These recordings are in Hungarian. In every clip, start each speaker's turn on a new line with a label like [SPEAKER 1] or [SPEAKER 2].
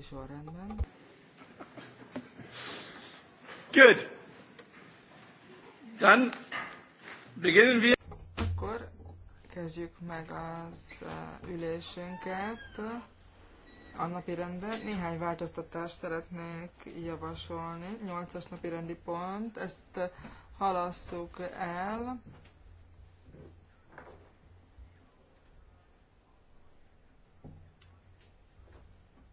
[SPEAKER 1] is van rendben. Good. Dann beginnen wir. Akkor kezdjük meg az uh, ülésünket a napi rendet. Néhány változtatást szeretnék javasolni. 8-as napi rendi pont, ezt uh, halasszuk el.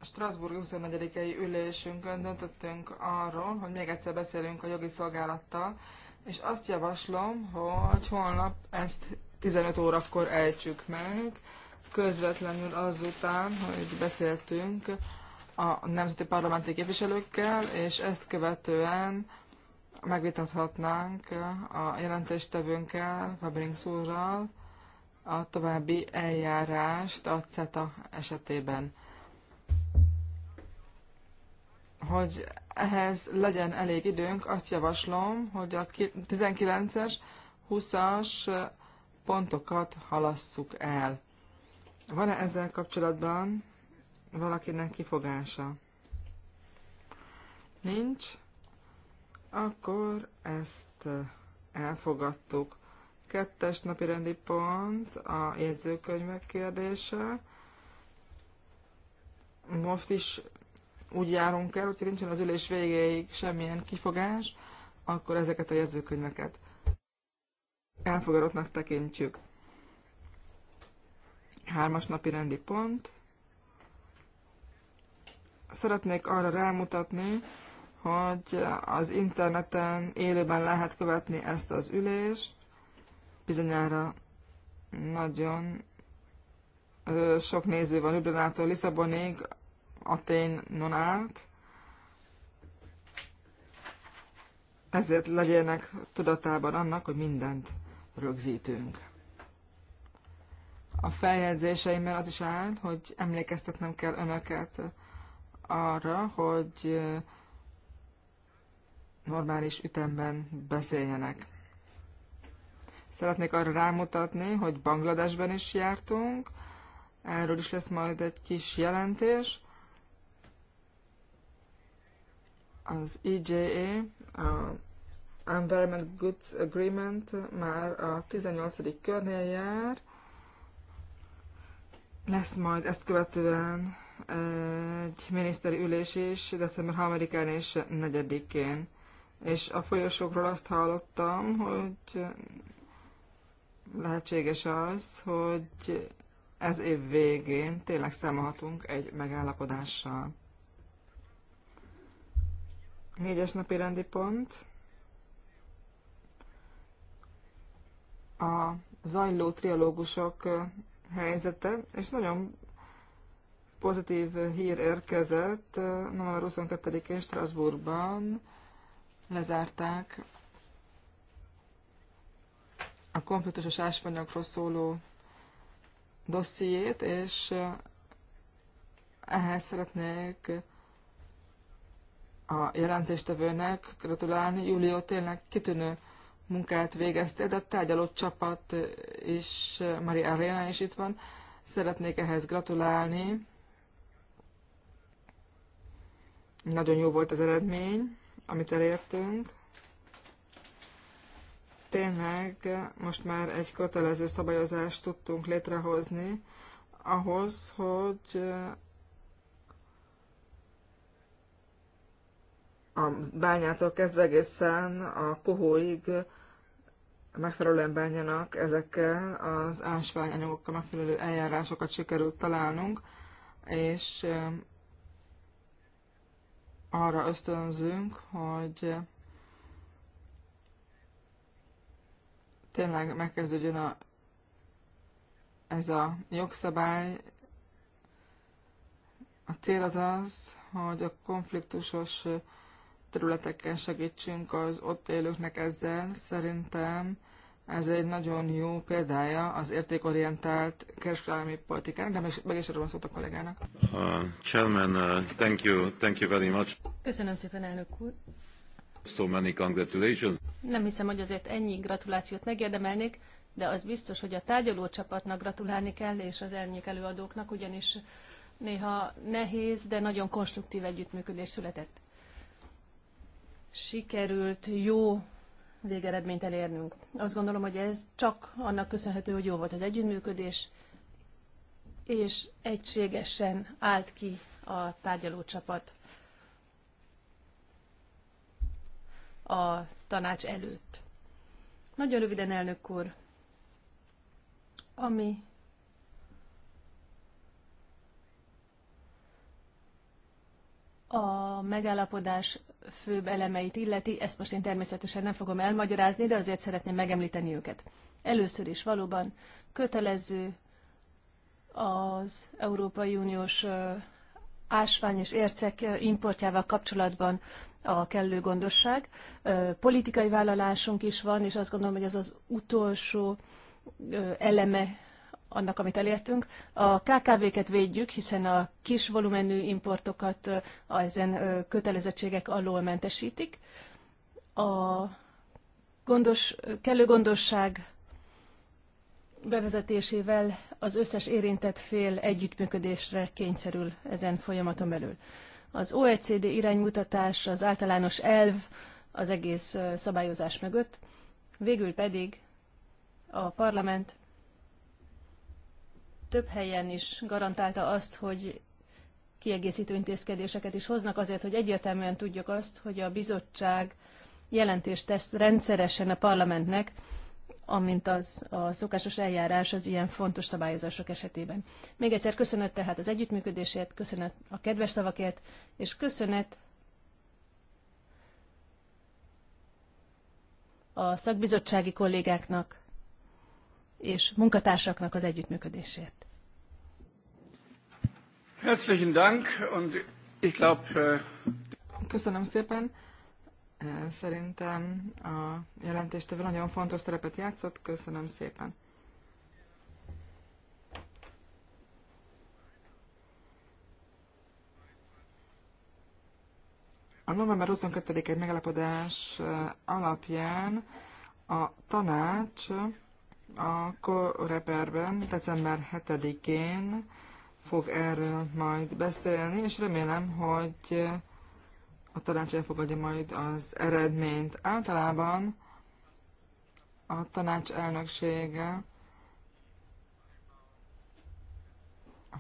[SPEAKER 1] Strasbourg 24 ülésünkön döntöttünk arról, hogy még egyszer beszélünk a jogi szolgálattal, és azt javaslom, hogy holnap ezt 15 órakor ejtsük meg, közvetlenül azután, hogy beszéltünk a nemzeti parlamenti képviselőkkel, és ezt követően megvitathatnánk a jelentéstevőnkkel, Fabrinks úrral a további eljárást a CETA esetében hogy ehhez legyen elég időnk, azt javaslom, hogy a 19-es, 20-as pontokat halasszuk el. Van-e ezzel kapcsolatban valakinek kifogása? Nincs? Akkor ezt elfogadtuk. Kettes napi rendi pont a jegyzőkönyvek kérdése. Most is úgy járunk el, hogyha nincsen az ülés végéig semmilyen kifogás, akkor ezeket a jegyzőkönyveket elfogadottnak tekintjük. Hármas napi rendi pont. Szeretnék arra rámutatni, hogy az interneten élőben lehet követni ezt az ülést. Bizonyára nagyon sok néző van Ljubljanától Lisszabonig, Aténon át. Ezért legyenek tudatában annak, hogy mindent rögzítünk. A feljegyzéseimmel az is áll, hogy emlékeztetnem kell önöket arra, hogy normális ütemben beszéljenek. Szeretnék arra rámutatni, hogy Bangladesben is jártunk, erről is lesz majd egy kis jelentés, Az IJA, e a Environment Goods Agreement már a 18. körnél jár. Lesz majd ezt követően egy miniszteri ülés is, december 3-án és 4-én. És a folyosókról azt hallottam, hogy lehetséges az, hogy ez év végén tényleg számolhatunk egy megállapodással. Négyes napi rendi pont. A zajló trialógusok helyzete, és nagyon pozitív hír érkezett. November 22-én Strasbourgban lezárták a konfliktusos ásványokról szóló dossziét, és ehhez szeretnék a jelentéstevőnek gratulálni. Júlió tényleg kitűnő munkát végeztél, de a tárgyaló csapat is, Mari Arena is itt van. Szeretnék ehhez gratulálni. Nagyon jó volt az eredmény, amit elértünk. Tényleg most már egy kötelező szabályozást tudtunk létrehozni ahhoz, hogy a bányától kezdve egészen a kohóig megfelelően bánjanak ezekkel az ásványanyagokkal megfelelő eljárásokat sikerült találnunk, és eh, arra ösztönzünk, hogy tényleg megkezdődjön a, ez a jogszabály. A cél az az, hogy a konfliktusos területeken segítsünk az ott élőknek ezzel. Szerintem ez egy nagyon jó példája az értékorientált kereskedelmi politikának, de meg is a szót a kollégának.
[SPEAKER 2] Uh, chairman, uh, thank you, thank you very much.
[SPEAKER 1] Köszönöm szépen, elnök úr.
[SPEAKER 2] So many congratulations.
[SPEAKER 3] Nem hiszem, hogy azért ennyi gratulációt megérdemelnék, de az biztos, hogy a tárgyaló csapatnak gratulálni kell, és az elnyék előadóknak, ugyanis néha nehéz, de nagyon konstruktív együttműködés született sikerült jó végeredményt elérnünk. Azt gondolom, hogy ez csak annak köszönhető, hogy jó volt az együttműködés, és egységesen állt ki a tárgyalócsapat a tanács előtt. Nagyon röviden, elnök úr, ami a megállapodás főbb elemeit illeti, ezt most én természetesen nem fogom elmagyarázni, de azért szeretném megemlíteni őket. Először is valóban kötelező az Európai Uniós ásvány és ércek importjával kapcsolatban a kellő gondosság. Politikai vállalásunk is van, és azt gondolom, hogy ez az utolsó eleme annak, amit elértünk. A KKV-ket védjük, hiszen a kis volumenű importokat a ezen kötelezettségek alól mentesítik. A gondos, kellő gondosság bevezetésével az összes érintett fél együttműködésre kényszerül ezen folyamaton belül. Az OECD iránymutatás, az általános elv az egész szabályozás mögött, végül pedig a parlament több helyen is garantálta azt, hogy kiegészítő intézkedéseket is hoznak azért, hogy egyértelműen tudjuk azt, hogy a bizottság jelentést tesz rendszeresen a parlamentnek, amint az a szokásos eljárás az ilyen fontos szabályozások esetében. Még egyszer köszönet tehát az együttműködésért, köszönet a kedves szavakért, és köszönet a szakbizottsági kollégáknak és munkatársaknak az
[SPEAKER 1] együttműködésért.
[SPEAKER 2] Herzlichen Dank, und ich glaube...
[SPEAKER 1] Äh, Köszönöm szépen. Szerintem a jelentéstevő nagyon fontos szerepet játszott. Köszönöm szépen. A november 22-i megállapodás alapján a tanács a Koreperben december 7-én fog erről majd beszélni, és remélem, hogy a tanács elfogadja majd az eredményt. Általában a tanács elnöksége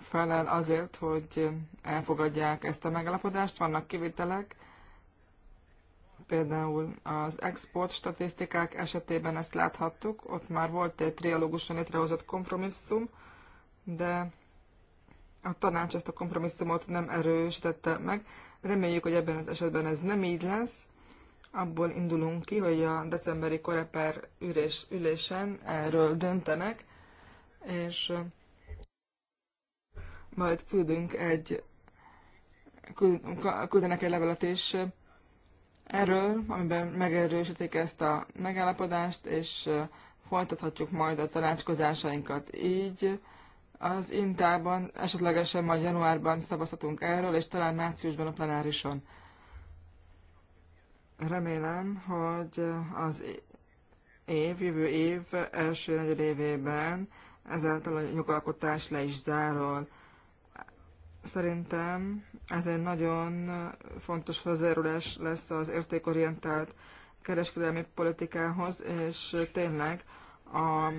[SPEAKER 1] felel azért, hogy elfogadják ezt a megállapodást. Vannak kivitelek, például az export statisztikák esetében ezt láthattuk, ott már volt egy trialógusan létrehozott kompromisszum, de a tanács ezt a kompromisszumot nem erősítette meg. Reméljük, hogy ebben az esetben ez nem így lesz. Abból indulunk ki, hogy a decemberi koreper ülés, ülésen erről döntenek, és majd küldünk egy küldenek egy levelet is erről, amiben megerősítik ezt a megállapodást, és folytathatjuk majd a tanácskozásainkat. Így az Intában esetlegesen majd januárban szavazhatunk erről, és talán márciusban a plenárison. Remélem, hogy az év, jövő év első negyedévében ezáltal a jogalkotás le is zárul. Szerintem ez egy nagyon fontos hozzájárulás lesz az értékorientált kereskedelmi politikához, és tényleg a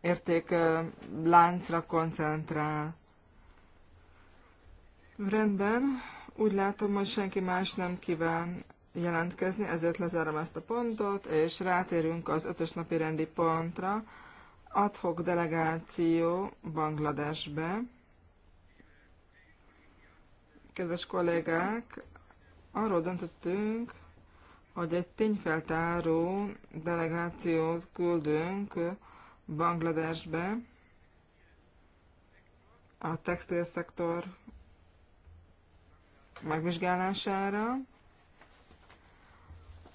[SPEAKER 1] érték láncra koncentrál. Rendben, úgy látom, hogy senki más nem kíván jelentkezni, ezért lezárom ezt a pontot, és rátérünk az ötös napi rendi pontra. Adhok delegáció Bangladesbe. Kedves kollégák, arról döntöttünk, hogy egy tényfeltáró delegációt küldünk Bangladesbe, a textilszektor megvizsgálására.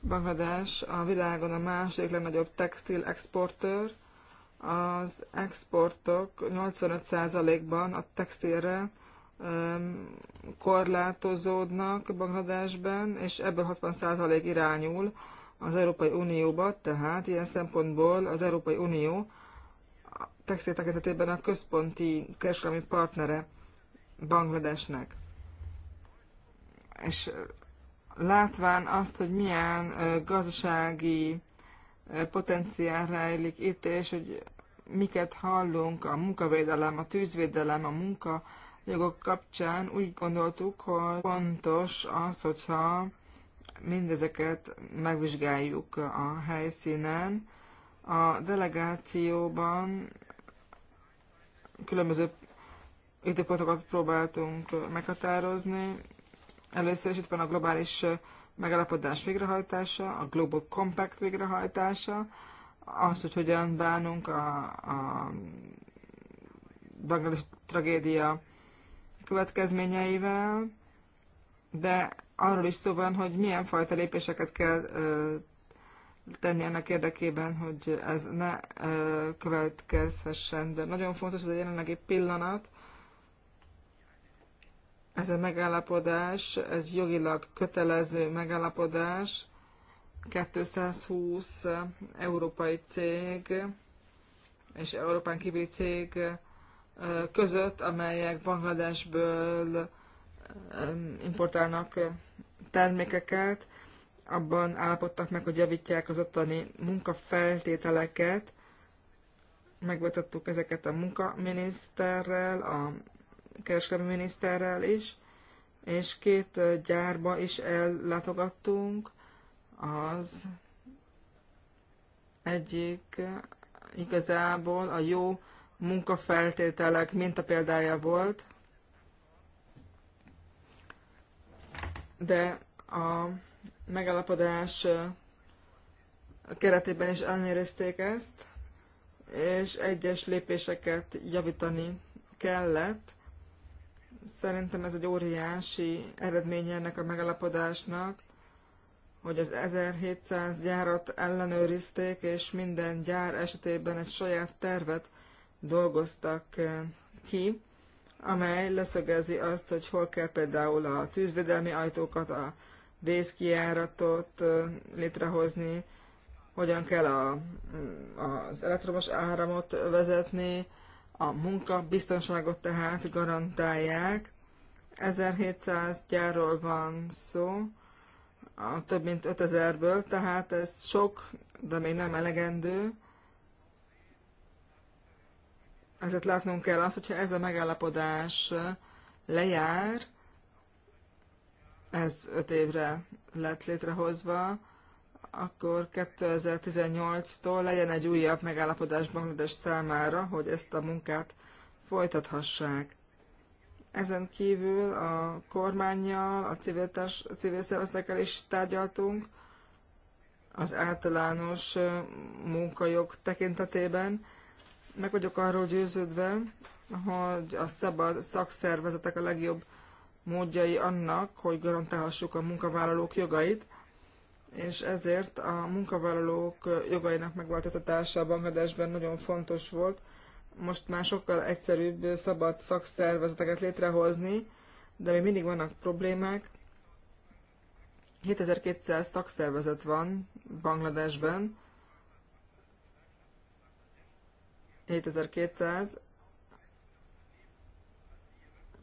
[SPEAKER 1] Banglades a világon a második legnagyobb textil exportőr. Az exportok 85%-ban a textilre korlátozódnak Bangladesben, és ebből 60% irányul az Európai Unióba, tehát ilyen szempontból az Európai Unió textiltekintetében a központi kereskedelmi partnere Bangladesnek. És látván azt, hogy milyen gazdasági potenciál rejlik itt, és hogy miket hallunk a munkavédelem, a tűzvédelem, a munka, jogok kapcsán úgy gondoltuk, hogy fontos az, hogyha mindezeket megvizsgáljuk a helyszínen, a delegációban különböző időpontokat próbáltunk meghatározni. Először is itt van a globális megalapodás végrehajtása, a Global Compact végrehajtása, az, hogy hogyan bánunk a, a Bangladesh tragédia következményeivel, de arról is szó van, hogy milyen fajta lépéseket kell tenni ennek érdekében, hogy ez ne következhessen, de nagyon fontos ez a jelenlegi pillanat, ez a megállapodás, ez jogilag kötelező megállapodás, 220 európai cég és Európán kívüli cég között, amelyek Bangladesből importálnak termékeket abban állapodtak meg, hogy javítják az ottani munkafeltételeket. Megvetettük ezeket a munkaminiszterrel, a kereskedelmi miniszterrel is, és két gyárba is ellátogattunk. Az egyik igazából a jó munkafeltételek példája volt, de a megállapodás keretében is elnérizték ezt, és egyes lépéseket javítani kellett. Szerintem ez egy óriási eredménye ennek a megállapodásnak, hogy az 1700 gyárat ellenőrizték, és minden gyár esetében egy saját tervet dolgoztak ki, amely leszögezi azt, hogy hol kell például a tűzvédelmi ajtókat, a vészkiáratot létrehozni, hogyan kell a, az elektromos áramot vezetni, a munka biztonságot tehát garantálják. 1700 gyárról van szó, a több mint 5000-ből, tehát ez sok, de még nem elegendő. Ezért látnunk kell azt, hogyha ez a megállapodás lejár, ez öt évre lett létrehozva, akkor 2018-tól legyen egy újabb megállapodás Bangladesh számára, hogy ezt a munkát folytathassák. Ezen kívül a kormányjal, a civil, a civil szervezetekkel is tárgyaltunk az általános munkajog tekintetében. Meg vagyok arról győződve, hogy a szabad szakszervezetek a legjobb módjai annak, hogy garantálhassuk a munkavállalók jogait, és ezért a munkavállalók jogainak megváltoztatása a Bangladesben nagyon fontos volt. Most már sokkal egyszerűbb szabad szakszervezeteket létrehozni, de még mindig vannak problémák. 7200 szakszervezet van Bangladesben, 7200,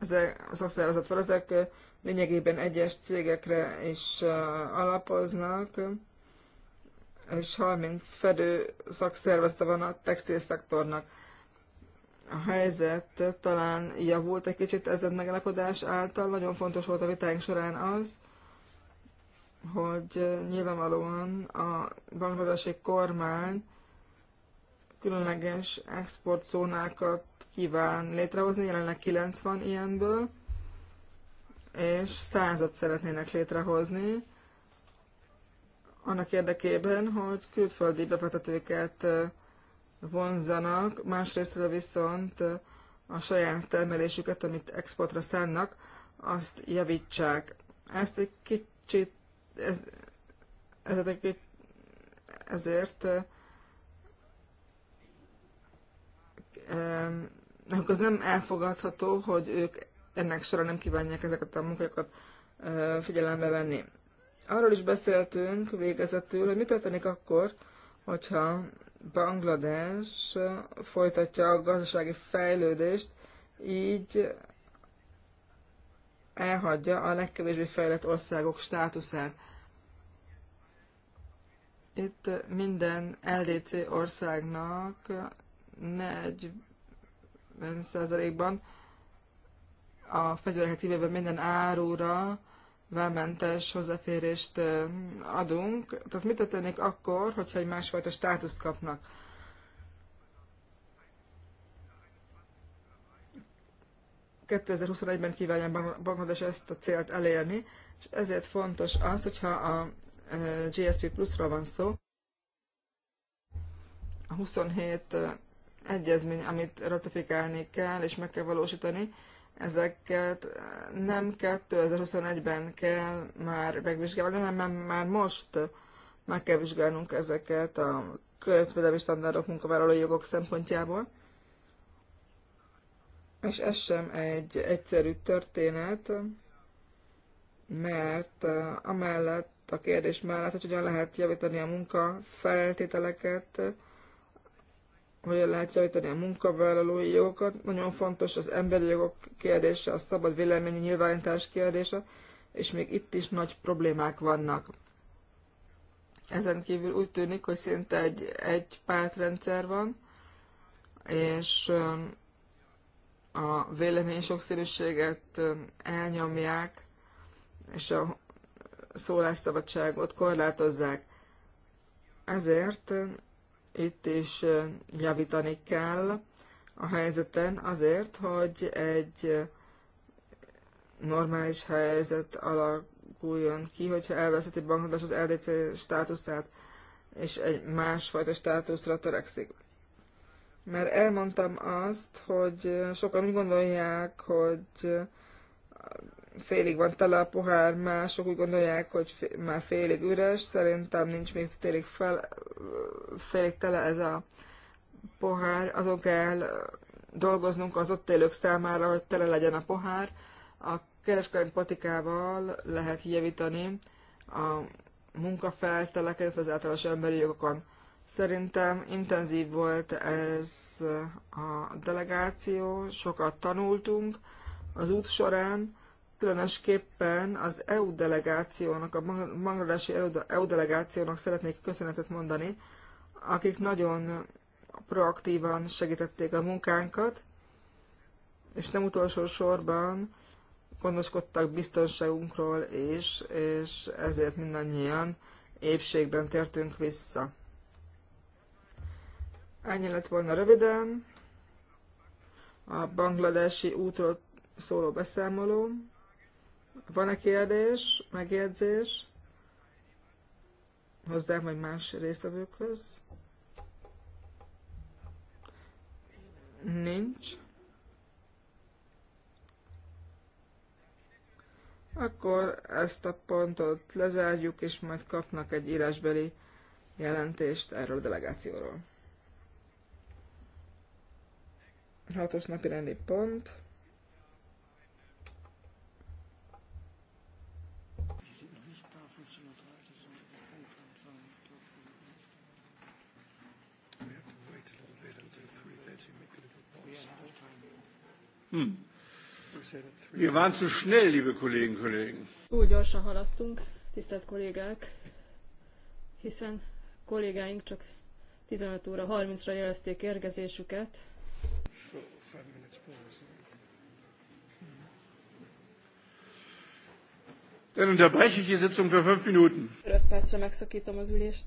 [SPEAKER 1] ezek a szakszervezet fel, ezek lényegében egyes cégekre is alapoznak, és 30 fedő szakszervezete van a textil szektornak. A helyzet talán javult egy kicsit ezen megállapodás által. Nagyon fontos volt a vitáink során az, hogy nyilvánvalóan a bangladesi kormány különleges exportzónákat kíván létrehozni, jelenleg 90 ilyenből, és százat szeretnének létrehozni, annak érdekében, hogy külföldi befektetőket vonzanak, másrészt viszont a saját termelésüket, amit exportra szánnak, azt javítsák. Ezt egy kicsit, ez, ez egy kicsit ezért nekünk az nem elfogadható, hogy ők ennek során nem kívánják ezeket a munkákat figyelembe venni. Arról is beszéltünk végezetül, hogy mi történik akkor, hogyha Banglades folytatja a gazdasági fejlődést, így elhagyja a legkevésbé fejlett országok státuszát. Itt minden LDC országnak 40%-ban a fegyvereket kivéve minden árura vámmentes hozzáférést adunk. Tehát mit történik akkor, hogyha egy másfajta státuszt kapnak? ben kívánja Bangladesh ezt a célt elérni, és ezért fontos az, hogyha a GSP Plus-ról van szó, a 27 egyezmény, amit ratifikálni kell és meg kell valósítani. Ezeket eh, nem 2021-ben kell már megvizsgálni, hanem már most meg kell vizsgálnunk ezeket a környezetvédelmi standardok munkavállalói jogok szempontjából. És ez sem egy egyszerű történet, mert eh, amellett a kérdés mellett, hogy hogyan lehet javítani a munka feltételeket, hogyan lehet javítani a munkavállalói jogokat. Nagyon fontos az emberi jogok kérdése, a szabad véleményi nyilvánítás kérdése, és még itt is nagy problémák vannak. Ezen kívül úgy tűnik, hogy szinte egy, egy pártrendszer van, és a vélemény sokszínűséget elnyomják, és a szólásszabadságot korlátozzák. Ezért itt is javítani kell a helyzeten azért, hogy egy normális helyzet alakuljon ki, hogyha elveszíti Banglades az LDC státuszát, és egy másfajta státuszra törekszik. Mert elmondtam azt, hogy sokan úgy gondolják, hogy félig van tele a pohár, mások úgy gondolják, hogy már félig üres, szerintem nincs még félig, fel, félig tele ez a pohár, azon kell dolgoznunk az ott élők számára, hogy tele legyen a pohár. A kereskedelmi patikával lehet javítani a munkafeltelek, az általános emberi jogokon. Szerintem intenzív volt ez a delegáció, sokat tanultunk az út során, különösképpen az EU delegációnak, a bangladesi EU e delegációnak szeretnék köszönetet mondani, akik nagyon proaktívan segítették a munkánkat, és nem utolsó sorban gondoskodtak biztonságunkról és és ezért mindannyian épségben tértünk vissza. Ennyi lett volna röviden a bangladesi útról szóló beszámolóm. Van-e kérdés, megjegyzés hozzám vagy más résztvevőkhöz? Nincs. Akkor ezt a pontot lezárjuk, és majd kapnak egy írásbeli jelentést erről a delegációról. Hatos napi rendi pont.
[SPEAKER 2] Hm. Wir zu schnell, liebe Kollegen, Kollegen.
[SPEAKER 4] Túl gyorsan haladtunk, tisztelt kollégák, hiszen kollégáink csak 15 óra 30-ra jelezték érkezésüket.
[SPEAKER 2] Dann unterbreche ich die Sitzung für fünf Minuten.
[SPEAKER 4] 5 percre megszakítom az ülést.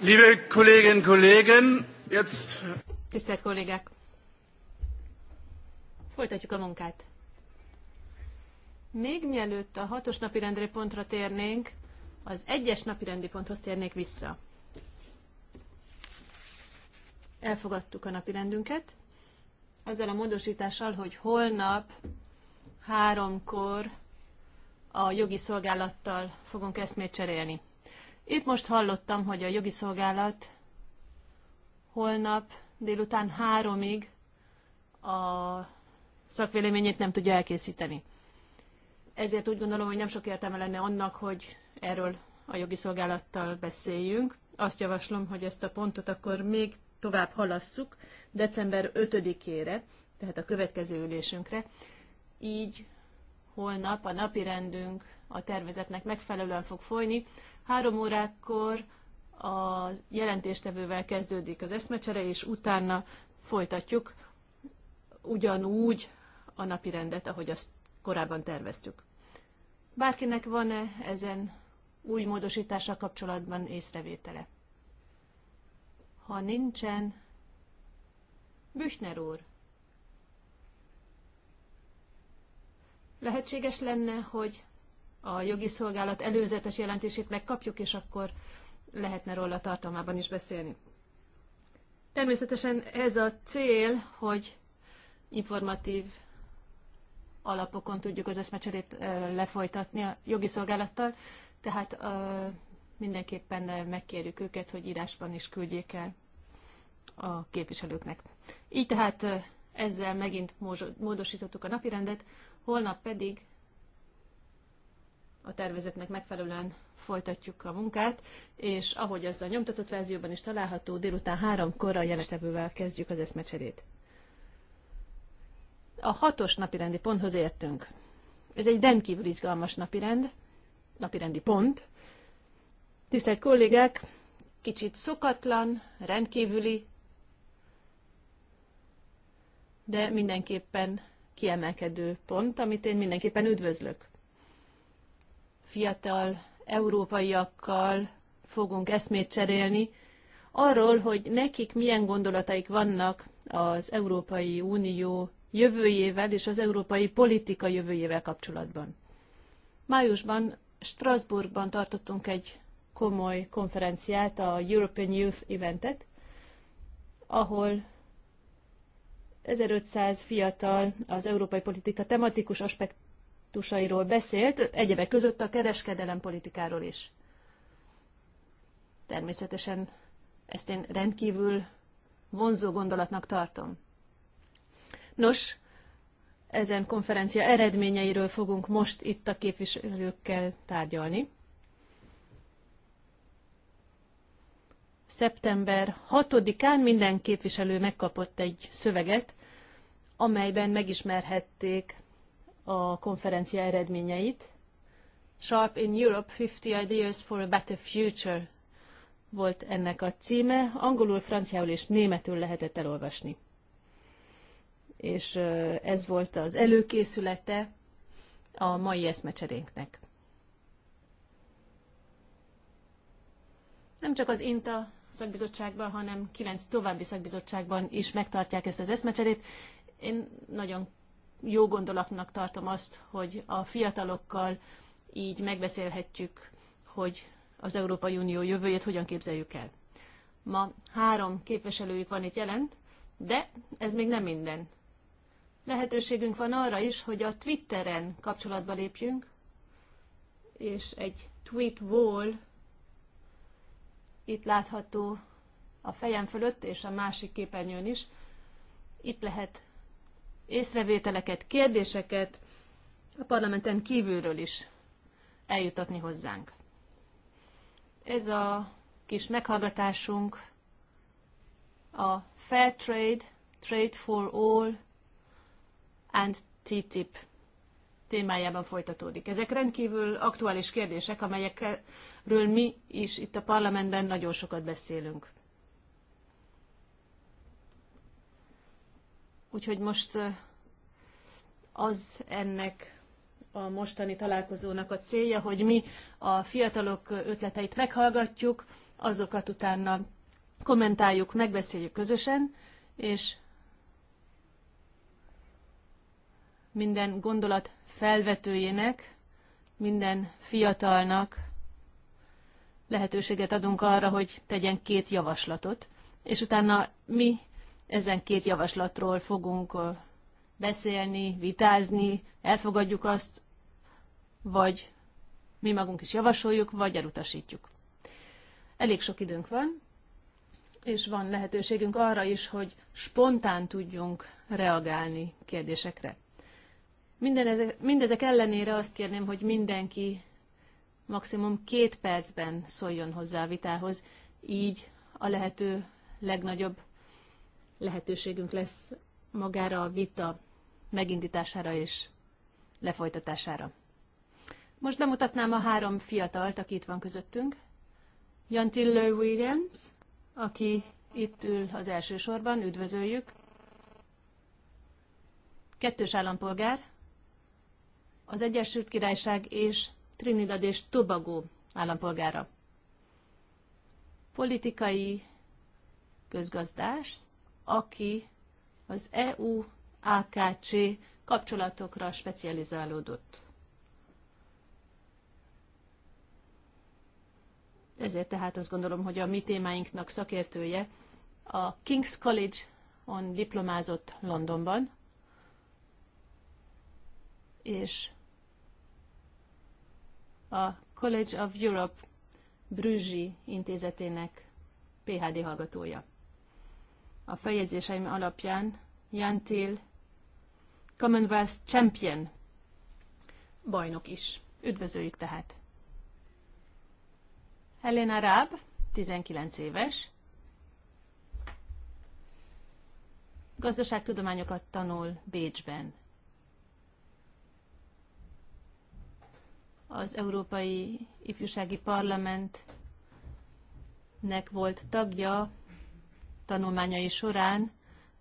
[SPEAKER 2] Liebe Kolleginnen Kollegen, jetzt...
[SPEAKER 3] Tisztelt kollégák! Folytatjuk a munkát. Még mielőtt a hatos napirendi pontra térnénk, az egyes napirendi ponthoz térnék vissza. Elfogadtuk a napirendünket. rendünket, azzal a módosítással, hogy holnap háromkor a jogi szolgálattal fogunk eszmét cserélni. Itt most hallottam, hogy a jogi szolgálat holnap délután háromig a szakvéleményét nem tudja elkészíteni. Ezért úgy gondolom, hogy nem sok értelme lenne annak, hogy erről a jogi szolgálattal beszéljünk. Azt javaslom, hogy ezt a pontot akkor még tovább halasszuk december 5-ére, tehát a következő ülésünkre. Így holnap a napi rendünk a tervezetnek megfelelően fog folyni. Három órákor a jelentéstevővel kezdődik az eszmecsere, és utána folytatjuk ugyanúgy a napi rendet, ahogy azt korábban terveztük. Bárkinek van-e ezen új módosítással kapcsolatban észrevétele? Ha nincsen, Büchner úr, Lehetséges lenne, hogy a jogi szolgálat előzetes jelentését megkapjuk, és akkor lehetne róla tartalmában is beszélni. Természetesen ez a cél, hogy informatív alapokon tudjuk az eszmecserét lefolytatni a jogi szolgálattal, tehát mindenképpen megkérjük őket, hogy írásban is küldjék el a képviselőknek. Így tehát ezzel megint módosítottuk a napirendet holnap pedig a tervezetnek megfelelően folytatjuk a munkát, és ahogy az a nyomtatott verzióban is található, délután háromkor a jelentevővel kezdjük az eszmecserét. A hatos napirendi ponthoz értünk. Ez egy rendkívül izgalmas napirend, napirendi pont. Tisztelt kollégák, kicsit szokatlan, rendkívüli, de mindenképpen kiemelkedő pont, amit én mindenképpen üdvözlök. Fiatal európaiakkal fogunk eszmét cserélni arról, hogy nekik milyen gondolataik vannak az Európai Unió jövőjével és az európai politika jövőjével kapcsolatban. Májusban Strasbourgban tartottunk egy komoly konferenciát, a European Youth Eventet, ahol 1500 fiatal az európai politika tematikus aspektusairól beszélt, egyebek között a kereskedelem politikáról is. Természetesen ezt én rendkívül vonzó gondolatnak tartom. Nos, ezen konferencia eredményeiről fogunk most itt a képviselőkkel tárgyalni. szeptember 6-án minden képviselő megkapott egy szöveget, amelyben megismerhették a konferencia eredményeit. Sharp in Europe 50 Ideas for a Better Future volt ennek a címe. Angolul, franciául és németül lehetett elolvasni. És ez volt az előkészülete a mai eszmecserénknek. Nem csak az INTA szakbizottságban, hanem kilenc további szakbizottságban is megtartják ezt az eszmecserét. Én nagyon jó gondolatnak tartom azt, hogy a fiatalokkal így megbeszélhetjük, hogy az Európai Unió jövőjét hogyan képzeljük el. Ma három képviselőjük van itt jelent, de ez még nem minden. Lehetőségünk van arra is, hogy a Twitteren kapcsolatba lépjünk, és egy tweet wall itt látható a fejem fölött és a másik képernyőn is. Itt lehet észrevételeket, kérdéseket a parlamenten kívülről is eljutatni hozzánk. Ez a kis meghallgatásunk a Fair Trade, Trade for All and TTIP témájában folytatódik. Ezek rendkívül aktuális kérdések, amelyekkel ről mi is itt a parlamentben nagyon sokat beszélünk. Úgyhogy most az ennek a mostani találkozónak a célja, hogy mi a fiatalok ötleteit meghallgatjuk, azokat utána kommentáljuk, megbeszéljük közösen, és minden gondolat felvetőjének, minden fiatalnak lehetőséget adunk arra, hogy tegyen két javaslatot, és utána mi ezen két javaslatról fogunk beszélni, vitázni, elfogadjuk azt, vagy mi magunk is javasoljuk, vagy elutasítjuk. Elég sok időnk van, és van lehetőségünk arra is, hogy spontán tudjunk reagálni kérdésekre. Minden ezek, mindezek ellenére azt kérném, hogy mindenki maximum két percben szóljon hozzá a vitához, így a lehető legnagyobb lehetőségünk lesz magára a vita megindítására és lefolytatására. Most bemutatnám a három fiatalt, aki itt van közöttünk. Jan Williams, aki itt ül az első sorban, üdvözöljük. Kettős állampolgár, az Egyesült Királyság és Trinidad és Tobago állampolgára. Politikai közgazdás, aki az EU-AKC kapcsolatokra specializálódott. Ezért tehát azt gondolom, hogy a mi témáinknak szakértője a King's College-on diplomázott Londonban, és a College of Europe Brüzsi intézetének PhD hallgatója. A feljegyzéseim alapján Jan Till Commonwealth Champion bajnok is. Üdvözöljük tehát! Helena Ráb, 19 éves, gazdaságtudományokat tanul Bécsben. az Európai Ifjúsági Parlamentnek volt tagja tanulmányai során,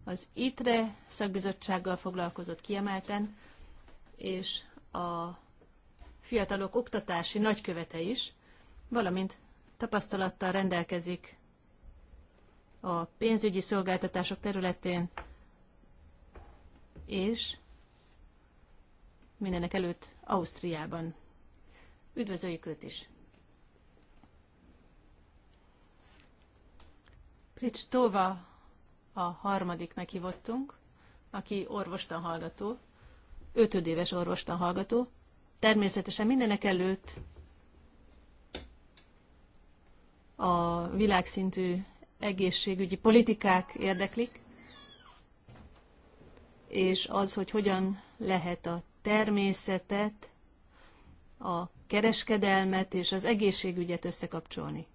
[SPEAKER 3] az ITRE szakbizottsággal foglalkozott kiemelten, és a fiatalok oktatási nagykövete is, valamint tapasztalattal rendelkezik a pénzügyi szolgáltatások területén, és mindenek előtt Ausztriában Üdvözöljük őt is! Prics Tova a harmadik meghívottunk, aki orvostan hallgató, ötödéves orvostan hallgató. Természetesen mindenek előtt a világszintű egészségügyi politikák érdeklik, és az, hogy hogyan lehet a természetet a kereskedelmet és az egészségügyet összekapcsolni.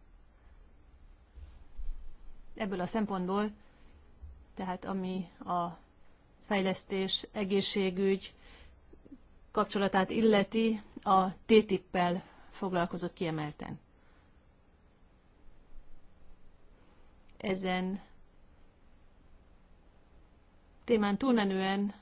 [SPEAKER 3] Ebből a szempontból, tehát ami a fejlesztés, egészségügy kapcsolatát illeti, a TTIP-pel foglalkozott kiemelten. Ezen témán túlmenően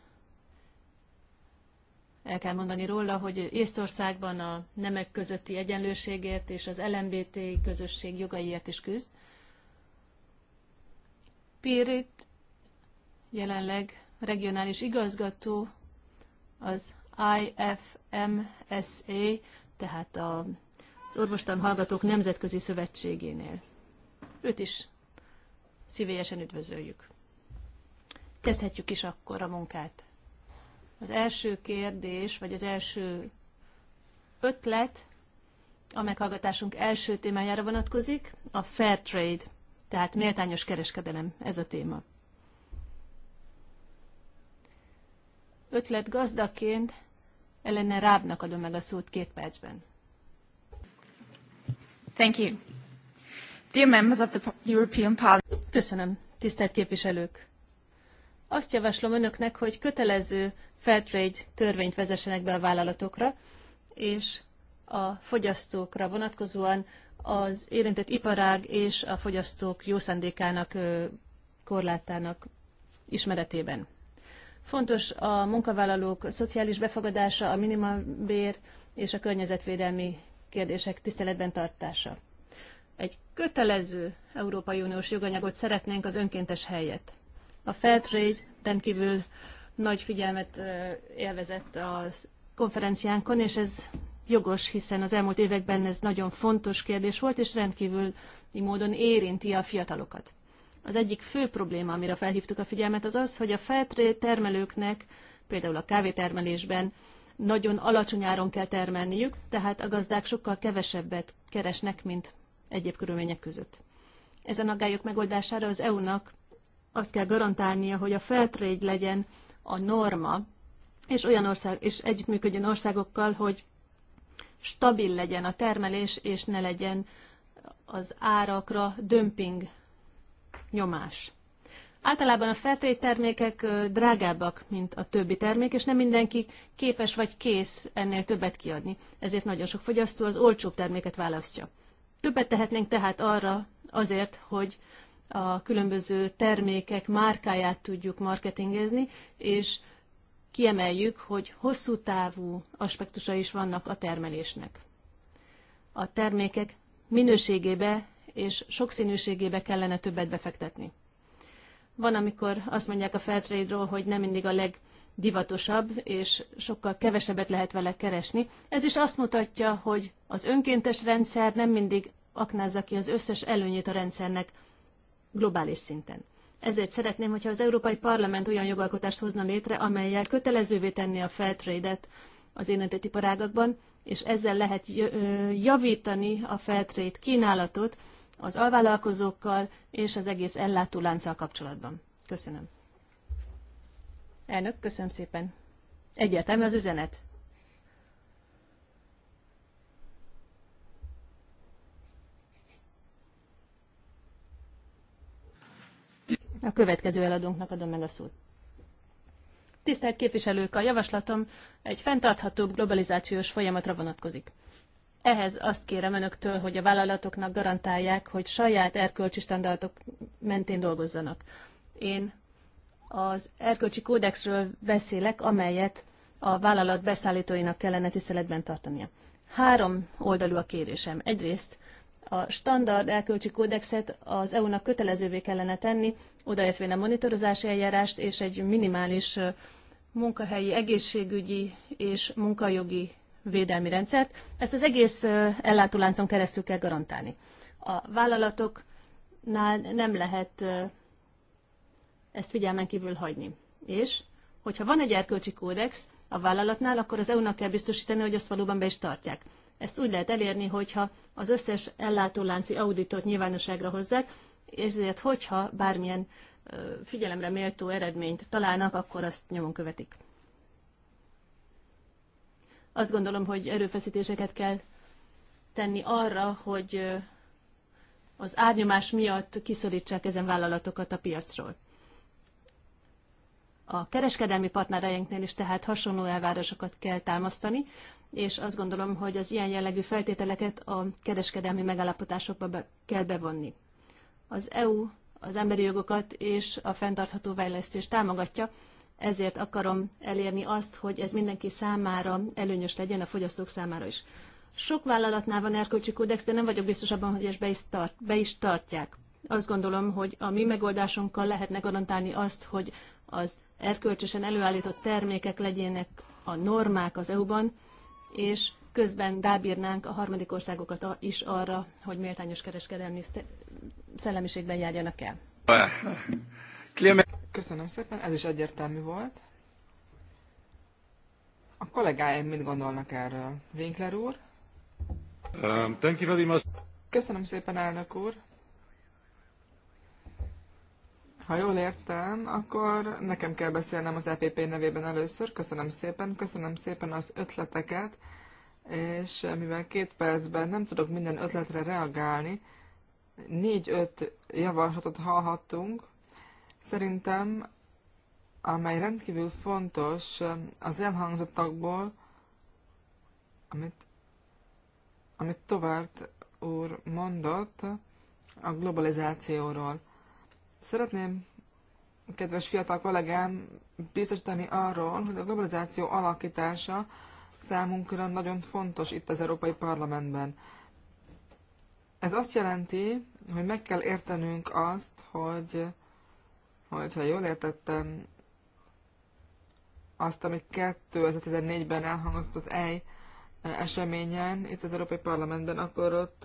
[SPEAKER 3] el kell mondani róla, hogy Észtországban a nemek közötti egyenlőségért és az LMBT közösség jogaiért is küzd. Pirit jelenleg regionális igazgató az IFMSA, tehát a, az Orvostan Hallgatók Nemzetközi Szövetségénél. Őt is szívélyesen üdvözöljük. Kezdhetjük is akkor a munkát. Az első kérdés, vagy az első ötlet a meghallgatásunk első témájára vonatkozik, a fair trade, tehát méltányos kereskedelem, ez a téma. Ötlet gazdaként Elene Rábnak adom meg a szót két percben. Thank you. Dear members of the European Parliament. Köszönöm, tisztelt képviselők! Azt javaslom önöknek, hogy kötelező Fairtrade törvényt vezessenek be a vállalatokra, és a fogyasztókra vonatkozóan az érintett iparág és a fogyasztók jó szándékának korlátának ismeretében. Fontos a munkavállalók szociális befogadása, a minimálbér és a környezetvédelmi kérdések tiszteletben tartása. Egy kötelező Európai Uniós joganyagot szeretnénk az önkéntes helyet. A Fairtrade rendkívül nagy figyelmet élvezett a konferenciánkon, és ez jogos, hiszen az elmúlt években ez nagyon fontos kérdés volt, és rendkívül módon érinti a fiatalokat. Az egyik fő probléma, amire felhívtuk a figyelmet, az az, hogy a feltré termelőknek, például a kávétermelésben nagyon alacsony áron kell termelniük, tehát a gazdák sokkal kevesebbet keresnek, mint egyéb körülmények között. Ezen aggályok megoldására az EU-nak azt kell garantálnia, hogy a feltrade legyen a norma, és olyan ország, és együttműködjön országokkal, hogy stabil legyen a termelés, és ne legyen az árakra dömping nyomás. Általában a feltrade termékek drágábbak, mint a többi termék, és nem mindenki képes vagy kész ennél többet kiadni, ezért nagyon sok fogyasztó az olcsóbb terméket választja. Többet tehetnénk tehát arra azért, hogy a különböző termékek márkáját tudjuk marketingezni, és kiemeljük, hogy hosszú távú aspektusa is vannak a termelésnek. A termékek minőségébe és sokszínűségébe kellene többet befektetni. Van, amikor azt mondják a Fairtrade-ról, hogy nem mindig a legdivatosabb, és sokkal kevesebbet lehet vele keresni. Ez is azt mutatja, hogy az önkéntes rendszer nem mindig aknázza ki az összes előnyét a rendszernek globális szinten. Ezért szeretném, hogyha az Európai Parlament olyan jogalkotást hozna létre, amelyel kötelezővé tenni a fair trade-et az érintett iparágakban, és ezzel lehet javítani a fair trade kínálatot az alvállalkozókkal és az egész ellátólánccal kapcsolatban. Köszönöm. Elnök, köszönöm szépen. Egyértelmű az üzenet. A következő eladónknak adom meg a szót. Tisztelt képviselők, a javaslatom egy fenntarthatóbb globalizációs folyamatra vonatkozik. Ehhez azt kérem önöktől, hogy a vállalatoknak garantálják, hogy saját erkölcsi standardok mentén dolgozzanak. Én az erkölcsi kódexről beszélek, amelyet a vállalat beszállítóinak kellene tiszteletben tartania. Három oldalú a kérésem. Egyrészt a standard elkölcsi kódexet az EU-nak kötelezővé kellene tenni, odaértvén a monitorozási eljárást és egy minimális munkahelyi egészségügyi és munkajogi védelmi rendszert. Ezt az egész ellátóláncon keresztül kell garantálni. A vállalatoknál nem lehet ezt figyelmen kívül hagyni. És hogyha van egy erkölcsi kódex a vállalatnál, akkor az EU-nak kell biztosítani, hogy azt valóban be is tartják. Ezt úgy lehet elérni, hogyha az összes ellátólánci auditot nyilvánosságra hozzák, és ezért, hogyha bármilyen figyelemre méltó eredményt találnak, akkor azt nyomon követik. Azt gondolom, hogy erőfeszítéseket kell tenni arra, hogy az árnyomás miatt kiszorítsák ezen vállalatokat a piacról. A kereskedelmi partnereinknél is tehát hasonló elvárásokat kell támasztani, és azt gondolom, hogy az ilyen jellegű feltételeket a kereskedelmi megállapotásokba be kell bevonni. Az EU az emberi jogokat és a fenntartható fejlesztést támogatja, ezért akarom elérni azt, hogy ez mindenki számára előnyös legyen, a fogyasztók számára is. Sok vállalatnál van erkölcsi kódex, de nem vagyok biztos abban, hogy ezt be is, tart, be is tartják. Azt gondolom, hogy a mi megoldásunkkal lehetne garantálni azt, hogy az erkölcsösen előállított termékek legyenek a normák az EU-ban, és közben rábírnánk a harmadik országokat is arra, hogy méltányos kereskedelmi
[SPEAKER 1] szellemiségben járjanak el. Köszönöm szépen, ez is egyértelmű volt. A kollégáim mit gondolnak erről? Winkler úr?
[SPEAKER 2] Um, thank you very much.
[SPEAKER 1] Köszönöm szépen, elnök úr. Ha jól értem, akkor nekem kell beszélnem az EPP nevében először. Köszönöm szépen, köszönöm szépen az ötleteket, és mivel két percben nem tudok minden ötletre reagálni, négy-öt javaslatot hallhattunk, szerintem, amely rendkívül fontos az elhangzottakból, amit, amit tovább úr mondott a globalizációról. Szeretném kedves fiatal kollégám biztosítani arról, hogy a globalizáció alakítása számunkra nagyon fontos itt az Európai Parlamentben. Ez azt jelenti, hogy meg kell értenünk azt, hogy, hogyha jól értettem azt, ami 2014-ben elhangzott az EI eh, eseményen itt az Európai Parlamentben, akkor ott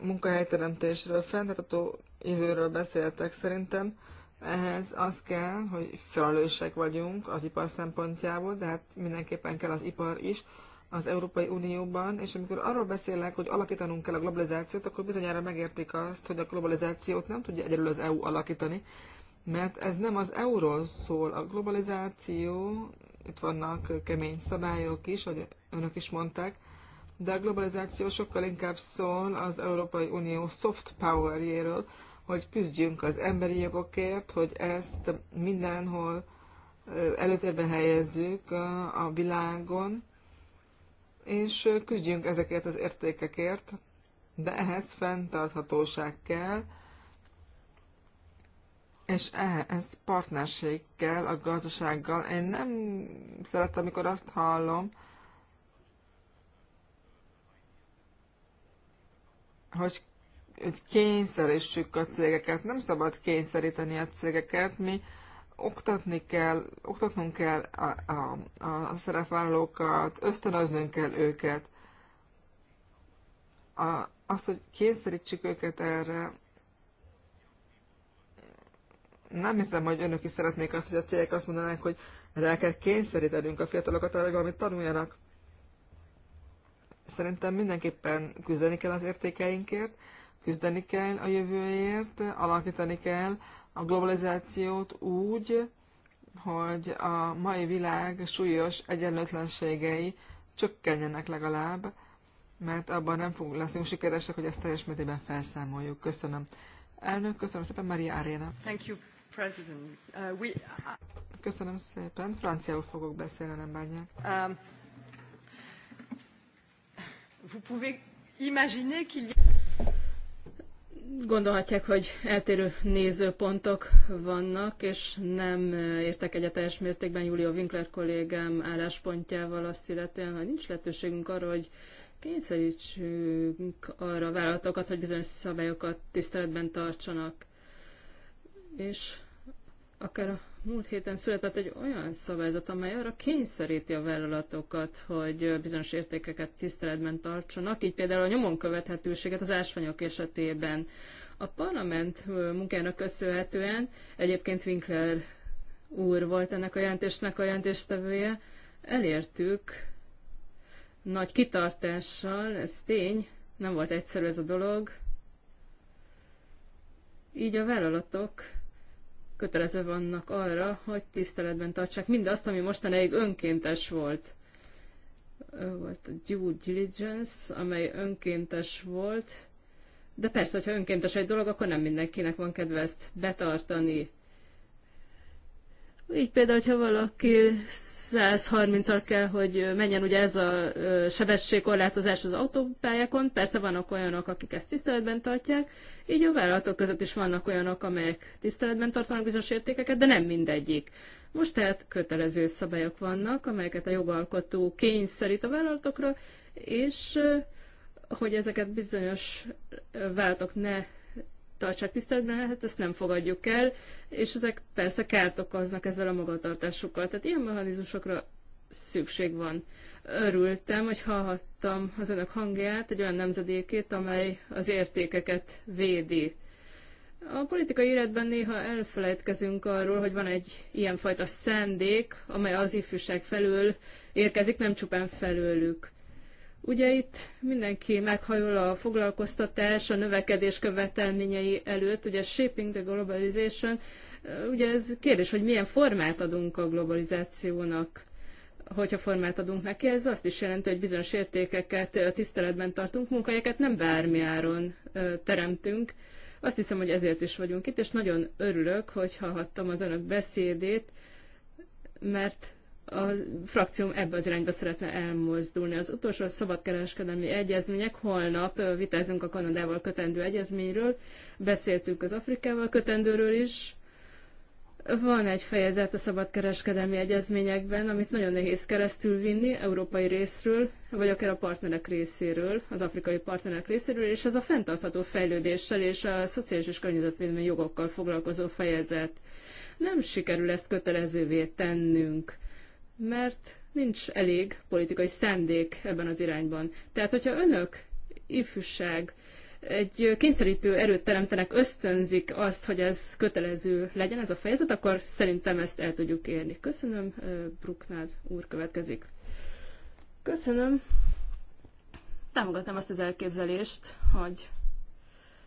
[SPEAKER 1] munkahelyteremtésről, fenntartató jövőről beszéltek szerintem. Ehhez az kell, hogy felelősek vagyunk az ipar szempontjából, de hát mindenképpen kell az ipar is az Európai Unióban, és amikor arról beszélek, hogy alakítanunk kell a globalizációt, akkor bizonyára megértik azt, hogy a globalizációt nem tudja egyedül az EU alakítani, mert ez nem az euról szól. A globalizáció, itt vannak kemény szabályok is, ahogy önök is mondták, de a globalizáció sokkal inkább szól az Európai Unió soft power-jéről, hogy küzdjünk az emberi jogokért, hogy ezt mindenhol előtérbe helyezzük a világon, és küzdjünk ezekért az értékekért, de ehhez fenntarthatóság kell, és ehhez partnerség kell a gazdasággal. Én nem szeretem, amikor azt hallom, hogy hogy kényszeressük a cégeket. Nem szabad kényszeríteni a cégeket, mi oktatni kell, oktatnunk kell a, a, a szerepvállalókat, ösztönöznünk kell őket. A, az, hogy kényszerítsük őket erre, nem hiszem, hogy önök is szeretnék azt, hogy a cégek azt mondanák, hogy rá kell kényszerítenünk a fiatalokat arra, hogy valamit tanuljanak. Szerintem mindenképpen küzdeni kell az értékeinkért, küzdeni kell a jövőért, alakítani kell a globalizációt úgy, hogy a mai világ súlyos egyenlőtlenségei csökkenjenek legalább, mert abban nem fogunk leszünk sikeresek, hogy ezt teljes mértékben felszámoljuk. Köszönöm. Elnök, köszönöm szépen, Maria Arena. Thank you, President. Uh, we... Uh, köszönöm szépen. Franciául fogok beszélni, nem bánják. Um,
[SPEAKER 4] Vous pouvez imaginer qu'il y a... Gondolhatják, hogy eltérő nézőpontok vannak, és nem értek egyet teljes mértékben Julio Winkler kollégám álláspontjával azt illetően, hogy nincs lehetőségünk arra, hogy kényszerítsünk arra a vállalatokat, hogy bizonyos szabályokat tiszteletben tartsanak. És akár a múlt héten született egy olyan szabályzat, amely arra kényszeríti a vállalatokat, hogy bizonyos értékeket tiszteletben tartsanak, így például a nyomon követhetőséget az ásványok esetében. A parlament munkának köszönhetően egyébként Winkler úr volt ennek a jelentésnek a jelentéstevője, elértük nagy kitartással, ez tény, nem volt egyszerű ez a dolog, így a vállalatok kötelező vannak arra, hogy tiszteletben tartsák mindazt, ami mostanáig önkéntes volt. Volt a due diligence, amely önkéntes volt, de persze, hogyha önkéntes egy dolog, akkor nem mindenkinek van kedve ezt betartani. Így például, hogyha valaki 130-al kell, hogy menjen ugye ez a sebességkorlátozás az autópályákon. Persze vannak olyanok, akik ezt tiszteletben tartják, így a vállalatok között is vannak olyanok, amelyek tiszteletben tartanak bizonyos értékeket, de nem mindegyik. Most tehát kötelező szabályok vannak, amelyeket a jogalkotó kényszerít a vállalatokra, és hogy ezeket bizonyos váltok ne tartsák tiszteletben, hát ezt nem fogadjuk el, és ezek persze kárt okoznak ezzel a magatartásukkal. Tehát ilyen mechanizmusokra szükség van. Örültem, hogy hallhattam az önök hangját, egy olyan nemzedékét, amely az értékeket védi. A politikai életben néha elfelejtkezünk arról, hogy van egy ilyenfajta szendék, amely az ifjúság felől érkezik, nem csupán felőlük. Ugye itt mindenki meghajol a foglalkoztatás, a növekedés követelményei előtt, ugye shaping the globalization, ugye ez kérdés, hogy milyen formát adunk a globalizációnak, hogyha formát adunk neki, ez azt is jelenti, hogy bizonyos értékeket tiszteletben tartunk, munkahelyeket nem bármi áron teremtünk. Azt hiszem, hogy ezért is vagyunk itt, és nagyon örülök, hogy hallhattam az önök beszédét, mert a frakcióm ebbe az irányba szeretne elmozdulni. Az utolsó szabadkereskedelmi egyezmények. Holnap vitázunk a Kanadával kötendő egyezményről, beszéltünk az Afrikával kötendőről is. Van egy fejezet a szabadkereskedelmi egyezményekben, amit nagyon nehéz keresztül vinni európai részről, vagy akár a partnerek részéről, az afrikai partnerek részéről, és ez a fenntartható fejlődéssel és a szociális és környezetvédelmi jogokkal foglalkozó fejezet. Nem sikerül ezt kötelezővé tennünk mert nincs elég politikai szendék ebben az irányban. Tehát, hogyha önök, ifjúság, egy kényszerítő erőt teremtenek, ösztönzik azt, hogy ez kötelező legyen ez a fejezet, akkor szerintem ezt el tudjuk érni. Köszönöm, Bruknád úr következik. Köszönöm. Támogatnám azt az elképzelést, hogy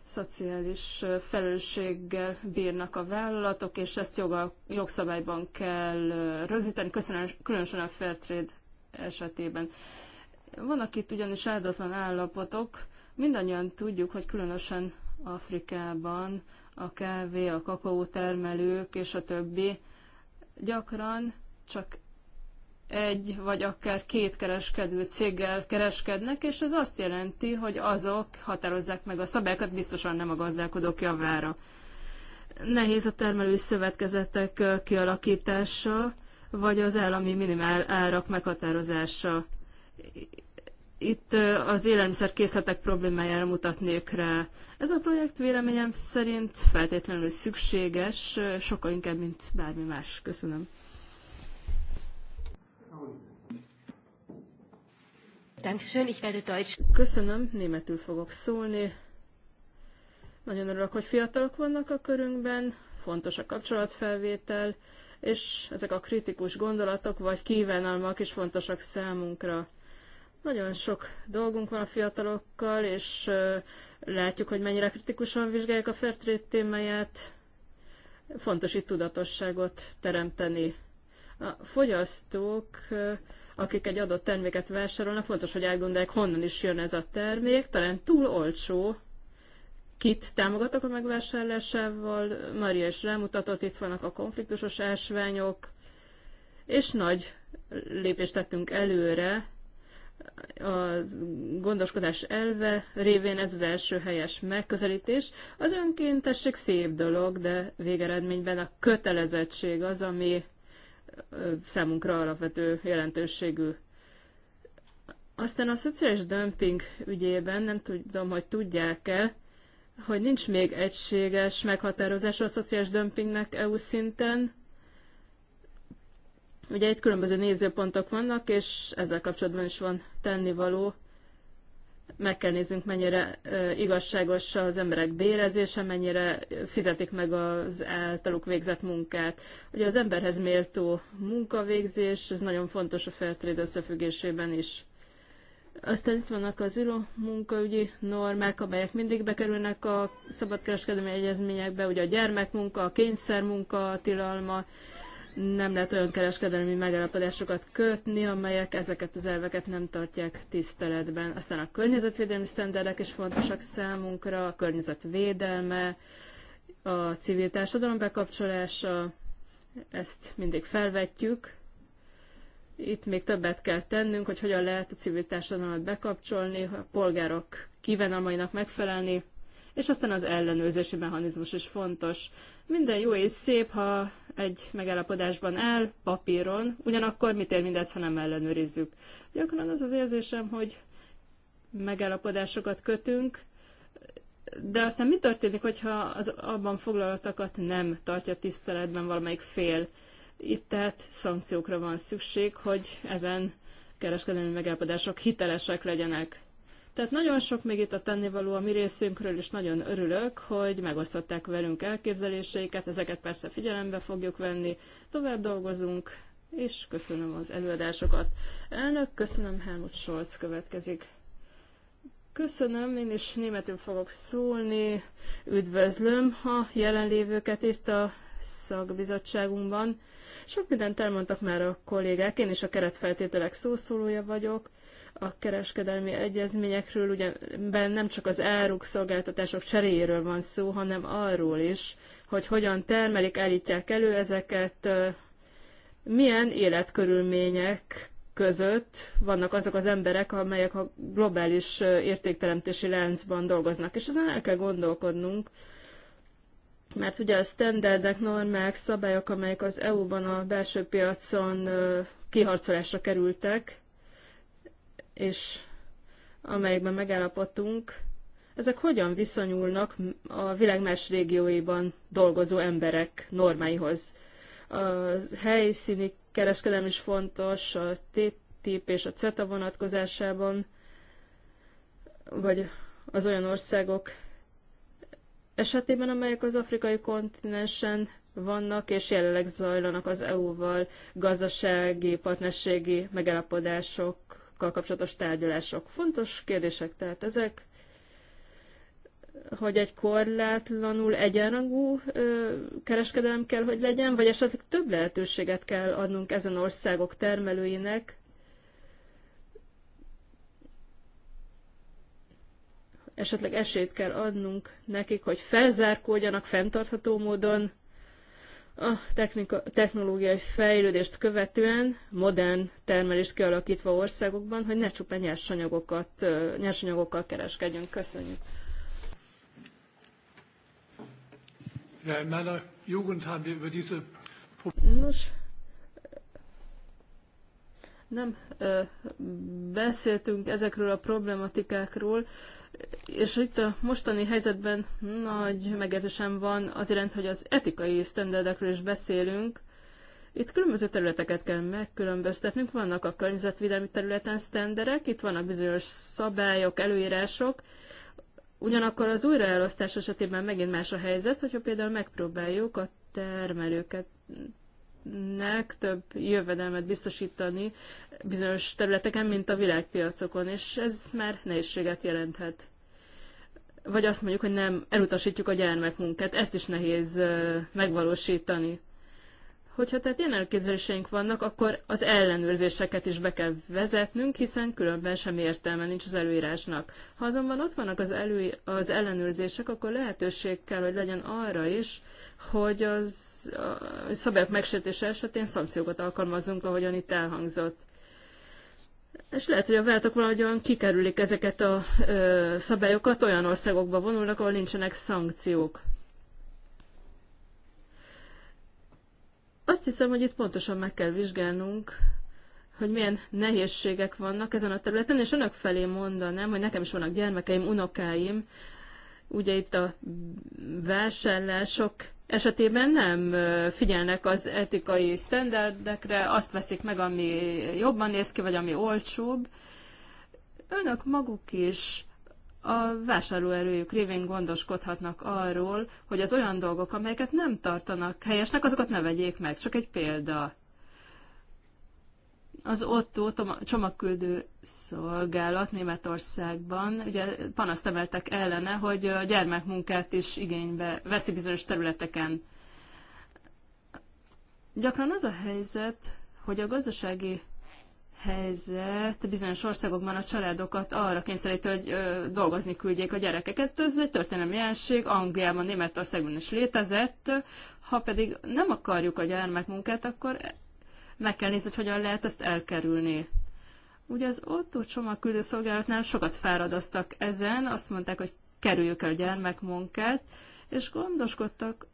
[SPEAKER 4] szociális felelősséggel bírnak a vállalatok, és ezt joga, jogszabályban kell rögzíteni, különösen a Fairtrade esetében. Vannak itt ugyanis áldatlan állapotok, mindannyian tudjuk, hogy különösen Afrikában a kávé, a kakaó termelők és a többi gyakran csak egy vagy akár két kereskedő céggel kereskednek, és ez azt jelenti, hogy azok határozzák meg a szabályokat, biztosan nem a gazdálkodók javára. Nehéz a termelői szövetkezetek kialakítása, vagy az állami minimál árak meghatározása. Itt az élelmiszerkészletek problémájára mutatnék rá. Ez a projekt véleményem szerint feltétlenül szükséges, sokkal inkább, mint bármi más. Köszönöm. Dankeschön, ich werde Deutsch. Köszönöm, németül fogok szólni. Nagyon örülök, hogy fiatalok vannak a körünkben, fontos a kapcsolatfelvétel, és ezek a kritikus gondolatok vagy kívánalmak is fontosak számunkra. Nagyon sok dolgunk van a fiatalokkal, és látjuk, hogy mennyire kritikusan vizsgálják a Fairtrade témáját. Fontos itt tudatosságot teremteni. A fogyasztók akik egy adott terméket vásárolnak, fontos, hogy átgondolják, honnan is jön ez a termék, talán túl olcsó, kit támogatok a megvásárlásával, Maria is rámutatott, itt vannak a konfliktusos ásványok, és nagy lépést tettünk előre, a gondoskodás elve révén ez az első helyes megközelítés. Az önkéntesség szép dolog, de végeredményben a kötelezettség az, ami számunkra alapvető jelentőségű. Aztán a szociális dömping ügyében nem tudom, hogy tudják-e, hogy nincs még egységes meghatározása a szociális dömpingnek EU szinten. Ugye itt különböző nézőpontok vannak, és ezzel kapcsolatban is van tennivaló meg kell néznünk, mennyire igazságos az emberek bérezése, mennyire fizetik meg az általuk végzett munkát. Ugye az emberhez méltó munkavégzés, ez nagyon fontos a Fairtrade összefüggésében is. Aztán itt vannak az ILO munkaügyi normák, amelyek mindig bekerülnek a szabadkereskedelmi egyezményekbe, ugye a gyermekmunka, a kényszermunka, a tilalma, nem lehet olyan kereskedelmi megállapodásokat kötni, amelyek ezeket az elveket nem tartják tiszteletben. Aztán a környezetvédelmi sztenderdek is fontosak számunkra, a környezetvédelme, a civil társadalom bekapcsolása, ezt mindig felvetjük. Itt még többet kell tennünk, hogy hogyan lehet a civil társadalmat bekapcsolni, a polgárok kívánalmainak megfelelni, és aztán az ellenőrzési mechanizmus is fontos. Minden jó és szép, ha egy megállapodásban el papíron, ugyanakkor mit ér mindez, ha nem ellenőrizzük. Gyakran az az érzésem, hogy megállapodásokat kötünk, de aztán mi történik, hogyha az abban foglaltakat nem tartja tiszteletben valamelyik fél? Itt tehát szankciókra van szükség, hogy ezen kereskedelmi megállapodások hitelesek legyenek. Tehát nagyon sok még itt a tennivaló a mi részünkről, is nagyon örülök, hogy megosztották velünk elképzeléseiket, ezeket persze figyelembe fogjuk venni, tovább dolgozunk, és köszönöm az előadásokat. Elnök, köszönöm, Helmut Scholz következik. Köszönöm, én is németül fogok szólni. Üdvözlöm a jelenlévőket itt a szakbizottságunkban. Sok mindent elmondtak már a kollégák, én is a keretfeltételek szószólója vagyok a kereskedelmi egyezményekről, ugyanben nem csak az áruk szolgáltatások cseréjéről van szó, hanem arról is, hogy hogyan termelik, állítják elő ezeket, milyen életkörülmények között vannak azok az emberek, amelyek a globális értékteremtési láncban dolgoznak. És ezen el kell gondolkodnunk, mert ugye a standardek, normák, szabályok, amelyek az EU-ban a belső piacon kiharcolásra kerültek, és amelyekben megállapodtunk, ezek hogyan viszonyulnak a világ más régióiban dolgozó emberek normáihoz. A helyszíni kereskedelem is fontos, a TTIP és a CETA vonatkozásában, vagy az olyan országok esetében, amelyek az afrikai kontinensen vannak, és jelenleg zajlanak az EU-val gazdasági, partnerségi megállapodások kapcsolatos tárgyalások. Fontos kérdések tehát ezek, hogy egy korlátlanul egyenrangú ö, kereskedelem kell, hogy legyen, vagy esetleg több lehetőséget kell adnunk ezen országok termelőinek, esetleg esélyt kell adnunk nekik, hogy felzárkódjanak fenntartható módon, a technika, technológiai fejlődést követően modern termelést kialakítva országokban, hogy ne csupán nyersanyagokat, nyersanyagokkal kereskedjünk. Köszönjük. Nos, nem beszéltünk ezekről a problematikákról, és itt a mostani helyzetben nagy megértésem van az iránt, hogy az etikai sztenderdekről is beszélünk. Itt különböző területeket kell megkülönböztetnünk. Vannak a környezetvédelmi területen sztenderek, itt vannak bizonyos szabályok, előírások. Ugyanakkor az újraelosztás esetében megint más a helyzet, hogyha például megpróbáljuk a termelőket nek több jövedelmet biztosítani bizonyos területeken, mint a világpiacokon, és ez már nehézséget jelenthet. Vagy azt mondjuk, hogy nem elutasítjuk a gyermekmunkát, ezt is nehéz megvalósítani. Hogyha tehát ilyen elképzeléseink vannak, akkor az ellenőrzéseket is be kell vezetnünk, hiszen különben semmi értelme nincs az előírásnak. Ha azonban ott vannak az, elő, az ellenőrzések, akkor lehetőség kell, hogy legyen arra is, hogy az a szabályok megsértése esetén szankciókat alkalmazunk, ahogyan itt elhangzott. És lehet, hogy a váltok valahogyan kikerülik ezeket a ö, szabályokat, olyan országokba vonulnak, ahol nincsenek szankciók. Azt hiszem, hogy itt pontosan meg kell vizsgálnunk, hogy milyen nehézségek vannak ezen a területen, és önök felé mondanám, hogy nekem is vannak gyermekeim, unokáim, ugye itt a vásárlások esetében nem figyelnek az etikai sztenderdekre, azt veszik meg, ami jobban néz ki, vagy ami olcsóbb. Önök maguk is a vásárlóerőjük révén gondoskodhatnak arról, hogy az olyan dolgok, amelyeket nem tartanak helyesnek, azokat ne vegyék meg. Csak egy példa. Az Otto csomagküldő szolgálat Németországban ugye panaszt emeltek ellene, hogy a gyermekmunkát is igénybe veszi bizonyos területeken. Gyakran az a helyzet, hogy a gazdasági helyzet bizonyos országokban a családokat arra kényszeríti, hogy ö, dolgozni küldjék a gyerekeket. Ez egy történelmi jelenség, Angliában, Németországban is létezett. Ha pedig nem akarjuk a gyermekmunkát, akkor meg kell nézni, hogy hogyan lehet ezt elkerülni. Ugye az ottó csomagküldő szolgálatnál sokat fáradoztak ezen, azt mondták, hogy kerüljük el a gyermekmunkát, és gondoskodtak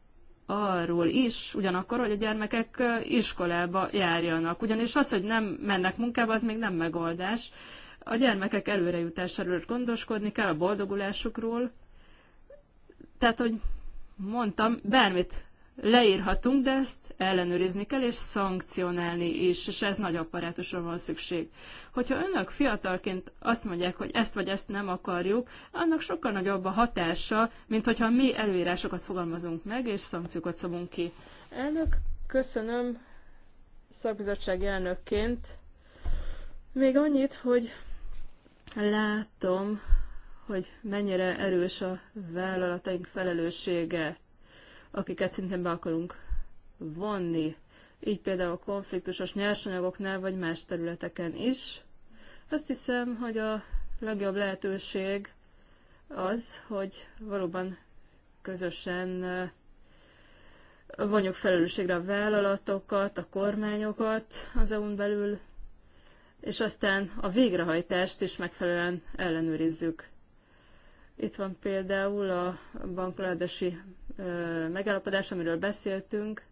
[SPEAKER 4] arról is, ugyanakkor, hogy a gyermekek iskolába járjanak. Ugyanis az, hogy nem mennek munkába, az még nem megoldás. A gyermekek előrejutásáról is gondoskodni kell, a boldogulásukról. Tehát, hogy mondtam, bármit leírhatunk, de ezt ellenőrizni kell, és szankcionálni is, és ez nagy apparátusra van szükség. Hogyha önök fiatalként azt mondják, hogy ezt vagy ezt nem akarjuk, annak sokkal nagyobb a hatása, mint hogyha mi előírásokat fogalmazunk meg, és szankciókat szabunk ki. Elnök, köszönöm szakbizottság elnökként. Még annyit, hogy látom, hogy mennyire erős a vállalataink felelőssége akiket szintén be akarunk vonni. Így például a konfliktusos nyersanyagoknál, vagy más területeken is. Azt hiszem, hogy a legjobb lehetőség az, hogy valóban közösen eh, vonjuk felelősségre a vállalatokat, a kormányokat az EU-n belül, és aztán a végrehajtást is megfelelően ellenőrizzük. Itt van például a bangladesi megállapodás, amiről beszéltünk.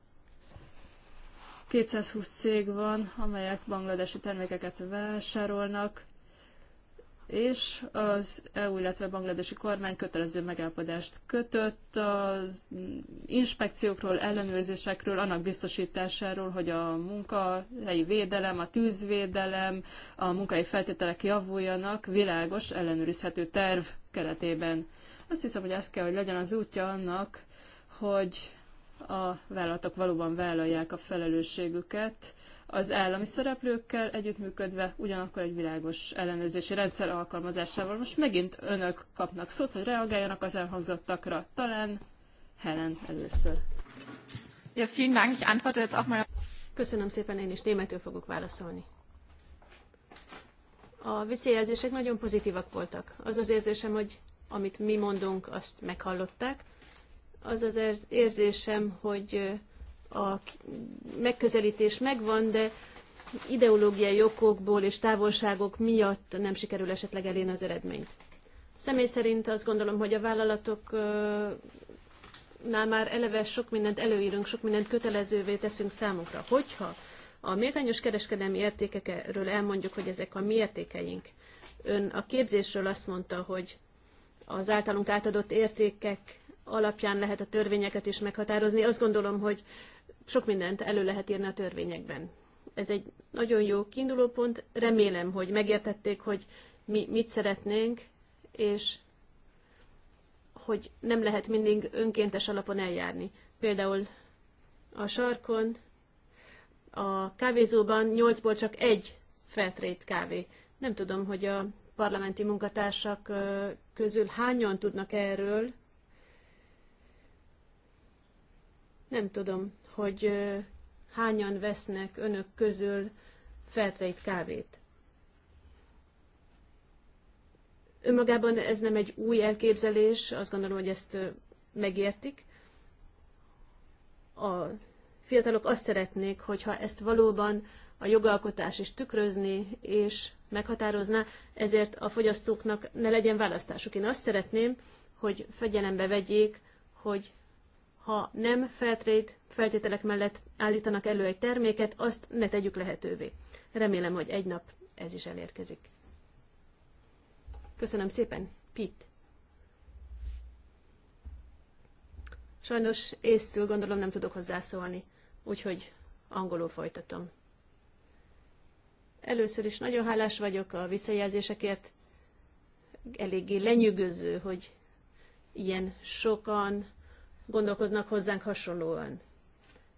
[SPEAKER 4] 220 cég van, amelyek bangladesi termékeket vásárolnak, és az EU, illetve a bangladesi kormány kötelező megállapodást kötött az inspekciókról, ellenőrzésekről, annak biztosításáról, hogy a munkahelyi védelem, a tűzvédelem, a munkai feltételek javuljanak világos, ellenőrizhető terv keretében. Azt hiszem, hogy ez kell, hogy legyen az útja annak, hogy a vállalatok valóban vállalják a felelősségüket az állami szereplőkkel együttműködve, ugyanakkor egy világos ellenőrzési rendszer alkalmazásával. Most megint önök kapnak szót, hogy reagáljanak az elhangzottakra.
[SPEAKER 3] Talán Helen először. Ja, vielen Dank. Ich antworte jetzt auch mal. Köszönöm szépen, én is németül fogok válaszolni. A visszajelzések nagyon pozitívak voltak. Az az érzésem, hogy amit mi mondunk, azt meghallották, az az érzésem, hogy a megközelítés megvan, de ideológiai okokból és távolságok miatt nem sikerül esetleg elén az eredményt. Személy szerint azt gondolom, hogy a vállalatoknál már eleve sok mindent előírunk, sok mindent kötelezővé teszünk számukra. Hogyha a méltányos kereskedelmi értékekről elmondjuk, hogy ezek a mi értékeink. Ön a képzésről azt mondta, hogy az általunk átadott értékek alapján lehet a törvényeket is meghatározni. Azt gondolom, hogy sok mindent elő lehet írni a törvényekben. Ez egy nagyon jó kiindulópont. Remélem, hogy megértették, hogy mi mit szeretnénk, és hogy nem lehet mindig önkéntes alapon eljárni. Például a sarkon, a kávézóban 8-ból csak egy feltrét kávé. Nem tudom, hogy a parlamenti munkatársak közül hányan tudnak erről, Nem tudom, hogy hányan vesznek önök közül feltrejt kávét. Önmagában ez nem egy új elképzelés, azt gondolom, hogy ezt megértik. A fiatalok azt szeretnék, hogyha ezt valóban a jogalkotás is tükrözni és meghatározná, ezért a fogyasztóknak ne legyen választásuk. Én azt szeretném, hogy fegyelembe vegyék, hogy ha nem Fairtrade feltételek mellett állítanak elő egy terméket, azt ne tegyük lehetővé. Remélem, hogy egy nap ez is elérkezik. Köszönöm szépen, Pitt. Sajnos észtül gondolom nem tudok hozzászólni, úgyhogy angolul folytatom. Először is nagyon hálás vagyok a visszajelzésekért. Eléggé lenyűgöző, hogy ilyen sokan gondolkoznak hozzánk hasonlóan.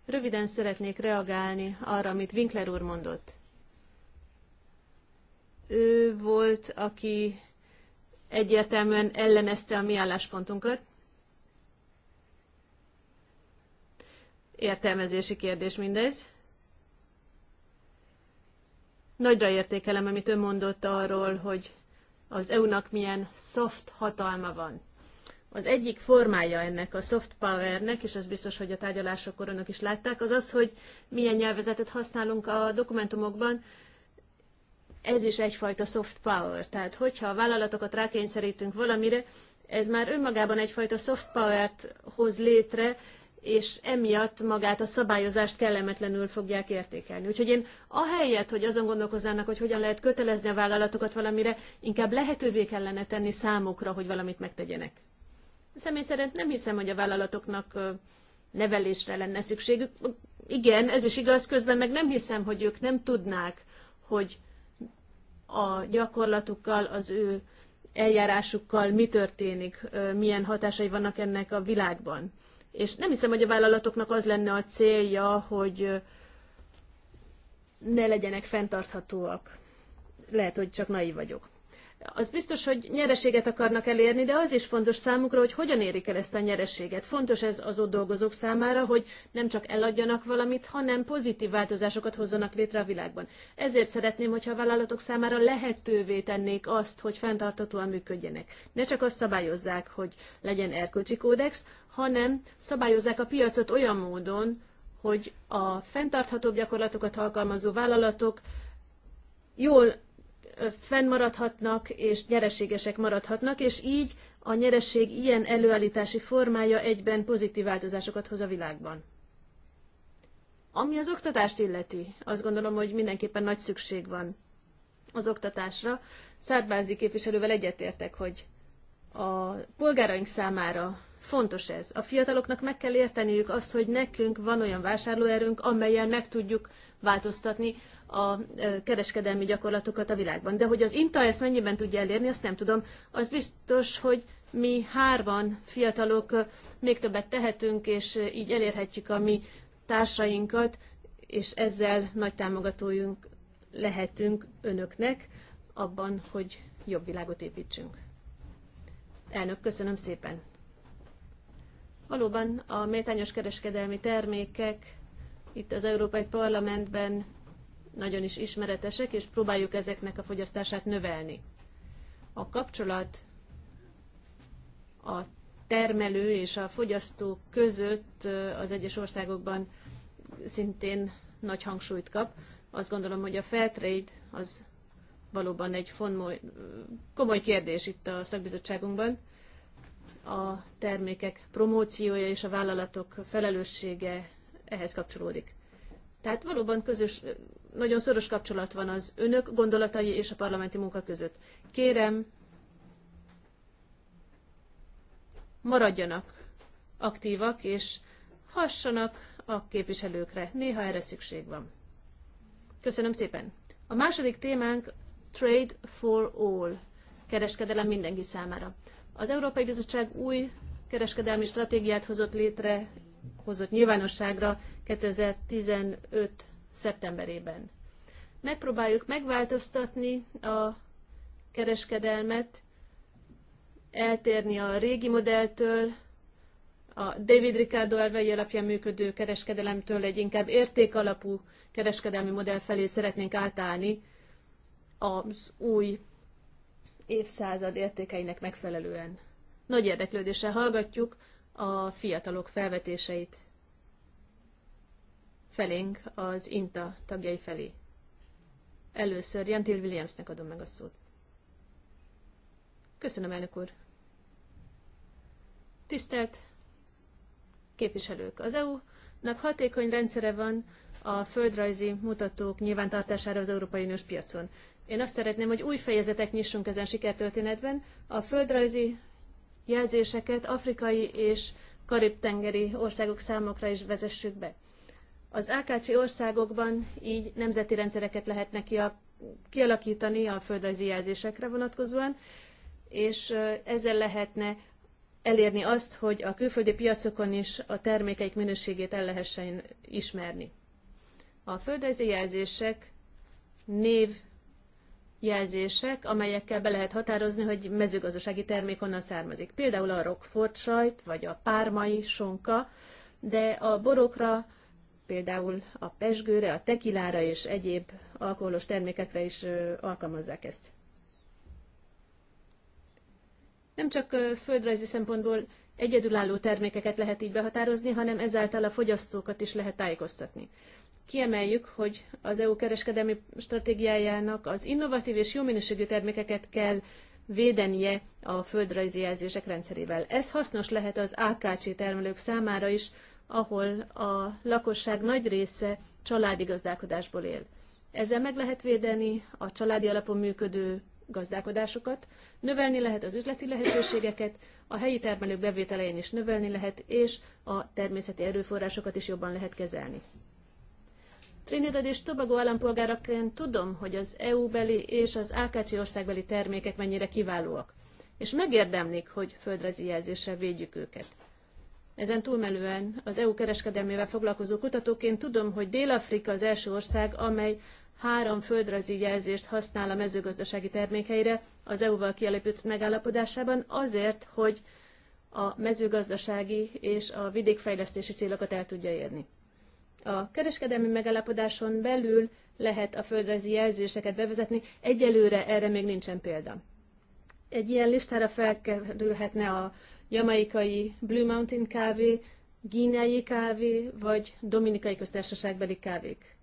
[SPEAKER 3] Röviden szeretnék reagálni arra, amit Winkler úr mondott. Ő volt, aki egyértelműen ellenezte a mi álláspontunkat. Értelmezési kérdés mindez. Nagyra értékelem, amit ő mondott arról, hogy az EU-nak milyen soft hatalma van. Az egyik formája ennek a soft powernek, és az biztos, hogy a tárgyalásokor önök is látták, az az, hogy milyen nyelvezetet használunk a dokumentumokban. Ez is egyfajta soft power. Tehát, hogyha a vállalatokat rákényszerítünk valamire, ez már önmagában egyfajta soft power-t hoz létre, és emiatt magát a szabályozást kellemetlenül fogják értékelni. Úgyhogy én ahelyett, hogy azon gondolkozzának, hogy hogyan lehet kötelezni a vállalatokat valamire, inkább lehetővé kellene tenni számukra, hogy valamit megtegyenek. Személy szerint nem hiszem, hogy a vállalatoknak nevelésre lenne szükségük. Igen, ez is igaz, közben meg nem hiszem, hogy ők nem tudnák, hogy a gyakorlatukkal, az ő eljárásukkal mi történik, milyen hatásai vannak ennek a világban. És nem hiszem, hogy a vállalatoknak az lenne a célja, hogy ne legyenek fenntarthatóak. Lehet, hogy csak naiv vagyok az biztos, hogy nyereséget akarnak elérni, de az is fontos számukra, hogy hogyan érik el ezt a nyereséget. Fontos ez az ott dolgozók számára, hogy nem csak eladjanak valamit, hanem pozitív változásokat hozzanak létre a világban. Ezért szeretném, hogyha a vállalatok számára lehetővé tennék azt, hogy fenntartatóan működjenek. Ne csak azt szabályozzák, hogy legyen erkölcsi kódex, hanem szabályozzák a piacot olyan módon, hogy a fenntarthatóbb gyakorlatokat alkalmazó vállalatok jól fennmaradhatnak és nyereségesek maradhatnak, és így a nyereség ilyen előállítási formája egyben pozitív változásokat hoz a világban. Ami az oktatást illeti, azt gondolom, hogy mindenképpen nagy szükség van az oktatásra. Szárbázi képviselővel egyetértek, hogy a polgáraink számára fontos ez. A fiataloknak meg kell érteniük azt, hogy nekünk van olyan vásárlóerőnk, amelyen meg tudjuk változtatni a kereskedelmi gyakorlatokat a világban. De hogy az INTA ezt mennyiben tudja elérni, azt nem tudom. Az biztos, hogy mi hárman fiatalok még többet tehetünk, és így elérhetjük a mi társainkat, és ezzel nagy támogatójunk lehetünk önöknek abban, hogy jobb világot építsünk. Elnök, köszönöm szépen! Valóban a méltányos kereskedelmi termékek itt az Európai Parlamentben nagyon is ismeretesek, és próbáljuk ezeknek a fogyasztását növelni. A kapcsolat a termelő és a fogyasztó között az egyes országokban szintén nagy hangsúlyt kap. Azt gondolom, hogy a Fairtrade az valóban egy fonmoly, komoly kérdés itt a szakbizottságunkban. A termékek promóciója és a vállalatok felelőssége ehhez kapcsolódik. Tehát valóban közös, nagyon szoros kapcsolat van az önök gondolatai és a parlamenti munka között. Kérem, maradjanak aktívak, és hassanak a képviselőkre. Néha erre szükség van. Köszönöm szépen. A második témánk Trade for All, kereskedelem mindenki számára. Az Európai Bizottság új kereskedelmi stratégiát hozott létre hozott nyilvánosságra 2015. szeptemberében. Megpróbáljuk megváltoztatni a kereskedelmet, eltérni a régi modelltől, a David Ricardo elvei alapján működő kereskedelemtől egy inkább értékalapú kereskedelmi modell felé szeretnénk átállni az új évszázad értékeinek megfelelően. Nagy érdeklődéssel hallgatjuk a fiatalok felvetéseit felénk az INTA tagjai felé. Először Jentil Williamsnek adom meg a szót. Köszönöm, elnök úr. Tisztelt képviselők! Az EU-nak hatékony rendszere van a földrajzi mutatók nyilvántartására az Európai Uniós piacon. Én azt szeretném, hogy új fejezetek nyissunk ezen sikertörténetben. A földrajzi jelzéseket afrikai és karib-tengeri országok számokra is vezessük be. Az AKC országokban így nemzeti rendszereket lehetne kialakítani a földrajzi jelzésekre vonatkozóan, és ezzel lehetne elérni azt, hogy a külföldi piacokon is a termékeik minőségét el lehessen ismerni. A földrajzi jelzések név jelzések, amelyekkel be lehet határozni, hogy mezőgazdasági termék onnan származik. Például a Rockford sajt, vagy a pármai sonka, de a borokra, például a pesgőre, a tekilára és egyéb alkoholos termékekre is alkalmazzák ezt. Nem csak földrajzi szempontból egyedülálló termékeket lehet így behatározni, hanem ezáltal a fogyasztókat is lehet tájékoztatni kiemeljük, hogy az EU kereskedelmi stratégiájának az innovatív és jó minőségű termékeket kell védenie a földrajzi jelzések rendszerével. Ez hasznos lehet az AKC termelők számára is, ahol a lakosság nagy része családi gazdálkodásból él. Ezzel meg lehet védeni a családi alapon működő gazdálkodásokat, növelni lehet az üzleti lehetőségeket, a helyi termelők bevételein is növelni lehet, és a természeti erőforrásokat is jobban lehet kezelni. Trinidad és Tobago állampolgáraként tudom, hogy az EU-beli és az AKC országbeli termékek mennyire kiválóak, és megérdemlik, hogy földrajzi jelzéssel védjük őket. Ezen túlmenően az EU kereskedelmével foglalkozó kutatóként tudom, hogy Dél-Afrika az első ország, amely három földrajzi jelzést használ a mezőgazdasági termékeire az EU-val kialakított megállapodásában azért, hogy a mezőgazdasági és a vidékfejlesztési célokat el tudja érni. A kereskedelmi megállapodáson belül lehet a földrajzi jelzéseket bevezetni, egyelőre erre még nincsen példa. Egy ilyen listára felkerülhetne a jamaikai Blue Mountain kávé, gíneai kávé vagy dominikai köztársaságbeli kávék.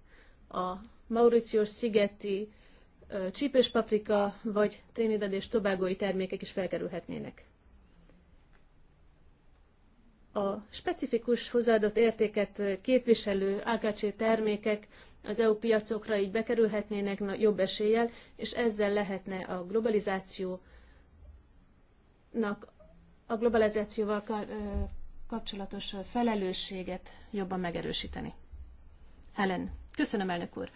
[SPEAKER 3] A Mauritius szigeti csípős paprika vagy Trinidad és Tobágói termékek is felkerülhetnének a specifikus hozzáadott értéket képviselő AKC termékek az EU piacokra így bekerülhetnének jobb eséllyel, és ezzel lehetne a globalizációnak, a globalizációval kapcsolatos felelősséget jobban megerősíteni. Helen, köszönöm elnök úr.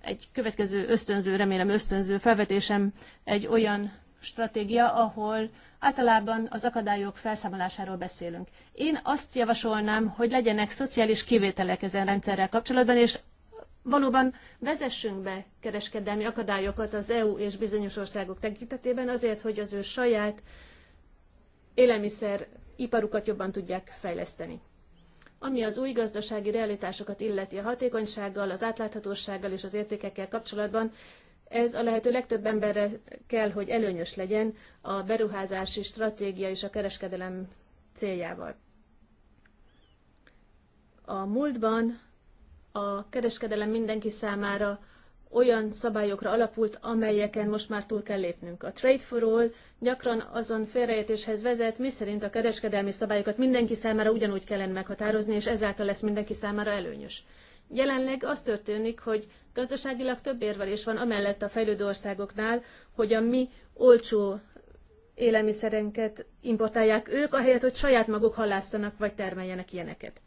[SPEAKER 3] Egy következő ösztönző, remélem ösztönző felvetésem egy olyan stratégia, ahol általában az akadályok felszámolásáról beszélünk. Én azt javasolnám, hogy legyenek szociális kivételek ezen rendszerrel kapcsolatban, és valóban vezessünk be kereskedelmi akadályokat az EU és bizonyos országok tekintetében azért, hogy az ő saját élelmiszer iparukat jobban tudják fejleszteni. Ami az új gazdasági realitásokat illeti a hatékonysággal, az átláthatósággal és az értékekkel kapcsolatban, ez a lehető legtöbb emberre kell, hogy előnyös legyen a beruházási stratégia és a kereskedelem céljával. A múltban a kereskedelem mindenki számára olyan szabályokra alapult, amelyeken most már túl kell lépnünk. A Trade for All gyakran azon félreértéshez vezet, miszerint a kereskedelmi szabályokat mindenki számára ugyanúgy kellene meghatározni, és ezáltal lesz mindenki számára előnyös. Jelenleg az történik, hogy gazdaságilag több érvelés van amellett a fejlődő országoknál, hogy a mi olcsó élelmiszerenket importálják ők, ahelyett, hogy saját maguk halásszanak vagy termeljenek ilyeneket.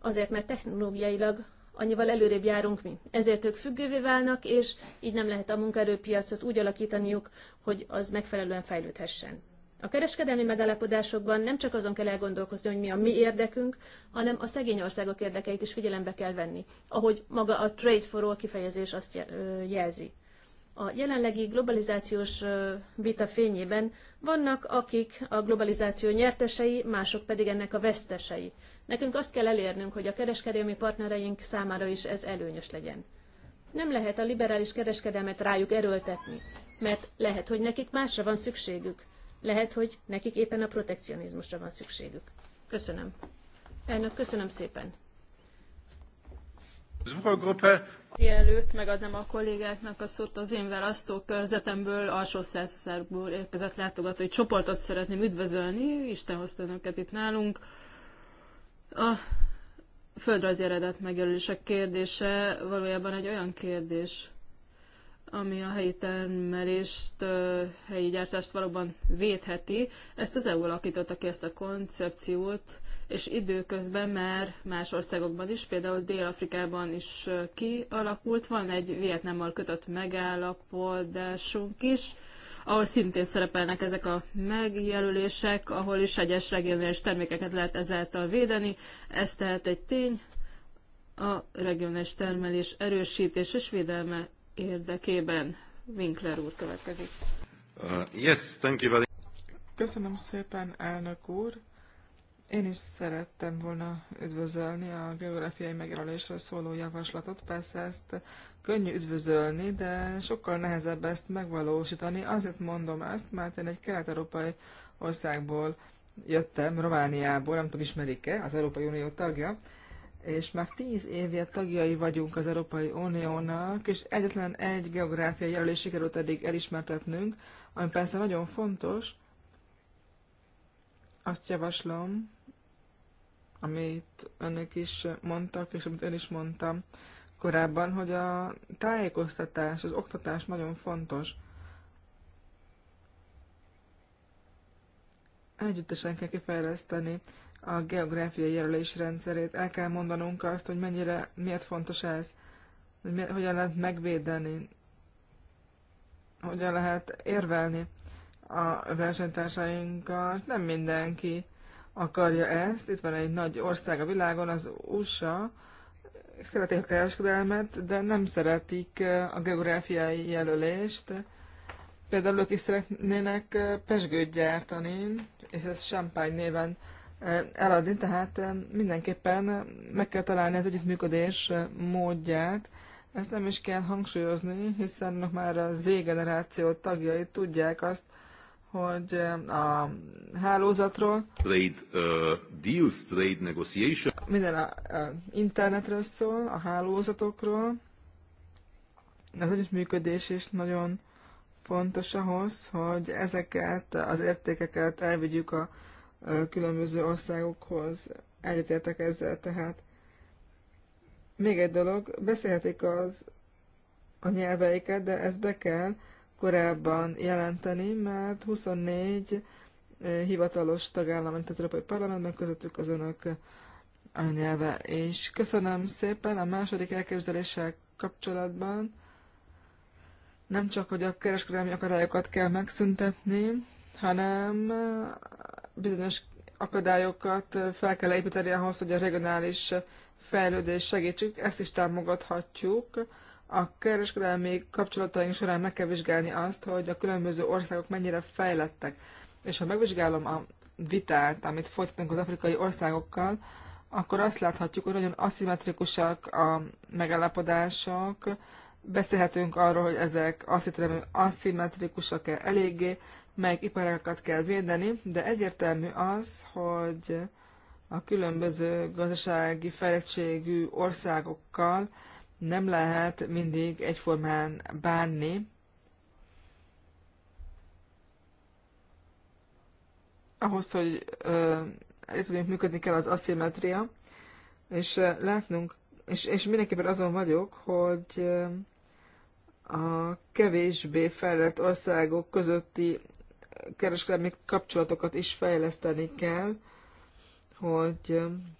[SPEAKER 3] Azért, mert technológiailag annyival előrébb járunk mi. Ezért ők függővé válnak, és így nem lehet a munkaerőpiacot úgy alakítaniuk, hogy az megfelelően fejlődhessen. A kereskedelmi megállapodásokban nem csak azon kell elgondolkozni, hogy mi a mi érdekünk, hanem a szegény országok érdekeit is figyelembe kell venni, ahogy maga a trade for all kifejezés azt jelzi. A jelenlegi globalizációs vita fényében vannak, akik a globalizáció nyertesei, mások pedig ennek a vesztesei. Nekünk azt kell elérnünk, hogy a kereskedelmi partnereink számára is ez előnyös legyen. Nem lehet a liberális kereskedelmet rájuk erőltetni, mert lehet, hogy nekik másra van szükségük, lehet, hogy nekik éppen a protekcionizmusra van szükségük. Köszönöm. Elnök, köszönöm szépen.
[SPEAKER 4] Mielőtt megadnám a kollégáknak a szót, az én körzetemből, alsó szerszerből érkezett látogatói csoportot szeretném üdvözölni, Isten hozta önöket itt nálunk. A földrajzi eredet megjelölések kérdése valójában egy olyan kérdés, ami a helyi termelést, helyi gyártást valóban védheti. Ezt az EU alakította ki ezt a koncepciót, és időközben már más országokban is, például Dél-Afrikában is kialakult. Van egy Vietnámmal kötött megállapodásunk is, ahol szintén szerepelnek ezek a megjelölések, ahol is egyes regionális termékeket lehet ezáltal védeni. Ez tehát egy tény, a regionális termelés erősítés és védelme érdekében. Winkler úr következik.
[SPEAKER 2] Uh, yes, thank you very
[SPEAKER 1] Köszönöm szépen, elnök úr. Én is szerettem volna üdvözölni a geográfiai megjelölésről szóló javaslatot. Persze ezt könnyű üdvözölni, de sokkal nehezebb ezt megvalósítani. Azért mondom ezt, mert én egy kelet-európai országból jöttem, Romániából, nem tudom, ismerik-e, az Európai Unió tagja, és már tíz évje tagjai vagyunk az Európai Uniónak, és egyetlen egy geográfiai jelölés sikerült eddig elismertetnünk, ami persze nagyon fontos. Azt javaslom, amit önök is mondtak, és amit ön is mondtam korábban, hogy a tájékoztatás, az oktatás nagyon fontos. Együttesen kell kifejleszteni a geográfiai jelölés rendszerét. El kell mondanunk azt, hogy mennyire, miért fontos ez, hogy mi, hogyan lehet megvédeni, hogyan lehet érvelni a versenytársainkkal. Nem mindenki akarja ezt. Itt van egy nagy ország a világon, az USA, szeretik a kereskedelmet, de nem szeretik a geográfiai jelölést. Például ők is szeretnének pesgőt gyártani, és ez champagne néven eladni, tehát mindenképpen meg kell találni az együttműködés módját. Ezt nem is kell hangsúlyozni, hiszen már a Z generáció tagjai tudják azt, hogy a hálózatról,
[SPEAKER 2] trade, uh, deals, trade negotiation.
[SPEAKER 1] minden a, a internetről szól, a hálózatokról. Az együttműködés is nagyon fontos ahhoz, hogy ezeket az értékeket elvigyük a különböző országokhoz. Egyetértek ezzel tehát. Még egy dolog, beszélhetik az a nyelveiket, de ezt be kell korábban jelenteni, mert 24 hivatalos tagállam, mint az Európai Parlamentben, közöttük az önök a nyelve. És köszönöm szépen a második elképzeléssel kapcsolatban. Nem csak, hogy a kereskedelmi akadályokat kell megszüntetni, hanem bizonyos akadályokat fel kell építeni ahhoz, hogy a regionális fejlődés segítsük, ezt is támogathatjuk. A kereskedelmi kapcsolataink során meg kell vizsgálni azt, hogy a különböző országok mennyire fejlettek. És ha megvizsgálom a vitát, amit folytatunk az afrikai országokkal, akkor azt láthatjuk, hogy nagyon aszimmetrikusak a megállapodások, beszélhetünk arról, hogy ezek aszimmetrikusak-e eléggé, melyik iparákat kell védeni, de egyértelmű az, hogy a különböző gazdasági fejlettségű országokkal nem lehet mindig egyformán bánni. Ahhoz, hogy ö, el tudjunk működni kell az aszimetria, és látnunk, és, és mindenképpen azon vagyok, hogy a kevésbé fejlett országok közötti kereskedelmi kapcsolatokat is fejleszteni kell, hogy um,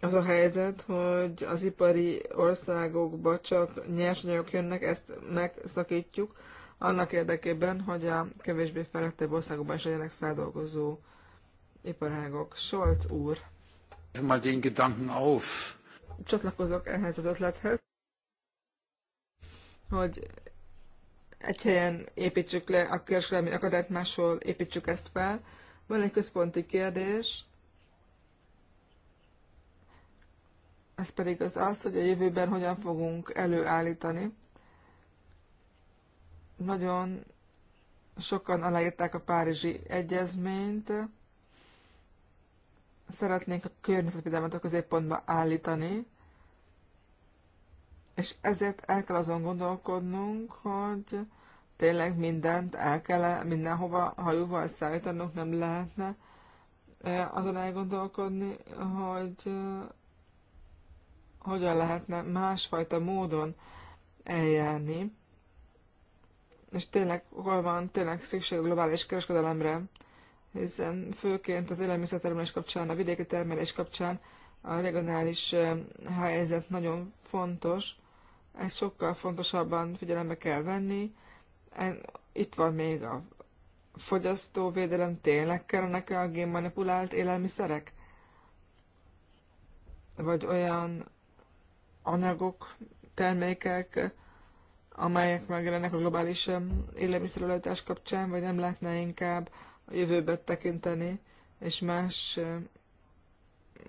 [SPEAKER 1] az a helyzet, hogy az ipari országokba csak nyersanyagok jönnek, ezt megszakítjuk, annak érdekében, hogy a kevésbé fejlettebb országokban is legyenek feldolgozó iparágok. Scholz úr.
[SPEAKER 2] Mal den Gedanken auf.
[SPEAKER 1] Csatlakozok ehhez az ötlethez, hogy egy helyen építsük le a kereskedelmi akadályt, máshol építsük ezt fel. Van egy központi kérdés, ez pedig az az, hogy a jövőben hogyan fogunk előállítani. Nagyon sokan aláírták a Párizsi Egyezményt, szeretnénk a környezetvédelmet a középpontba állítani, és ezért el kell azon gondolkodnunk, hogy tényleg mindent el kell -e mindenhova hajóval szállítanunk, nem lehetne azon elgondolkodni, hogy hogyan lehetne másfajta módon eljárni, és tényleg hol van tényleg szükség globális kereskedelemre, hiszen főként az élelmiszertermelés kapcsán, a vidéki termelés kapcsán a regionális helyzet nagyon fontos, ezt sokkal fontosabban figyelembe kell venni. Itt van még a fogyasztóvédelem, tényleg kellenek a génmanipulált élelmiszerek? Vagy olyan anyagok, termékek, amelyek megjelennek a globális élelmiszerolajtás kapcsán, vagy nem lehetne inkább a jövőbe tekinteni, és más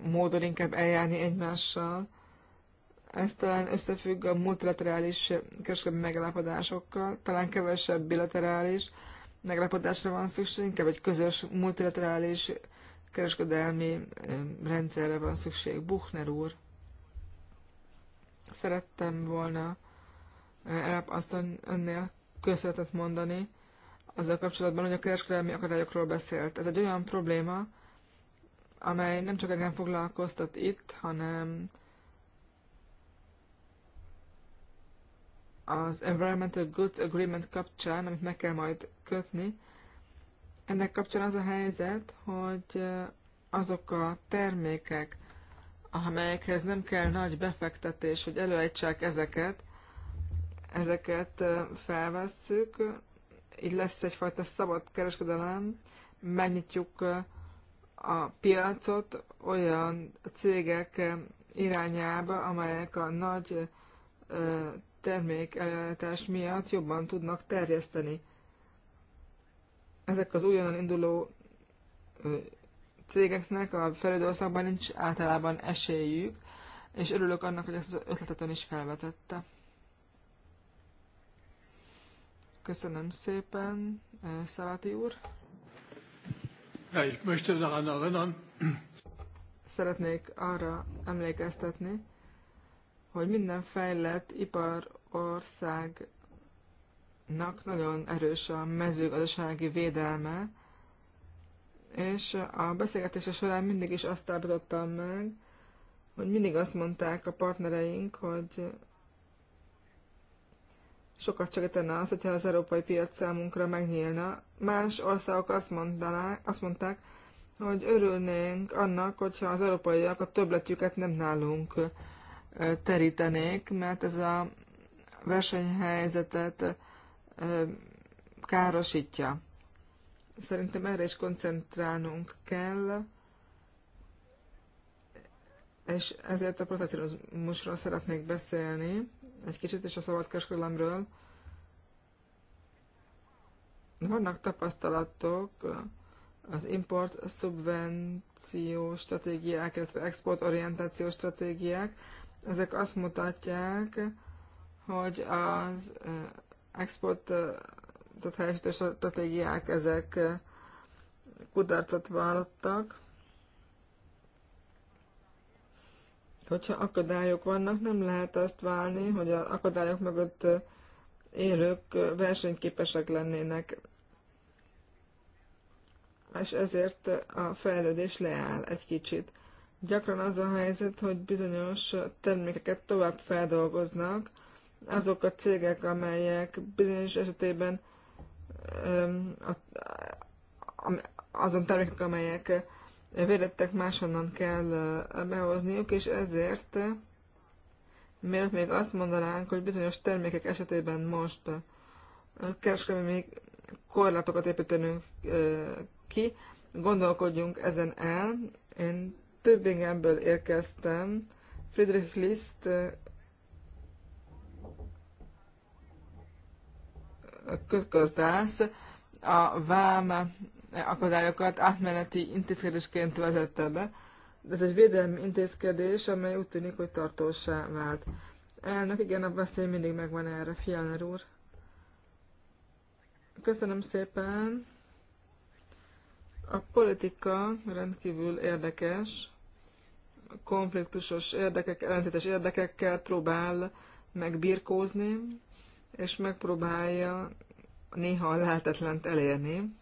[SPEAKER 1] módon inkább eljárni egymással, ez talán összefügg a multilaterális kereskedelmi megállapodásokkal, talán kevesebb bilaterális megállapodásra van szükség, inkább egy közös multilaterális kereskedelmi rendszerre van szükség. Buchner úr, szerettem volna Elap asszony önnél köszönetet mondani azzal kapcsolatban, hogy a kereskedelmi akadályokról beszélt. Ez egy olyan probléma, amely nem csak engem foglalkoztat itt, hanem az Environmental Goods Agreement kapcsán, amit meg kell majd kötni. Ennek kapcsán az a helyzet, hogy eh, azok a termékek, amelyekhez nem kell nagy befektetés, hogy előállítsák ezeket, ezeket eh, felvesszük, így lesz egyfajta szabad kereskedelem, megnyitjuk eh, a piacot olyan cégek irányába, amelyek a nagy termékelállítás miatt jobban tudnak terjeszteni. Ezek az újonnan induló cégeknek a fejlődő nincs általában esélyük, és örülök annak, hogy ezt az ötletet is felvetette. Köszönöm szépen, Szaváti úr.
[SPEAKER 2] Ja,
[SPEAKER 1] Szeretnék arra emlékeztetni, hogy minden fejlett iparországnak nagyon erős a mezőgazdasági védelme, és a beszélgetése során mindig is azt állapítottam meg, hogy mindig azt mondták a partnereink, hogy sokat segítene az, hogyha az európai piac számunkra megnyílna. Más országok azt, mondanák, azt mondták, hogy örülnénk annak, hogyha az európaiak a többletjüket nem nálunk terítenék, mert ez a versenyhelyzetet károsítja. Szerintem erre is koncentrálnunk kell, és ezért a protekcionizmusról szeretnék beszélni egy kicsit, és a szabadkereskedelemről. Vannak tapasztalatok az import szubvenció stratégiák, illetve export orientáció stratégiák, ezek azt mutatják, hogy az eh, export eh, tehát helyesítés stratégiák ezek eh, kudarcot vallottak. Hogyha akadályok vannak, nem lehet azt válni, hogy az akadályok mögött élők versenyképesek lennének. És ezért a fejlődés leáll egy kicsit. Gyakran az a helyzet, hogy bizonyos termékeket tovább feldolgoznak, azok a cégek, amelyek bizonyos esetében azon termékek, amelyek véletek máshonnan kell behozniuk, és ezért miért még azt mondanánk, hogy bizonyos termékek esetében most kereskedelmi még korlátokat építenünk ki, gondolkodjunk ezen el. Én Tübingenből érkeztem. Friedrich List eh, közgazdász a vám akadályokat átmeneti intézkedésként vezette be. Ez egy védelmi intézkedés, amely úgy tűnik, hogy tartósá vált. Elnök, igen, a veszély mindig megvan erre, Fialner úr. Köszönöm szépen. A politika rendkívül érdekes, konfliktusos érdekek, ellentétes érdekekkel próbál megbirkózni, és megpróbálja néha a lehetetlent elérni.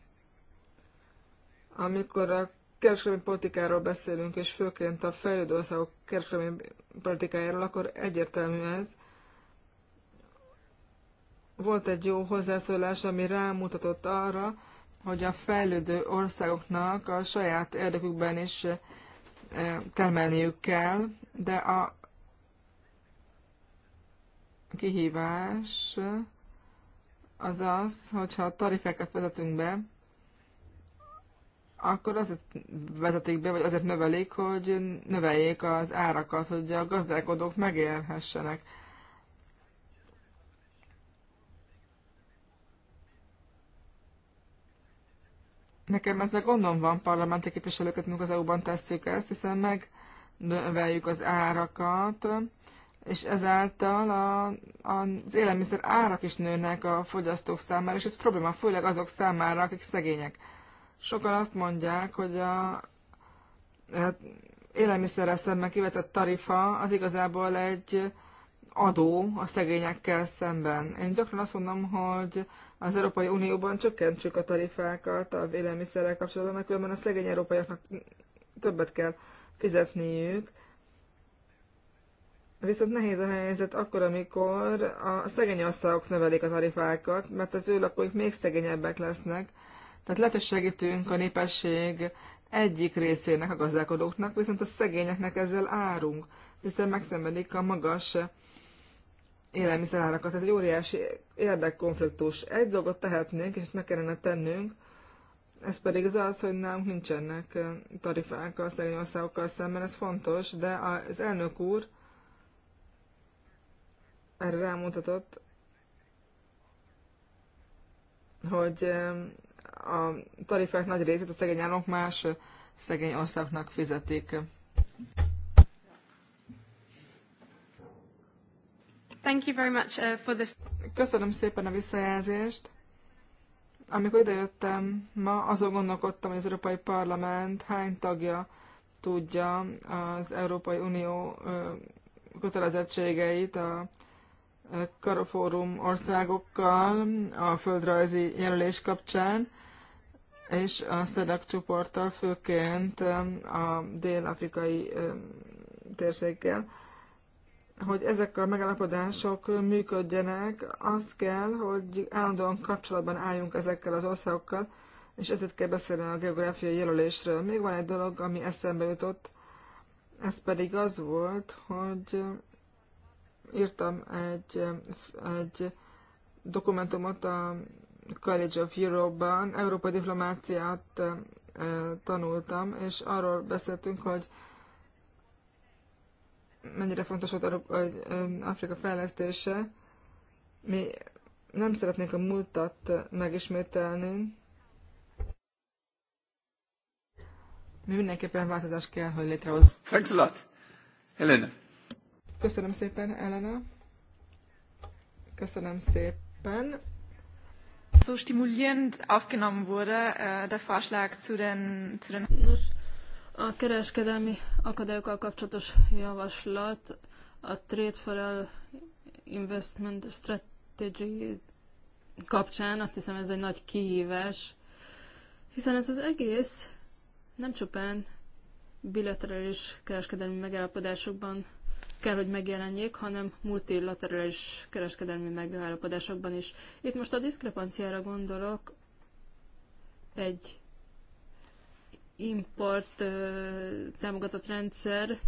[SPEAKER 1] Amikor a kereskedelmi politikáról beszélünk, és főként a fejlődő országok kereskedelmi politikájáról, akkor egyértelmű ez. Volt egy jó hozzászólás, ami rámutatott arra, hogy a fejlődő országoknak a saját érdekükben is eh, termelniük kell, de a kihívás eh, az az, hogyha a tarifákat vezetünk be, akkor azért vezetik be, vagy azért növelik, hogy növeljék az árakat, hogy a gazdálkodók megélhessenek. Nekem ezzel gondom van parlamenti képviselőket, amikor az EU-ban tesszük ezt, hiszen megnöveljük az árakat, és ezáltal a, a, az élelmiszer árak is nőnek a fogyasztók számára, és ez probléma főleg azok számára, akik szegények. Sokan azt mondják, hogy a, a hát, élelmiszerre szemben kivetett tarifa az igazából egy adó a szegényekkel szemben. Én gyakran azt mondom, hogy az Európai Unióban csökkentsük a tarifákat a élelmiszerrel kapcsolatban, mert különben a szegény európaiaknak többet kell fizetniük. Viszont nehéz a helyzet akkor, amikor a szegény országok növelik a tarifákat, mert az ő lakóik még szegényebbek lesznek. Tehát lehet, hogy segítünk a népesség egyik részének, a gazdálkodóknak, viszont a szegényeknek ezzel árunk, hiszen megszenvedik a magas élelmiszerárakat. Ez egy óriási érdekkonfliktus. Egy dolgot tehetnénk, és ezt meg kellene tennünk, ez pedig az az, hogy nálunk nincsenek tarifák a szegény országokkal szemben, ez fontos, de az elnök úr erre rámutatott, hogy a tarifák nagy részét a szegény államok más szegény országnak fizetik. Thank you very much uh, for the... Köszönöm szépen a visszajelzést. Amikor idejöttem ma, azon gondolkodtam, hogy az Európai Parlament hány tagja tudja az Európai Unió kötelezettségeit a Karofórum országokkal a földrajzi jelölés kapcsán, és a SZEDAK csoporttal, főként a dél-afrikai térséggel hogy ezek a megállapodások működjenek, az kell, hogy állandóan kapcsolatban álljunk ezekkel az országokkal, és ezért kell beszélni a geográfiai jelölésről. Még van egy dolog, ami eszembe jutott, ez pedig az volt, hogy írtam egy, egy dokumentumot a College of Europe-ban, Európa diplomáciát eh, tanultam, és arról beszéltünk, hogy mennyire fontos volt Afrika fejlesztése. Mi nem szeretnénk a múltat megismételni. Mi mindenképpen változás kell, hogy létrehoz.
[SPEAKER 2] Thanks a lot, Helena.
[SPEAKER 1] Köszönöm szépen, Elena. Köszönöm szépen. So stimulierend aufgenommen wurde, äh, der Vorschlag zu den, zu den... Nos,
[SPEAKER 4] a kereskedelmi akadályokkal kapcsolatos javaslat a Trade for All Investment Strategy kapcsán azt hiszem ez egy nagy kihívás, hiszen ez az egész nem csupán bilaterális kereskedelmi megállapodásokban kell, hogy megjelenjék, hanem multilaterális kereskedelmi megállapodásokban is. Itt most a diszkrepanciára gondolok egy import támogatott rendszer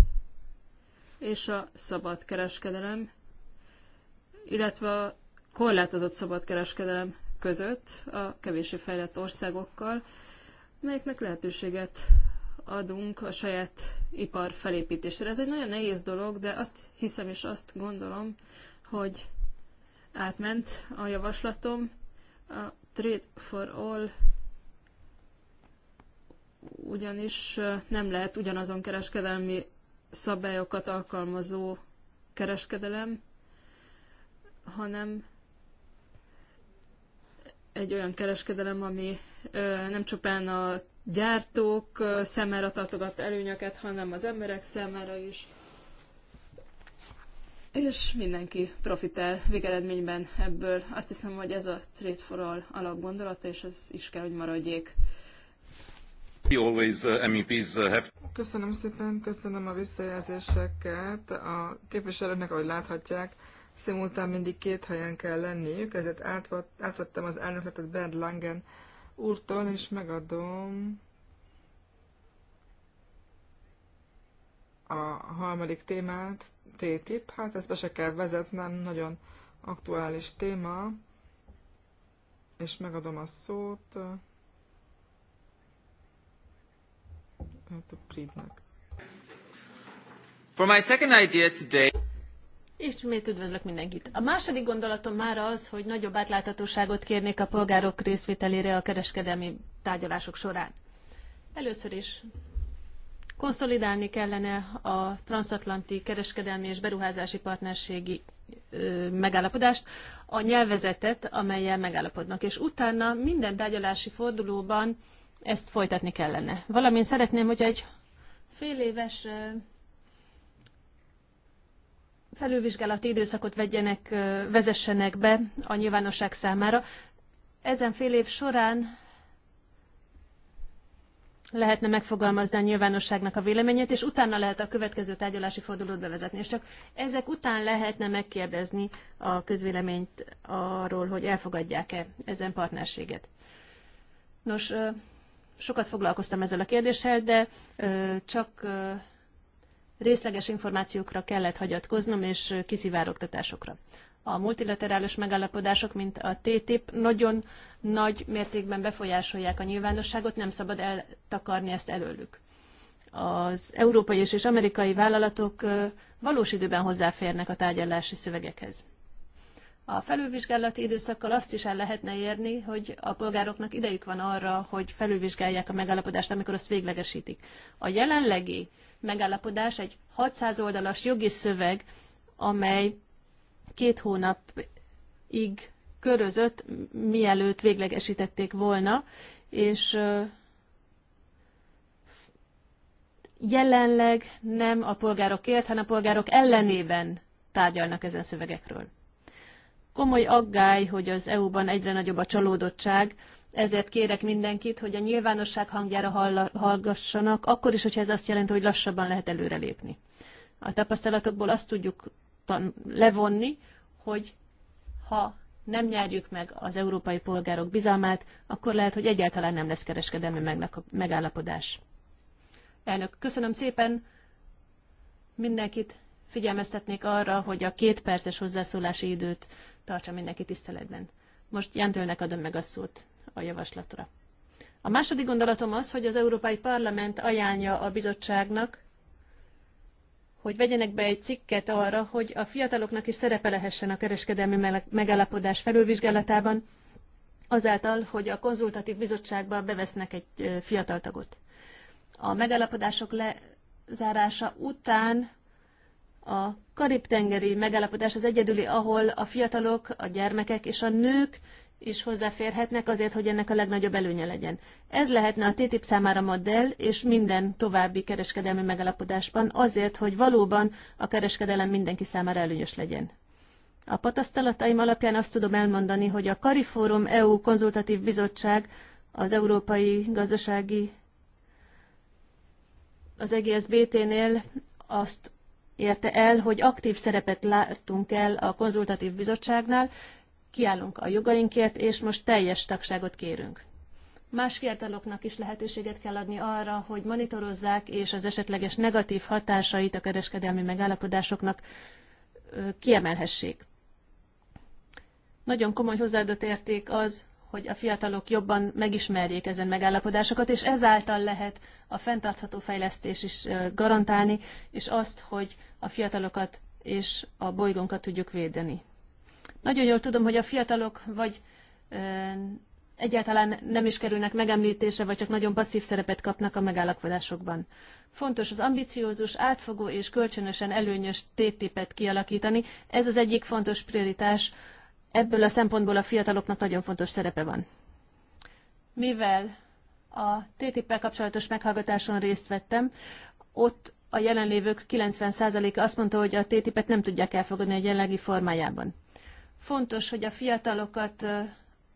[SPEAKER 4] és a szabad kereskedelem, illetve a korlátozott szabad kereskedelem között a kevésbé fejlett országokkal, melyeknek lehetőséget adunk a saját ipar felépítésére. Ez egy nagyon nehéz dolog, de azt hiszem és azt gondolom, hogy átment a javaslatom. A Trade for All ugyanis nem lehet ugyanazon kereskedelmi szabályokat alkalmazó kereskedelem, hanem egy olyan kereskedelem, ami nem csupán a gyártók szemére tartogat előnyöket, hanem az emberek szemére is. És mindenki profitál végeredményben ebből. Azt hiszem, hogy ez a Trade for All
[SPEAKER 1] alapgondolata, és ez is kell, hogy maradjék.
[SPEAKER 2] Uh, uh,
[SPEAKER 1] köszönöm szépen, köszönöm a visszajelzéseket. A képviselőnek, ahogy láthatják, szimultán mindig két helyen kell lenniük, ezért átvettem az elnökletet Bernd Langen úrtól, és megadom a harmadik témát, TTIP. Hát ezt be se kell vezetnem, nagyon aktuális téma, és megadom a szót. Hát, For my second idea today...
[SPEAKER 3] Ismét üdvözlök mindenkit. A második gondolatom már az, hogy nagyobb átláthatóságot kérnék a polgárok részvételére a kereskedelmi tárgyalások során. Először is konszolidálni kellene a transatlanti kereskedelmi és beruházási partnerségi megállapodást, a nyelvezetet, amelyel megállapodnak. És utána minden tárgyalási fordulóban ezt folytatni kellene. Valamint szeretném, hogy egy fél éves felülvizsgálati időszakot vegyenek, vezessenek be a nyilvánosság számára. Ezen fél év során lehetne megfogalmazni a nyilvánosságnak a véleményét, és utána lehet a következő tárgyalási fordulót bevezetni. És csak ezek után lehetne megkérdezni a közvéleményt arról, hogy elfogadják-e ezen partnerséget. Nos, Sokat foglalkoztam ezzel a kérdéssel, de csak részleges információkra kellett hagyatkoznom, és kiszivárogtatásokra. A multilaterális megállapodások, mint a TTIP, nagyon nagy mértékben befolyásolják a nyilvánosságot, nem szabad eltakarni ezt előlük. Az európai és, és amerikai vállalatok valós időben hozzáférnek a tárgyalási szövegekhez. A felülvizsgálati időszakkal azt is el lehetne érni, hogy a polgároknak idejük van arra, hogy felülvizsgálják a megállapodást, amikor azt véglegesítik. A jelenlegi megállapodás egy 600 oldalas jogi szöveg, amely két hónapig körözött, mielőtt véglegesítették volna, és jelenleg nem a polgárokért, hanem a polgárok ellenében tárgyalnak ezen szövegekről komoly aggály, hogy az EU-ban egyre nagyobb a csalódottság, ezért kérek mindenkit, hogy a nyilvánosság hangjára hallgassanak, akkor is, hogyha ez azt jelenti, hogy lassabban lehet előrelépni. A tapasztalatokból azt tudjuk levonni, hogy ha nem nyerjük meg az európai polgárok bizalmát, akkor lehet, hogy egyáltalán nem lesz kereskedelmi megállapodás. Elnök, köszönöm szépen mindenkit, figyelmeztetnék arra, hogy a két perces hozzászólási időt tartsa mindenki tiszteletben. Most Jentőnek adom meg a szót a javaslatra. A második gondolatom az, hogy az Európai Parlament ajánlja a bizottságnak, hogy vegyenek be egy cikket arra, hogy a fiataloknak is szerepe lehessen a kereskedelmi megállapodás felülvizsgálatában, azáltal, hogy a konzultatív bizottságba bevesznek egy fiatal tagot. A megállapodások lezárása után a Karib-tengeri megállapodás az egyedüli, ahol a fiatalok, a gyermekek és a nők is hozzáférhetnek azért, hogy ennek a legnagyobb előnye legyen. Ez lehetne a TTIP számára modell, és minden további kereskedelmi megalapodásban azért, hogy valóban a kereskedelem mindenki számára előnyös legyen. A patasztalataim alapján azt tudom elmondani, hogy a Karifórum EU konzultatív bizottság az Európai Gazdasági az EGSBT-nél azt érte el, hogy aktív szerepet láttunk el a konzultatív bizottságnál, kiállunk a jogainkért, és most teljes tagságot kérünk. Más fiataloknak is lehetőséget kell adni arra, hogy monitorozzák, és az esetleges negatív hatásait a kereskedelmi megállapodásoknak kiemelhessék. Nagyon komoly hozzáadott érték az, hogy a fiatalok jobban megismerjék ezen megállapodásokat, és ezáltal lehet a fenntartható fejlesztés is garantálni, és azt, hogy a fiatalokat és a bolygónkat tudjuk védeni. Nagyon jól tudom, hogy a fiatalok vagy egyáltalán nem is kerülnek megemlítése, vagy csak nagyon passzív szerepet kapnak a megállapodásokban. Fontos az ambiciózus, átfogó és kölcsönösen előnyös tétipet kialakítani. Ez az egyik fontos prioritás Ebből a szempontból a fiataloknak nagyon fontos szerepe van. Mivel a TTIP-pel kapcsolatos meghallgatáson részt vettem, ott a jelenlévők 90%-a azt mondta, hogy a TTIP-et nem tudják elfogadni a jelenlegi formájában. Fontos, hogy a fiatalokat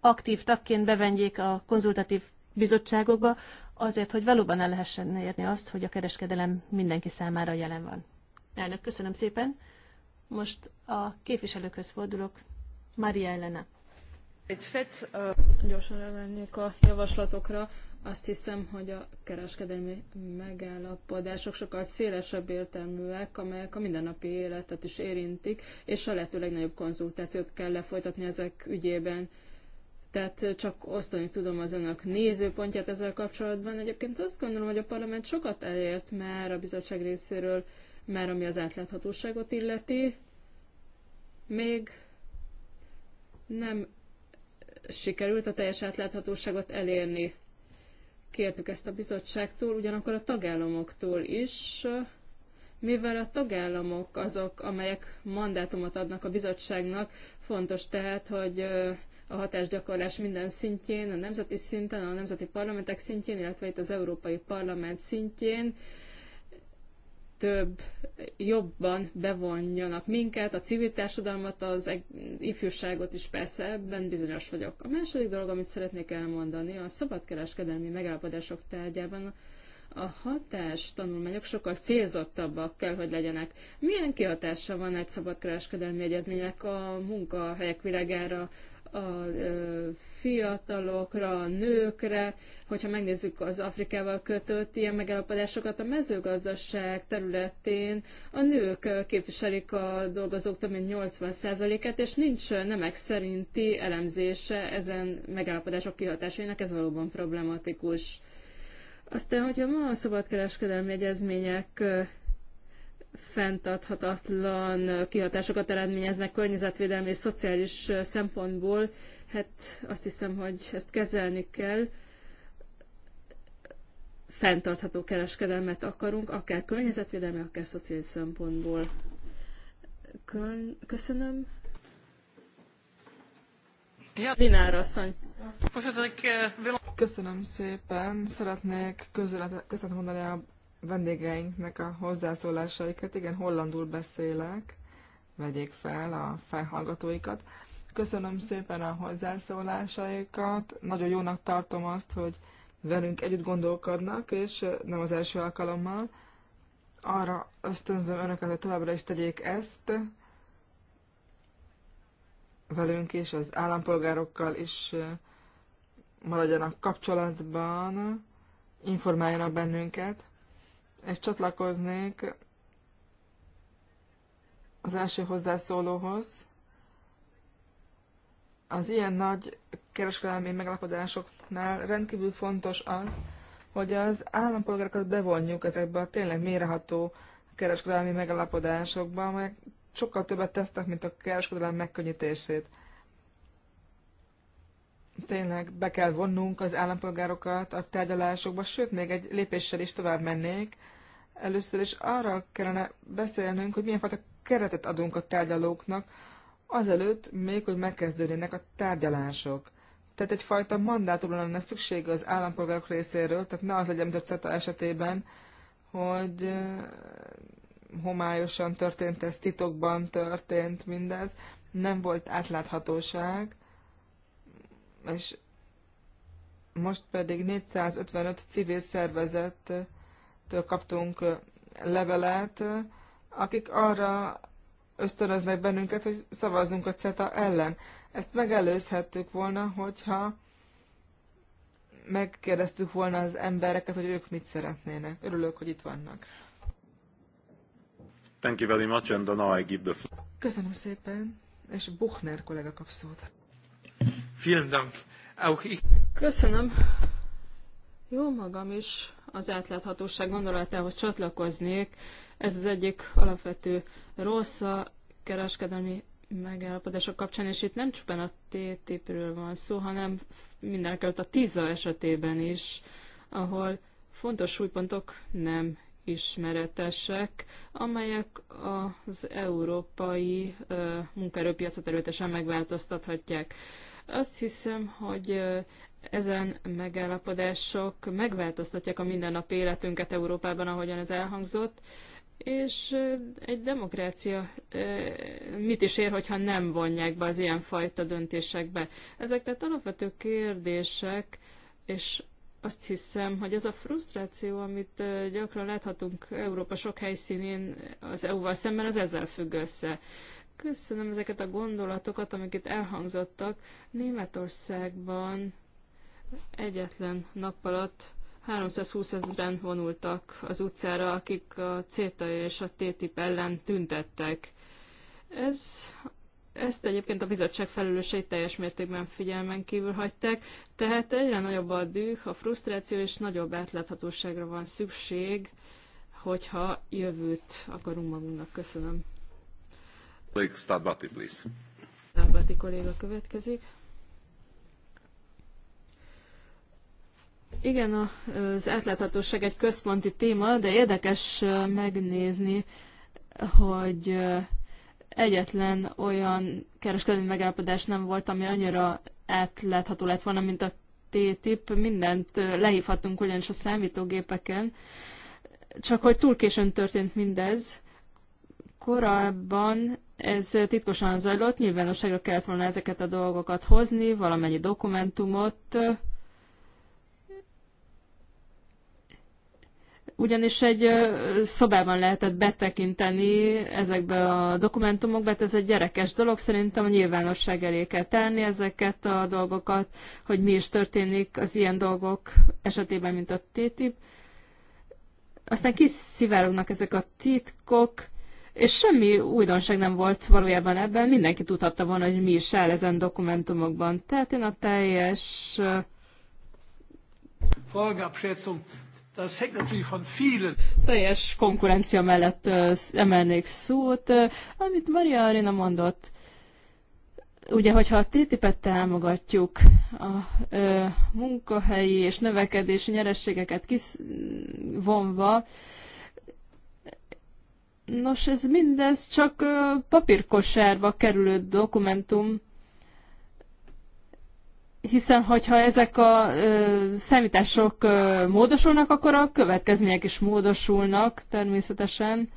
[SPEAKER 3] aktív tagként bevenjék a konzultatív bizottságokba, azért, hogy valóban el lehessen érni azt, hogy a kereskedelem mindenki számára jelen van. Elnök, köszönöm szépen. Most a képviselőkhöz fordulok. Maria Elena.
[SPEAKER 4] Gyorsan elmennék a javaslatokra. Azt hiszem, hogy a kereskedelmi megállapodások sokkal szélesebb értelműek, amelyek a mindennapi életet is érintik, és a lehető legnagyobb konzultációt kell lefolytatni ezek ügyében. Tehát csak osztani tudom az önök nézőpontját ezzel kapcsolatban. Egyébként azt gondolom, hogy a parlament sokat elért már a bizottság részéről, már ami az átláthatóságot illeti. Még nem sikerült a teljes átláthatóságot elérni. Kértük ezt a bizottságtól, ugyanakkor a tagállamoktól is, mivel a tagállamok azok, amelyek mandátumot adnak a bizottságnak, fontos tehát, hogy a hatásgyakorlás minden szintjén, a nemzeti szinten, a nemzeti parlamentek szintjén, illetve itt az Európai Parlament szintjén több jobban bevonjanak minket, a civil társadalmat, az ifjúságot is persze, ebben bizonyos vagyok. A második dolog, amit szeretnék elmondani, a szabadkereskedelmi megállapodások tárgyában a hatás tanulmányok sokkal célzottabbak kell, hogy legyenek. Milyen kihatása van egy szabadkereskedelmi egyezménynek a munkahelyek világára, a fiatalokra, a nőkre, hogyha megnézzük az Afrikával kötött ilyen megállapodásokat a mezőgazdaság területén, a nők képviselik a dolgozók több mint 80 et és nincs nemek szerinti elemzése ezen megállapodások kihatásainak, ez valóban problematikus. Aztán, hogyha ma a szabadkereskedelmi egyezmények fenntarthatatlan kihatásokat eredményeznek környezetvédelmi és szociális szempontból. Hát azt hiszem, hogy ezt kezelni kell. Fenntartható kereskedelmet akarunk, akár környezetvédelmi, akár szociális szempontból.
[SPEAKER 1] Köszönöm. Linár asszony. Köszönöm szépen. Szeretnék közöletet mondani a vendégeinknek a hozzászólásaikat. Igen, hollandul beszélek, vegyék fel a felhallgatóikat. Köszönöm szépen a hozzászólásaikat. Nagyon jónak tartom azt, hogy velünk együtt gondolkodnak, és nem az első alkalommal. Arra ösztönzöm önöket, hogy továbbra is tegyék ezt velünk és az állampolgárokkal is maradjanak kapcsolatban, informáljanak bennünket és csatlakoznék az első hozzászólóhoz. Az ilyen nagy kereskedelmi megalapodásoknál rendkívül fontos az, hogy az állampolgárokat bevonjuk ezekbe a tényleg méreható kereskedelmi megalapodásokba, amelyek sokkal többet tesznek, mint a kereskedelem megkönnyítését tényleg be kell vonnunk az állampolgárokat a tárgyalásokba, sőt, még egy lépéssel is tovább mennék. Először is arra kellene beszélnünk, hogy milyen fajta keretet adunk a tárgyalóknak, azelőtt még, hogy megkezdődjenek a tárgyalások. Tehát egyfajta mandátumra lenne szükség az állampolgárok részéről, tehát ne az legyen, mint a CETA esetében, hogy homályosan történt ez, titokban történt mindez, nem volt átláthatóság, és most pedig 455 civil szervezettől kaptunk levelet, akik arra ösztönöznek bennünket, hogy szavazzunk a CETA ellen. Ezt megelőzhettük volna, hogyha megkérdeztük volna az embereket, hogy ők mit szeretnének. Örülök, hogy itt vannak.
[SPEAKER 2] Thank you very much, and now I give the floor.
[SPEAKER 1] Köszönöm szépen, és Buchner kollega kap szót.
[SPEAKER 2] Vielen Dank. Auch ich...
[SPEAKER 4] Köszönöm. Jó magam is az átláthatóság gondolatához csatlakoznék. Ez az egyik alapvető rossz a kereskedelmi megállapodások kapcsán, és itt nem csupán a TTIP-ről van szó, hanem mindenekelőtt a TISA esetében is, ahol fontos súlypontok nem ismeretesek, amelyek az európai munkaerőpiacot erőtesen megváltoztathatják. Azt hiszem, hogy ezen megállapodások megváltoztatják a mindennapi életünket Európában, ahogyan ez elhangzott, és egy demokrácia mit is ér, hogyha nem vonják be az ilyenfajta döntésekbe. Ezek tehát alapvető kérdések, és azt hiszem, hogy ez a frusztráció, amit gyakran láthatunk Európa sok helyszínén az EU-val szemben, az ezzel függ össze. Köszönöm ezeket a gondolatokat, amiket elhangzottak. Németországban egyetlen nap alatt 320 ezeren vonultak az utcára, akik a CETA és a TTIP ellen tüntettek. Ez, ezt egyébként a bizottság felelősei teljes mértékben figyelmen kívül hagyták, tehát egyre nagyobb a düh, a frusztráció és nagyobb átláthatóságra van szükség, hogyha jövőt akarunk magunknak. Köszönöm.
[SPEAKER 2] Colleague Stadbati, please.
[SPEAKER 4] Stadbati kolléga következik. Igen, az átláthatóság egy központi téma, de érdekes megnézni, hogy egyetlen olyan kereskedelmi megállapodás nem volt, ami annyira átlátható lett volna, mint a TTIP. Mindent lehívhatunk ugyanis a számítógépeken, csak hogy túl későn történt mindez, Korábban ez titkosan zajlott, nyilvánosságra kellett volna ezeket a dolgokat hozni, valamennyi dokumentumot, ugyanis egy szobában lehetett betekinteni ezekbe a dokumentumokba, hát ez egy gyerekes dolog, szerintem a nyilvánosság elé kell tenni ezeket a dolgokat, hogy mi is történik az ilyen dolgok esetében, mint a TTIP. Aztán kiszivárognak ezek a titkok, és semmi újdonság nem volt valójában ebben, mindenki tudhatta volna, hogy mi is áll ezen dokumentumokban. Tehát én a teljes...
[SPEAKER 2] Folgabschätzung, das hängt natürlich von vielen.
[SPEAKER 4] Teljes konkurencia mellett emelnék szót, amit Maria Arena mondott. Ugye, hogyha a TTIP-et támogatjuk, a ö, munkahelyi és növekedési nyerességeket kisvonva, Nos, ez mindez csak papírkosárba kerülő dokumentum, hiszen hogyha ezek a számítások módosulnak, akkor a következmények is módosulnak természetesen.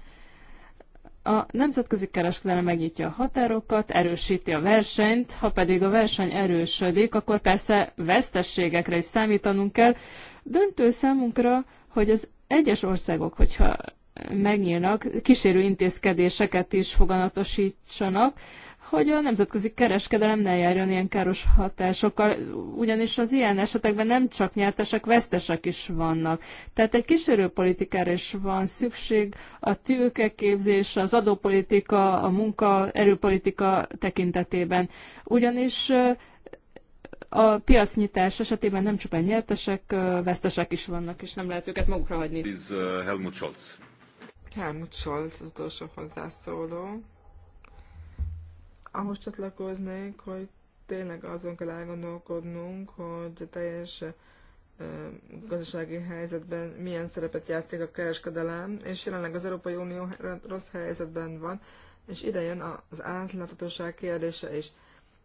[SPEAKER 4] A nemzetközi kereskedelem megnyitja a határokat, erősíti a versenyt, ha pedig a verseny erősödik, akkor persze vesztességekre is számítanunk kell. Döntő számunkra, hogy az egyes országok, hogyha megnyílnak, kísérő intézkedéseket is foganatosítsanak, hogy a nemzetközi kereskedelem ne járjon ilyen káros hatásokkal, ugyanis az ilyen esetekben nem csak nyertesek, vesztesek is vannak. Tehát egy politikára is van szükség, a képzés, az adópolitika, a munkaerőpolitika tekintetében. Ugyanis a piacnyitás esetében nem csupán nyertesek, vesztesek is vannak, és nem lehet
[SPEAKER 1] őket magukra
[SPEAKER 2] hagyni. uh, Helmut
[SPEAKER 1] Scholz. Helmut Scholz az utolsó hozzászóló. Ahhoz csatlakoznék, hogy tényleg azon kell elgondolkodnunk, hogy a teljes gazdasági helyzetben milyen szerepet játszik a kereskedelem, és jelenleg az Európai Unió rossz helyzetben van, és ide jön az átláthatóság kérdése is.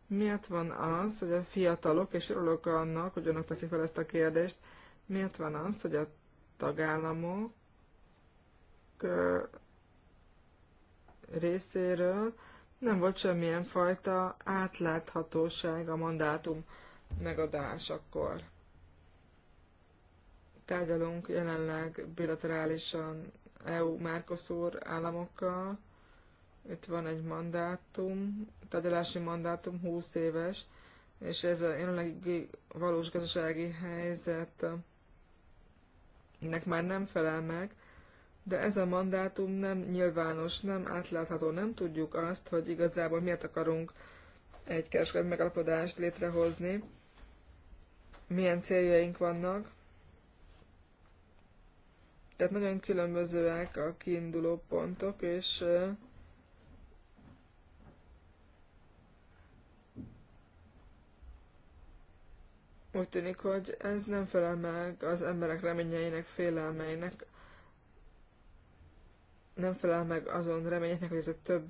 [SPEAKER 1] Miért van az, hogy a fiatalok, és örülök annak, hogy önök teszik fel ezt a kérdést, miért van az, hogy a tagállamok részéről nem volt semmilyen fajta átláthatóság a mandátum megadásakor. Tárgyalunk jelenleg bilaterálisan eu Mercosur államokkal. Itt van egy mandátum, tárgyalási mandátum 20 éves, és ez a jelenlegi valós gazdasági helyzetnek már nem felel meg, de ez a mandátum nem nyilvános, nem átlátható, nem tudjuk azt, hogy igazából miért akarunk egy kereskedelmi megalapodást létrehozni, milyen céljaink vannak. Tehát nagyon különbözőek a kiinduló pontok, és úgy tűnik, hogy ez nem felel meg az emberek reményeinek, félelmeinek, nem felel meg azon reményeknek, hogy ez egy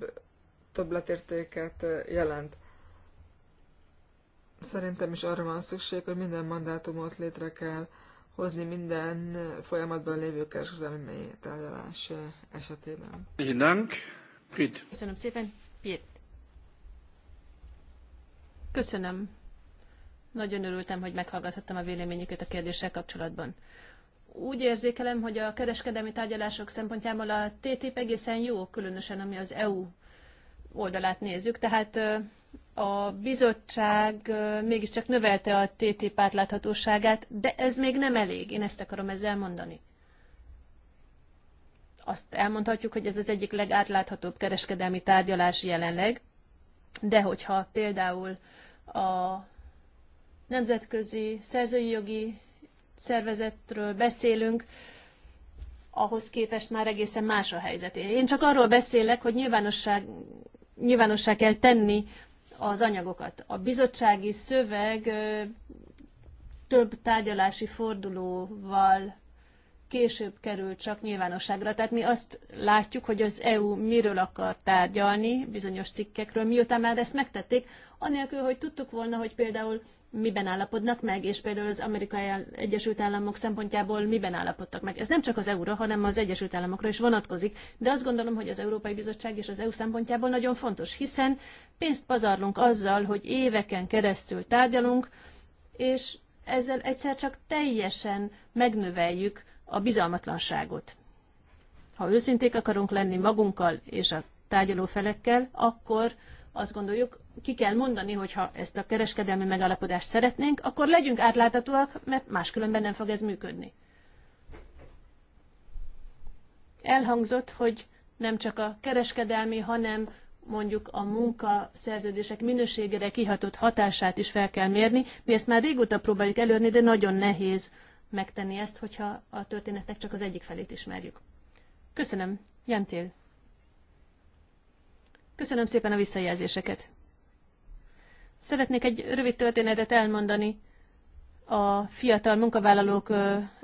[SPEAKER 1] több letértéket jelent. Szerintem is arra van szükség, hogy minden mandátumot létre kell hozni minden folyamatban lévő kereskedelmi tárgyalás esetében. Köszönöm szépen, Pét.
[SPEAKER 3] Köszönöm. Nagyon örültem, hogy meghallgathattam a véleményüket a kérdéssel kapcsolatban úgy érzékelem, hogy a kereskedelmi tárgyalások szempontjából a TTIP egészen jó, különösen ami az EU oldalát nézzük. Tehát a bizottság mégiscsak növelte a TTIP átláthatóságát, de ez még nem elég, én ezt akarom ezzel mondani. Azt elmondhatjuk, hogy ez az egyik legátláthatóbb kereskedelmi tárgyalás jelenleg, de hogyha például a nemzetközi szerzői jogi szervezetről beszélünk, ahhoz képest már egészen más a helyzet. Én csak arról beszélek, hogy nyilvánosság, nyilvánossá kell tenni az anyagokat. A bizottsági szöveg több tárgyalási fordulóval később került csak nyilvánosságra. Tehát mi azt látjuk, hogy az EU miről akar tárgyalni bizonyos cikkekről, miután már ezt megtették, anélkül, hogy tudtuk volna, hogy például miben állapodnak meg, és például az Amerikai Egyesült Államok szempontjából miben állapodtak meg. Ez nem csak az euró, hanem az Egyesült Államokra is vonatkozik, de azt gondolom, hogy az Európai Bizottság és az EU szempontjából nagyon fontos, hiszen pénzt pazarlunk azzal, hogy éveken keresztül tárgyalunk, és ezzel egyszer csak teljesen megnöveljük a bizalmatlanságot. Ha őszinték akarunk lenni magunkkal és a tárgyaló felekkel, akkor azt gondoljuk, ki kell mondani, hogyha ezt a kereskedelmi megállapodást szeretnénk, akkor legyünk átláthatóak, mert máskülönben nem fog ez működni. Elhangzott, hogy nem csak a kereskedelmi, hanem mondjuk a munkaszerződések minőségére kihatott hatását is fel kell mérni. Mi ezt már régóta próbáljuk előrni, de nagyon nehéz megtenni ezt, hogyha a történetnek csak az egyik felét ismerjük. Köszönöm. Jentél Köszönöm szépen a visszajelzéseket. Szeretnék egy rövid történetet elmondani a fiatal munkavállalók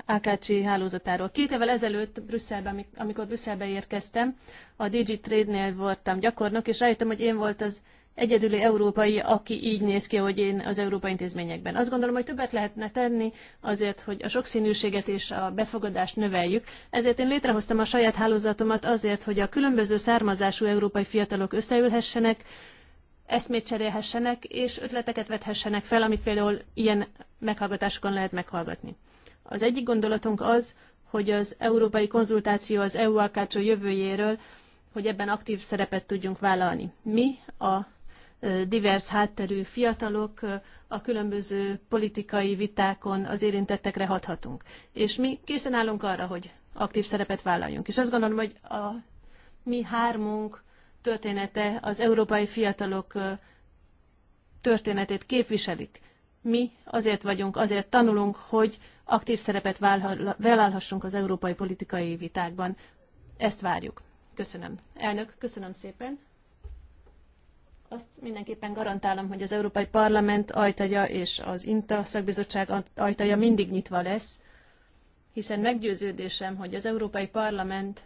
[SPEAKER 3] AKC hálózatáról. Két évvel ezelőtt Brüsszelben, amikor Brüsszelbe érkeztem, a DigiTrade-nél voltam gyakornok, és rájöttem, hogy én volt az egyedüli európai, aki így néz ki, hogy én az európai intézményekben. Azt gondolom, hogy többet lehetne tenni azért, hogy a sokszínűséget és a befogadást növeljük. Ezért én létrehoztam a saját hálózatomat azért, hogy a különböző származású európai fiatalok összeülhessenek, eszmét cserélhessenek, és ötleteket vethessenek fel, amit például ilyen meghallgatásokon lehet meghallgatni. Az egyik gondolatunk az, hogy az európai konzultáció az EU-alkácsó jövőjéről hogy ebben aktív szerepet tudjunk vállalni. Mi a divers hátterű fiatalok a különböző politikai vitákon az érintettekre hathatunk. És mi készen állunk arra, hogy aktív szerepet vállaljunk. És azt gondolom, hogy a mi hármunk története az európai fiatalok történetét képviselik. Mi azért vagyunk, azért tanulunk, hogy aktív szerepet vállalhassunk az európai politikai vitákban. Ezt várjuk. Köszönöm. Elnök, köszönöm szépen. Azt mindenképpen garantálom, hogy az Európai Parlament ajtaja és az INTA szakbizottság ajtaja mindig nyitva lesz, hiszen meggyőződésem, hogy az Európai Parlament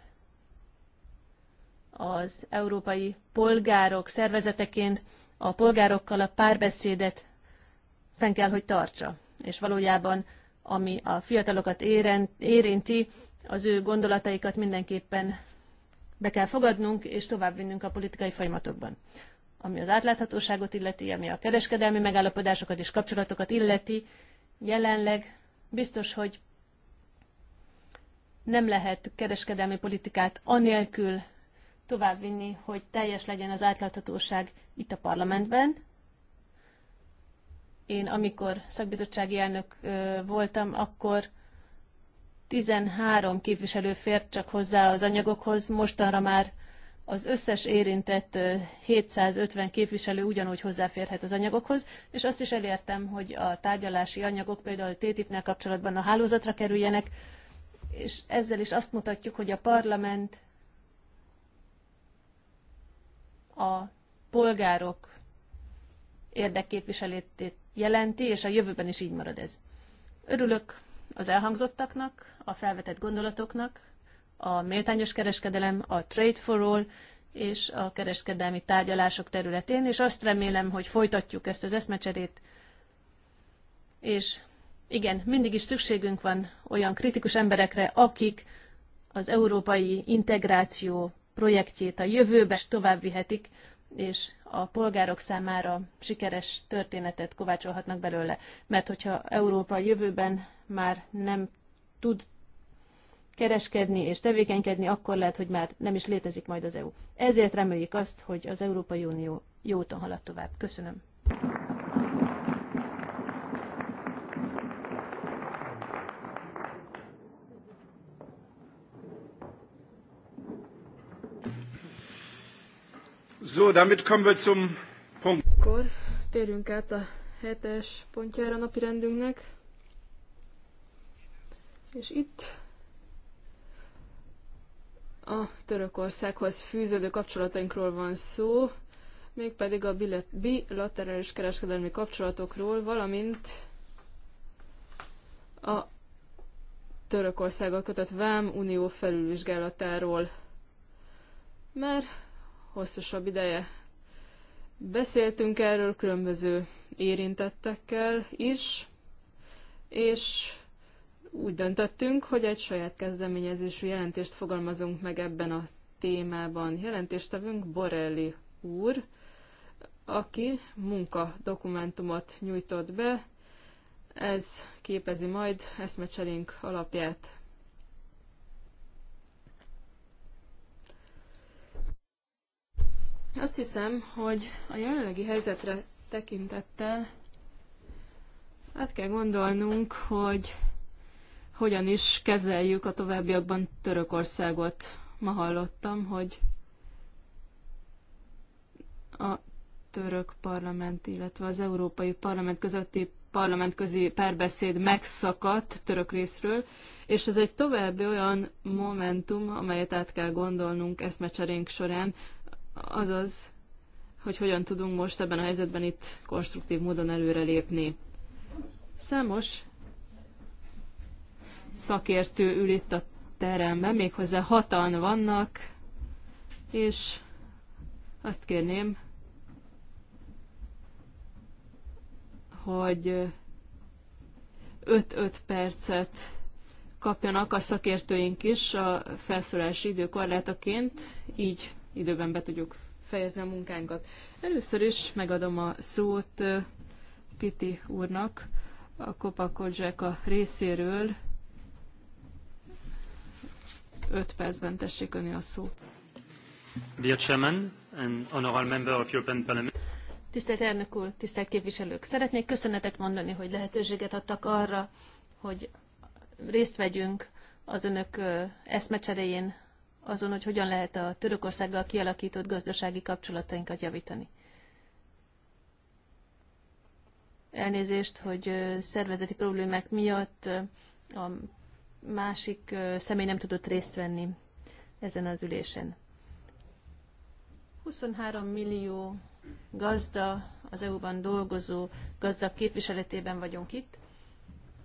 [SPEAKER 3] az európai polgárok szervezeteként a polgárokkal a párbeszédet fenn kell, hogy tartsa. És valójában, ami a fiatalokat érinti, az ő gondolataikat mindenképpen be kell fogadnunk és továbbvinnünk a politikai folyamatokban ami az átláthatóságot illeti, ami a kereskedelmi megállapodásokat és kapcsolatokat illeti, jelenleg biztos, hogy nem lehet kereskedelmi politikát anélkül továbbvinni, hogy teljes legyen az átláthatóság itt a parlamentben. Én amikor szakbizottsági elnök voltam, akkor 13 képviselő fért csak hozzá az anyagokhoz, mostanra már az összes érintett 750 képviselő ugyanúgy hozzáférhet az anyagokhoz, és azt is elértem, hogy a tárgyalási anyagok például ttip kapcsolatban a hálózatra kerüljenek, és ezzel is azt mutatjuk, hogy a parlament a polgárok érdekképviseletét jelenti, és a jövőben is így marad ez. Örülök az elhangzottaknak, a felvetett gondolatoknak, a méltányos kereskedelem, a Trade for All és a kereskedelmi tárgyalások területén, és azt remélem, hogy folytatjuk ezt az eszmecserét, és igen, mindig is szükségünk van olyan kritikus emberekre, akik az európai integráció projektjét a jövőbe tovább vihetik, és a polgárok számára sikeres történetet kovácsolhatnak belőle. Mert hogyha Európa a jövőben már nem tud kereskedni és tevékenykedni, akkor lehet, hogy már nem is létezik majd az EU. Ezért reméljük azt, hogy az Európai Unió jó úton halad tovább. Köszönöm.
[SPEAKER 2] So, damit kommen wir zum Punkt.
[SPEAKER 4] Akkor térjünk át a hetes pontjára a napirendünknek. És itt a Törökországhoz fűződő kapcsolatainkról van szó, mégpedig a bilaterális kereskedelmi kapcsolatokról, valamint a Törökországgal kötött Vám Unió felülvizsgálatáról. Már hosszasabb ideje beszéltünk erről különböző érintettekkel is, és úgy döntöttünk, hogy egy saját kezdeményezésű jelentést fogalmazunk meg ebben a témában. Jelentéstevünk Borelli úr, aki munkadokumentumot nyújtott be, ez képezi majd eszmecserénk alapját. Azt hiszem, hogy a jelenlegi helyzetre tekintettel át kell gondolnunk, hogy hogyan is kezeljük a továbbiakban Törökországot. Ma hallottam, hogy a török parlament, illetve az Európai Parlament közötti parlamentközi párbeszéd megszakadt török részről, és ez egy további olyan momentum, amelyet át kell gondolnunk eszmecserénk során, azaz, hogy hogyan tudunk most ebben a helyzetben itt konstruktív módon előrelépni. Számos szakértő ül itt a teremben, méghozzá hatan vannak, és azt kérném, hogy 5-5 percet kapjanak a szakértőink is a felszólási időkorlátaként, így időben be tudjuk fejezni a munkánkat. Először is megadom a szót Piti úrnak, a Kopa Kodzsák a részéről, 5 percben
[SPEAKER 3] tessék önni a szó.
[SPEAKER 2] Dear Chairman and Honorable Member of European Parliament.
[SPEAKER 3] Tisztelt elnök úr, tisztelt képviselők! Szeretnék köszönetet mondani, hogy lehetőséget adtak arra, hogy részt vegyünk az önök eszmecseréjén azon, hogy hogyan lehet a Törökországgal kialakított gazdasági kapcsolatainkat javítani. Elnézést, hogy szervezeti problémák miatt a másik személy nem tudott részt venni ezen az ülésen. 23 millió gazda, az EU-ban dolgozó gazda képviseletében vagyunk itt.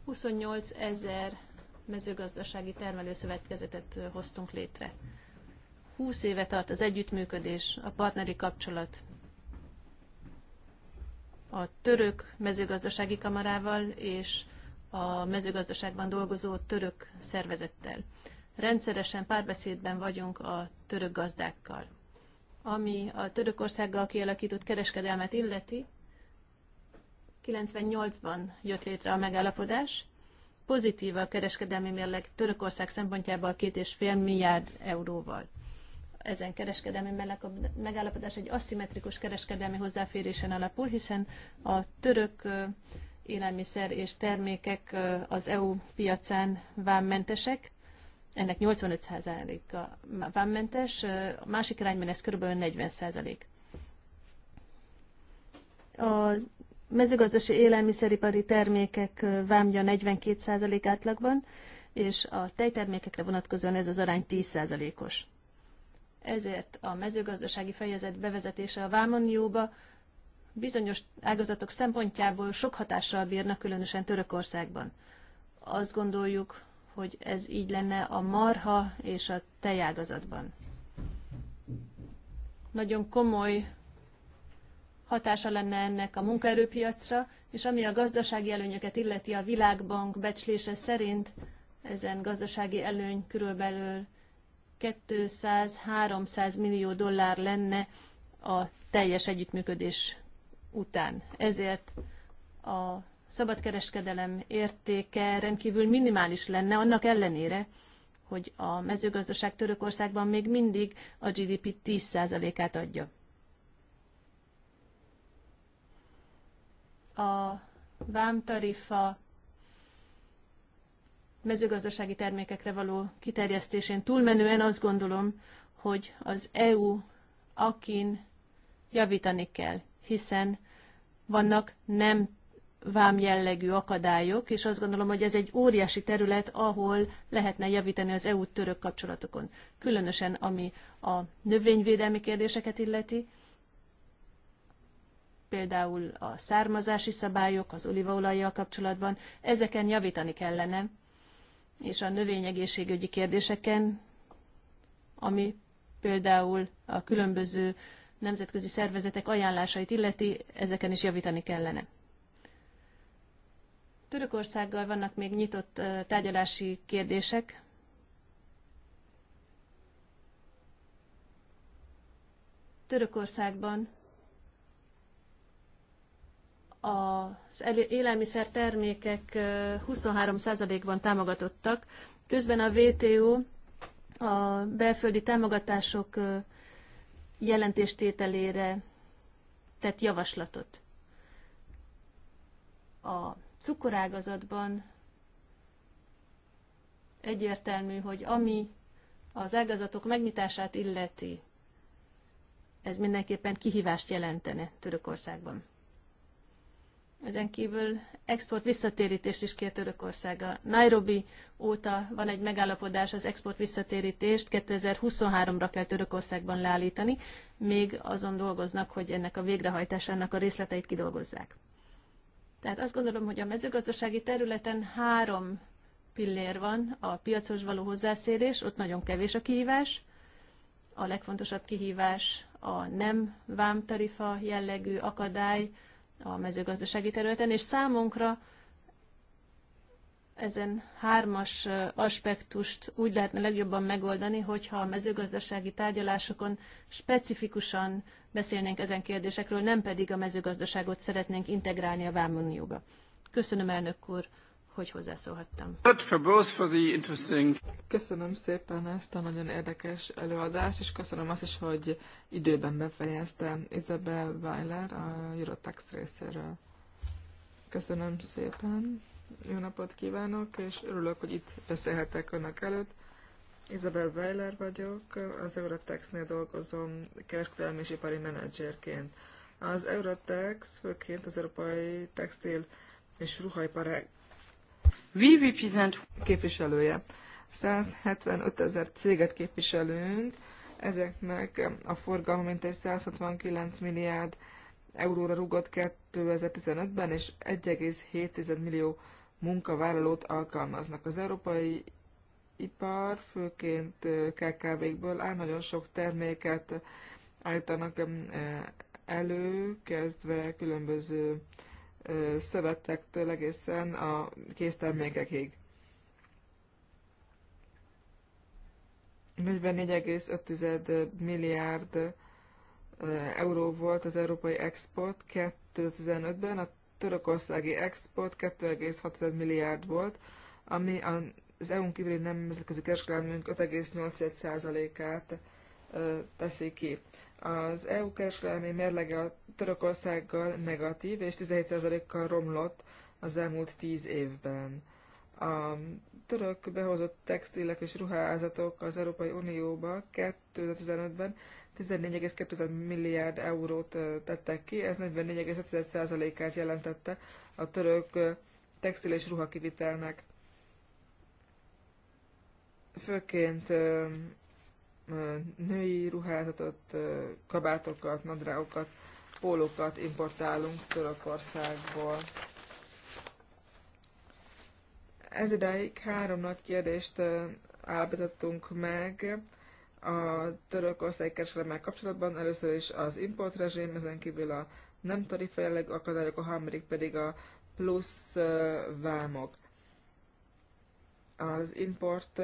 [SPEAKER 3] 28 ezer mezőgazdasági termelőszövetkezetet hoztunk létre. 20 éve tart az együttműködés, a partneri kapcsolat a török mezőgazdasági kamarával és a mezőgazdaságban dolgozó török szervezettel. Rendszeresen párbeszédben vagyunk a török gazdákkal. Ami a Törökországgal kialakított kereskedelmet illeti, 98-ban jött létre a megállapodás. Pozitív a kereskedelmi mérleg Törökország szempontjából 2,5 milliárd euróval ezen kereskedelmi megállapodás egy aszimmetrikus kereskedelmi hozzáférésen alapul, hiszen a török élelmiszer és termékek az EU piacán vámmentesek, ennek 85%-a vámmentes, a másik irányban ez kb. 40%. A mezőgazdasági élelmiszeripari termékek vámja 42% átlagban, és a tejtermékekre vonatkozóan ez az arány 10%-os. Ezért a mezőgazdasági fejezet bevezetése a vámonióba bizonyos ágazatok szempontjából sok hatással bírnak, különösen Törökországban. Azt gondoljuk, hogy ez így lenne a marha és a tejágazatban. Nagyon komoly hatása lenne ennek a munkaerőpiacra, és ami a gazdasági előnyöket illeti a Világbank becslése szerint, ezen gazdasági előny körülbelül 200-300 millió dollár lenne a teljes együttműködés után. Ezért a szabadkereskedelem értéke rendkívül minimális lenne, annak ellenére, hogy a mezőgazdaság Törökországban még mindig a GDP 10%-át adja. A vámtarifa mezőgazdasági termékekre való kiterjesztésén túlmenően azt gondolom, hogy az EU akin javítani kell hiszen vannak nem vám jellegű akadályok, és azt gondolom, hogy ez egy óriási terület, ahol lehetne javítani az EU-török kapcsolatokon. Különösen, ami a növényvédelmi kérdéseket illeti, például a származási szabályok, az olívaolajjal kapcsolatban, ezeken javítani kellene, és a növényegészségügyi kérdéseken, ami például a különböző nemzetközi szervezetek ajánlásait illeti, ezeken is javítani kellene. Törökországgal vannak még nyitott tárgyalási kérdések. Törökországban az élelmiszer termékek 23%-ban támogatottak, közben a WTO a belföldi támogatások jelentéstételére tett javaslatot. A cukorágazatban egyértelmű, hogy ami az ágazatok megnyitását illeti, ez mindenképpen kihívást jelentene Törökországban. Ezen kívül export visszatérítést is kért a Nairobi óta van egy megállapodás, az export visszatérítést 2023-ra kell Törökországban leállítani, még azon dolgoznak, hogy ennek a végrehajtásának a részleteit kidolgozzák. Tehát azt gondolom, hogy a mezőgazdasági területen három pillér van, a piachoz való hozzászérés, ott nagyon kevés a kihívás. A legfontosabb kihívás a nem vámtarifa jellegű akadály, a mezőgazdasági területen, és számunkra ezen hármas aspektust úgy lehetne legjobban megoldani, hogyha a mezőgazdasági tárgyalásokon specifikusan beszélnénk ezen kérdésekről, nem pedig a mezőgazdaságot szeretnénk integrálni a vámonióba. Köszönöm, elnök úr! hogy
[SPEAKER 2] hozzászólhattam.
[SPEAKER 1] Köszönöm szépen ezt a nagyon érdekes előadást, és köszönöm azt is, hogy időben befejezte Isabel Weiler a Eurotax részéről. Köszönöm szépen, jó napot kívánok, és örülök, hogy itt beszélhetek önök előtt. Isabel Weiler vagyok, az Eurotexnél dolgozom kereskedelmi és ipari menedzserként. Az Eurotex főként az európai textil és ruhaipar We represent... Képviselője. 175 ezer céget képviselünk, ezeknek a forgalma mintegy 169 milliárd euróra rugott 2015-ben, és 1,7 millió munkavállalót alkalmaznak. Az európai ipar, főként KKV-kből áll, nagyon sok terméket állítanak elő, kezdve különböző szövetektől egészen a késztermékekig. 44,5 milliárd euró volt az európai export 2015-ben, a törökországi export 2,6 milliárd volt, ami az EU-n kívüli nemzetközi kereskedelmünk 5,8%-át teszi ki. Az EU kereskedelmi mérlege a Törökországgal negatív, és 17%-kal romlott az elmúlt 10 évben. A török behozott textilek és ruházatok az Európai Unióba 2015-ben 14,2 milliárd eurót tettek ki, ez 44,5%-át jelentette a török textil és ruhakivitelnek. Főként női ruházatot, kabátokat, nadrágokat, pólókat importálunk Törökországból. Ez ideig három nagy kérdést állapítottunk meg a törökország kereskedelemmel kapcsolatban. Először is az importrezsim, ezen kívül a nem tarifajelleg akadályok, a harmadik pedig a plusz vámok az import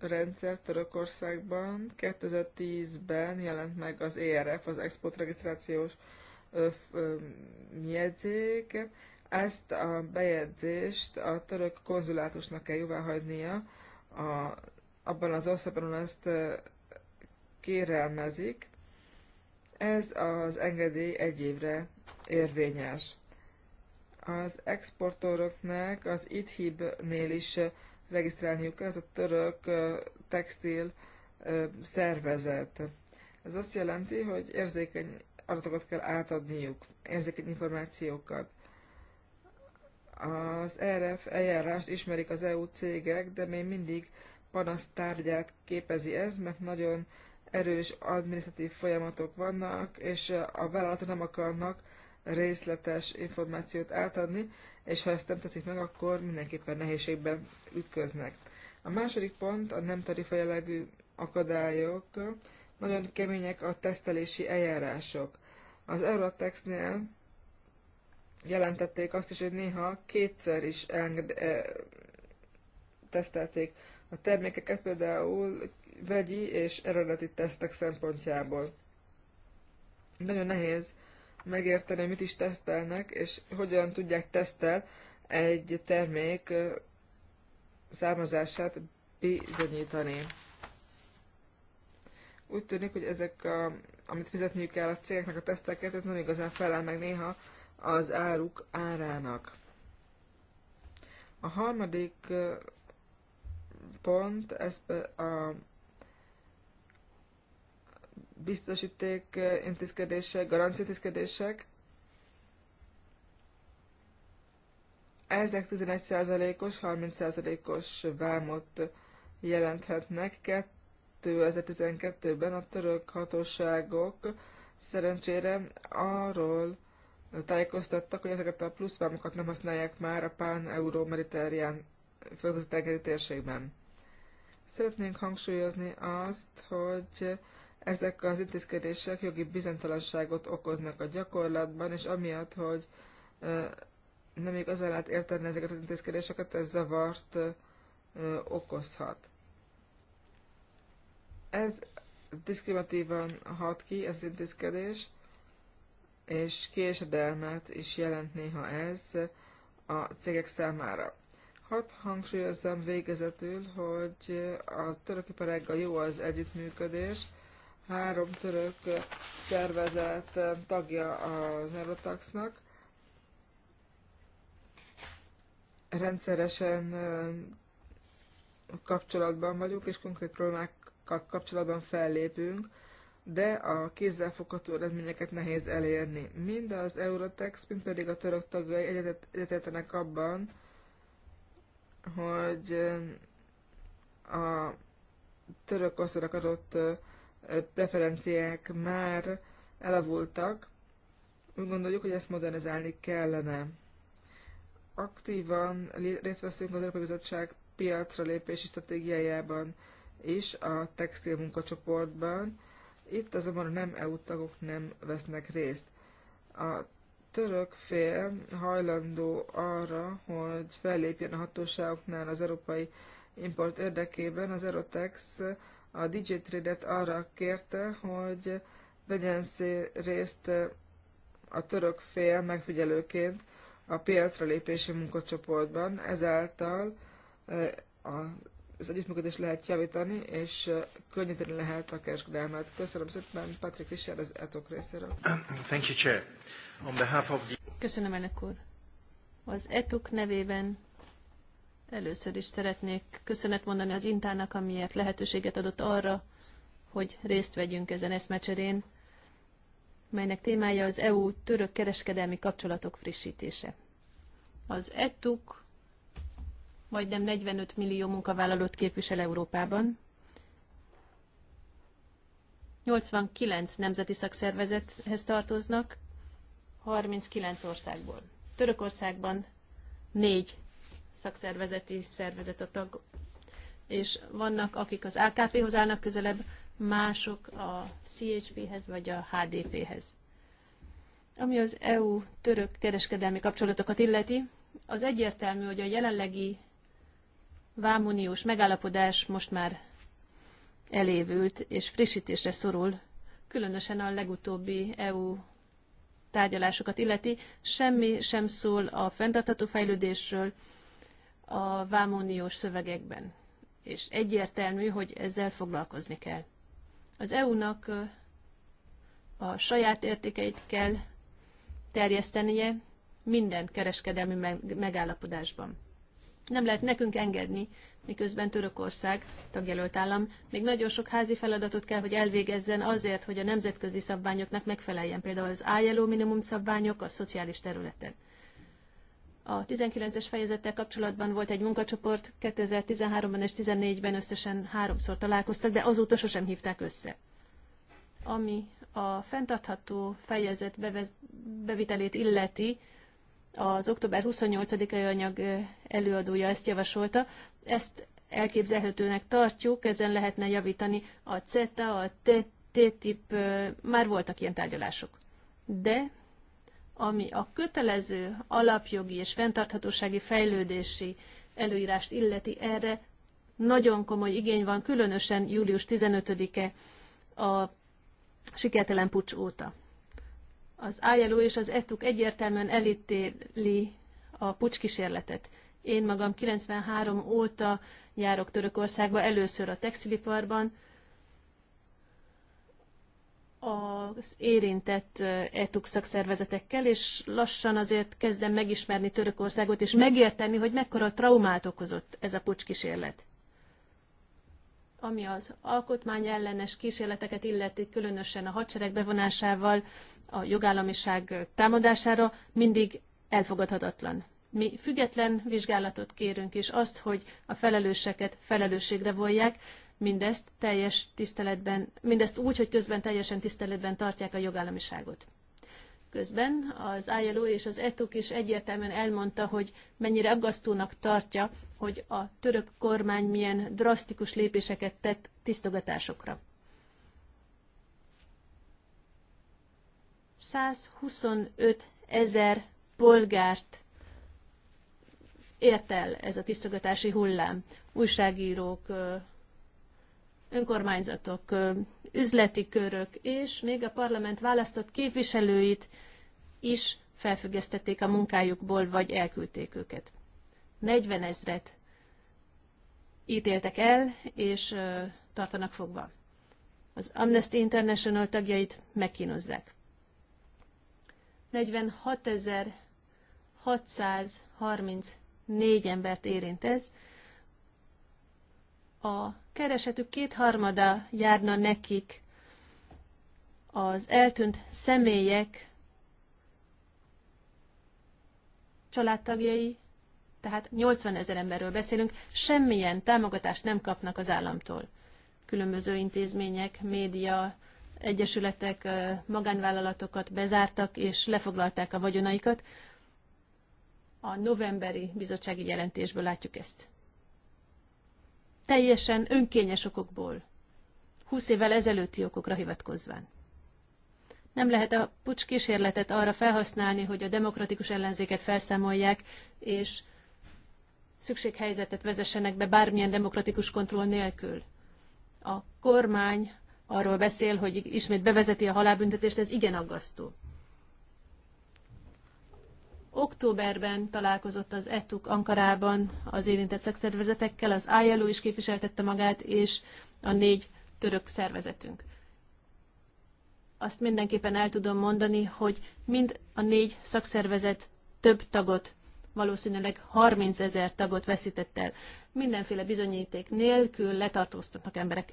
[SPEAKER 1] rendszer Törökországban 2010-ben jelent meg az ERF, az export regisztrációs jegyzék. Ezt a bejegyzést a török konzulátusnak kell jóváhagynia, a, abban az országban ezt kérelmezik. Ez az engedély egy évre érvényes. Az exportőröknek az ITHIB-nél is regisztrálniuk kell, ez a török textil szervezet. Ez azt jelenti, hogy érzékeny adatokat kell átadniuk, érzékeny információkat. Az RF eljárást ismerik az EU cégek, de még mindig panasztárgyát képezi ez, mert nagyon erős adminisztratív folyamatok vannak, és a vállalatok nem akarnak részletes információt átadni, és ha ezt nem teszik meg, akkor mindenképpen nehézségben ütköznek. A második pont a nem tarifa jellegű akadályok. Nagyon kemények a tesztelési eljárások. Az Eurotexnél jelentették azt is, hogy néha kétszer is enged- e- tesztelték a termékeket, például vegyi és eredeti tesztek szempontjából. Nagyon nehéz megérteni, mit is tesztelnek, és hogyan tudják tesztel egy termék származását bizonyítani. Úgy tűnik, hogy ezek, a, amit fizetniük kell a cégeknek a teszteket, ez nem igazán felel meg néha az áruk árának. A harmadik pont, ez a biztosíték eh, intézkedések, garancia intézkedések. Ezek 11%-os, 30%-os vámot jelenthetnek. 2012-ben a török hatóságok szerencsére arról tájékoztattak, hogy ezeket a pluszvámokat nem használják már a pán-euró-mediterrán földközi térségben. Szeretnénk hangsúlyozni azt, hogy ezek az intézkedések jogi bizonytalanságot okoznak a gyakorlatban, és amiatt, hogy nem igazán lehet érteni ezeket az intézkedéseket, ez zavart okozhat. Ez diszkriminatívan hat ki, ez az intézkedés, és késedelmet is jelent néha ez a cégek számára. Hadd hangsúlyozzam végezetül, hogy a török jó az együttműködés, három török szervezet tagja az Erotaxnak. Rendszeresen kapcsolatban vagyunk, és konkrét problémákkal kapcsolatban fellépünk, de a kézzelfogható eredményeket nehéz elérni. Mind az Eurotex, mind pedig a török tagjai egyetetenek abban, hogy a török osztalak adott preferenciák már elavultak, úgy gondoljuk, hogy ezt modernizálni kellene. Aktívan részt veszünk az Európai Bizottság piacra lépési stratégiájában is, a textil munkacsoportban. Itt azonban a nem EU tagok nem vesznek részt. A török fél hajlandó arra, hogy fellépjen a hatóságoknál az európai import érdekében. Az Eurotex a DJ Trade-et arra kérte, hogy vegyen részt a török fél megfigyelőként a piacra lépési munkacsoportban. Ezáltal az együttműködést lehet javítani, és könnyíteni lehet a kereskedelmet. Köszönöm szépen, Patrick Fischer, az ETOK részéről. Köszönöm, elnök úr. Az ETOK nevében
[SPEAKER 3] Először is szeretnék köszönet mondani az Intának, amiért lehetőséget adott arra, hogy részt vegyünk ezen eszmecserén, melynek témája az EU-török kereskedelmi kapcsolatok frissítése. Az ETUK majdnem 45 millió munkavállalót képvisel Európában, 89 nemzeti szakszervezethez tartoznak, 39 országból. Törökországban négy szakszervezeti szervezet a tag, és vannak, akik az AKP-hoz állnak közelebb, mások a CHP-hez vagy a HDP-hez. Ami az EU-török kereskedelmi kapcsolatokat illeti, az egyértelmű, hogy a jelenlegi vámuniós megállapodás most már elévült és frissítésre szorul, különösen a legutóbbi EU tárgyalásokat illeti, semmi sem szól a fenntartható fejlődésről, a vámuniós szövegekben. És egyértelmű, hogy ezzel foglalkozni kell. Az EU-nak a saját értékeit kell terjesztenie minden kereskedelmi megállapodásban. Nem lehet nekünk engedni, miközben Törökország, tagjelölt állam, még nagyon sok házi feladatot kell, hogy elvégezzen azért, hogy a nemzetközi szabványoknak megfeleljen, például az ájeló minimum szabványok a szociális területen. A 19-es fejezettel kapcsolatban volt egy munkacsoport, 2013-ban és 2014-ben összesen háromszor találkoztak, de azóta sosem hívták össze. Ami a fenntartható fejezet bevitelét illeti, az október 28-ai anyag előadója ezt javasolta. Ezt elképzelhetőnek tartjuk, ezen lehetne javítani a CETA, a TTIP, már voltak ilyen tárgyalások. De ami a kötelező alapjogi és fenntarthatósági fejlődési előírást illeti erre, nagyon komoly igény van, különösen július 15-e a sikertelen pucs óta. Az ILO és az ETUK egyértelműen elítéli a pucs kísérletet. Én magam 93 óta járok Törökországba, először a textiliparban, az érintett etuk szakszervezetekkel, és lassan azért kezdem megismerni Törökországot, és megérteni, hogy mekkora traumát okozott ez a pucskísérlet. Ami az alkotmány ellenes kísérleteket illeti, különösen a hadsereg bevonásával, a jogállamiság támadására, mindig elfogadhatatlan. Mi független vizsgálatot kérünk, és azt, hogy a felelőseket felelősségre vonják, mindezt teljes tiszteletben, mindezt úgy, hogy közben teljesen tiszteletben tartják a jogállamiságot. Közben az ILO és az ETUK is egyértelműen elmondta, hogy mennyire aggasztónak tartja, hogy a török kormány milyen drasztikus lépéseket tett tisztogatásokra. 125 ezer polgárt ért el ez a tisztogatási hullám. Újságírók, önkormányzatok, üzleti körök és még a parlament választott képviselőit is felfüggesztették a munkájukból, vagy elküldték őket. 40 ezret ítéltek el, és tartanak fogva. Az Amnesty International tagjait megkínozzák. 46.634 embert érint ez, a keresetük kétharmada járna nekik az eltűnt személyek családtagjai, tehát 80 ezer emberről beszélünk, semmilyen támogatást nem kapnak az államtól. Különböző intézmények, média, egyesületek, magánvállalatokat bezártak és lefoglalták a vagyonaikat. A novemberi bizottsági jelentésből látjuk ezt teljesen önkényes okokból, húsz évvel ezelőtti okokra hivatkozván. Nem lehet a pucs kísérletet arra felhasználni, hogy a demokratikus ellenzéket felszámolják, és szükséghelyzetet vezessenek be bármilyen demokratikus kontroll nélkül. A kormány arról beszél, hogy ismét bevezeti a halálbüntetést, ez igen aggasztó. Októberben találkozott az ETUK Ankarában az érintett szakszervezetekkel, az ILO is képviseltette magát, és a négy török szervezetünk. Azt mindenképpen el tudom mondani, hogy mind a négy szakszervezet több tagot, valószínűleg 30 ezer tagot veszített el. Mindenféle bizonyíték nélkül letartóztatnak emberek.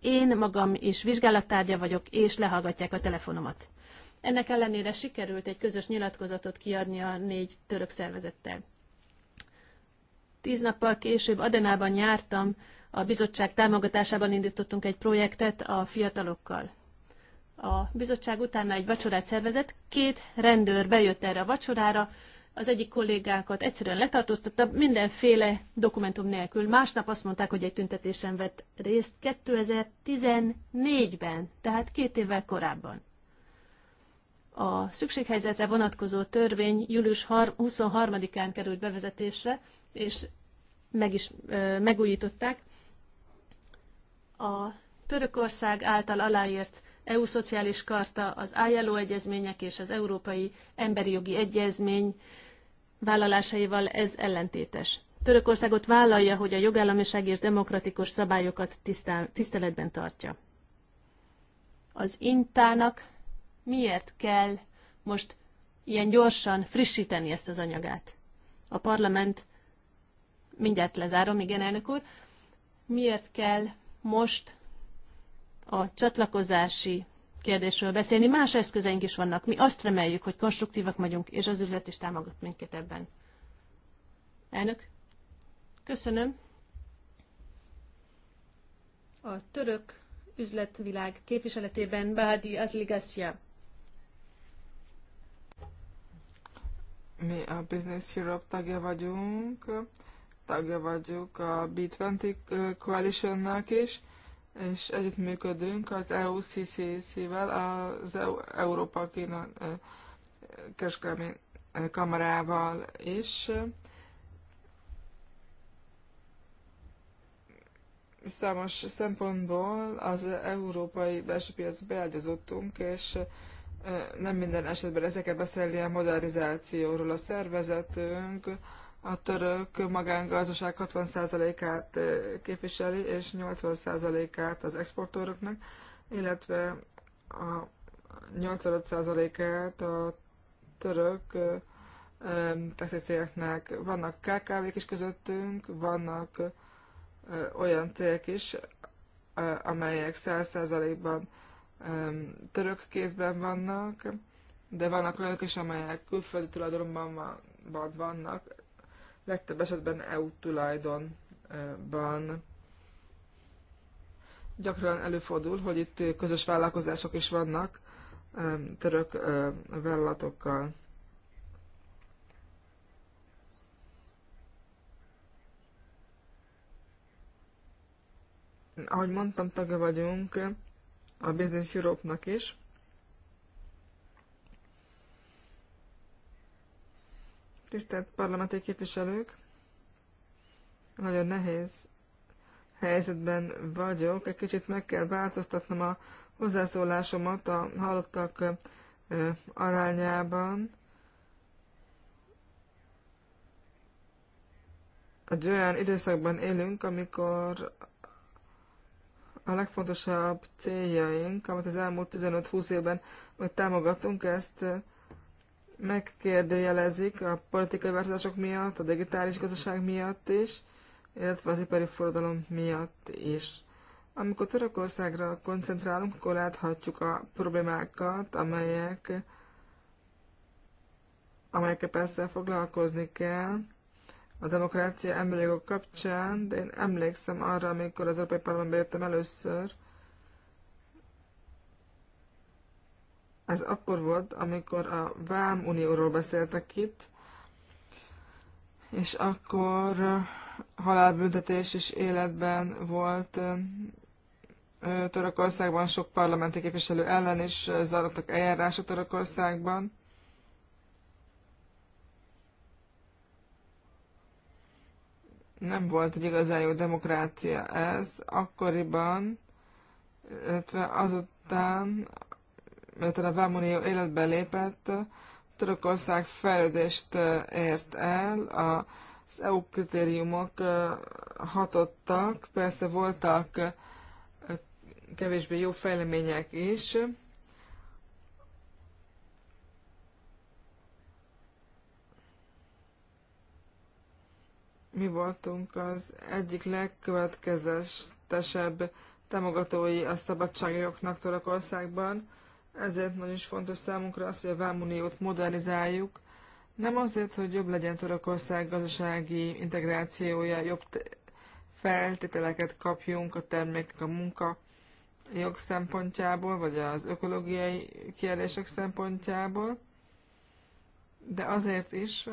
[SPEAKER 3] Én magam is vizsgálattárgya vagyok, és lehallgatják a telefonomat. Ennek ellenére sikerült egy közös nyilatkozatot kiadni a négy török szervezettel. Tíz nappal később Adenában jártam, a bizottság támogatásában indítottunk egy projektet a fiatalokkal. A bizottság utána egy vacsorát szervezett, két rendőr bejött erre a vacsorára, az egyik kollégákat egyszerűen letartóztatta, mindenféle dokumentum nélkül. Másnap azt mondták, hogy egy tüntetésen vett részt 2014-ben, tehát két évvel korábban. A szükséghelyzetre vonatkozó törvény július 23-án került bevezetésre, és meg is ö, megújították. A Törökország által aláírt EU szociális karta, az ILO egyezmények és az Európai Emberi Jogi Egyezmény vállalásaival ez ellentétes. Törökországot vállalja, hogy a jogállamiság és demokratikus szabályokat tiszteletben tartja. Az Intának miért kell most ilyen gyorsan frissíteni ezt az anyagát? A parlament, mindjárt lezárom, igen, elnök úr, miért kell most a csatlakozási kérdésről beszélni. Más eszközeink is vannak. Mi azt reméljük, hogy konstruktívak vagyunk, és az üzlet is támogat minket ebben. Elnök, köszönöm. A török üzletvilág képviseletében Bádi Azligassia
[SPEAKER 1] Mi a Business Europe tagja vagyunk, tagja vagyunk a B20 Coalition-nak is, és együttműködünk az EU-CCC-vel, az EU, Európa Kína kereskedelmi kamarával is. Számos szempontból az európai belső piac beágyazottunk, és nem minden esetben ezeket beszélni a modernizációról. A szervezetünk a török magángazdaság 60%-át képviseli, és 80%-át az exportőröknek, illetve a 85%-át a török textilcégeknek. Vannak KKV-k is közöttünk, vannak olyan cégek is, amelyek 100%-ban török kézben vannak, de vannak olyanok is, amelyek külföldi tulajdonban vannak, legtöbb esetben EU tulajdonban. Gyakran előfordul, hogy itt közös vállalkozások is vannak török vállalatokkal. Ahogy mondtam, tagja vagyunk a Business Europe-nak is. Tisztelt parlamenti képviselők, nagyon nehéz helyzetben vagyok, egy kicsit meg kell változtatnom a hozzászólásomat a hallottak arányában. Egy olyan időszakban élünk, amikor a legfontosabb céljaink, amit az elmúlt 15-20 évben hogy támogatunk, ezt megkérdőjelezik a politikai változások miatt, a digitális gazdaság miatt is, illetve az ipari forradalom miatt is. Amikor Törökországra koncentrálunk, akkor láthatjuk a problémákat, amelyek amelyekkel persze foglalkozni kell, a demokrácia emberi jogok kapcsán, de én emlékszem arra, amikor az Európai Parlamentbe jöttem először, ez akkor volt, amikor a Vám Unióról beszéltek itt, és akkor halálbüntetés is életben volt Törökországban, sok parlamenti képviselő ellen is zajlottak eljárások Törökországban. nem volt egy igazán jó demokrácia ez, akkoriban, illetve azután, miután a Vámonió életbe lépett, Törökország fejlődést ért el, az EU kritériumok hatottak, persze voltak kevésbé jó fejlemények is, mi voltunk az egyik legkövetkezetesebb támogatói a szabadságjogoknak Törökországban, ezért nagyon is fontos számunkra az, hogy a Vámuniót modernizáljuk, nem azért, hogy jobb legyen Törökország gazdasági integrációja, jobb feltételeket kapjunk a termékek, a munka jog szempontjából, vagy az ökológiai kérdések szempontjából, de azért is,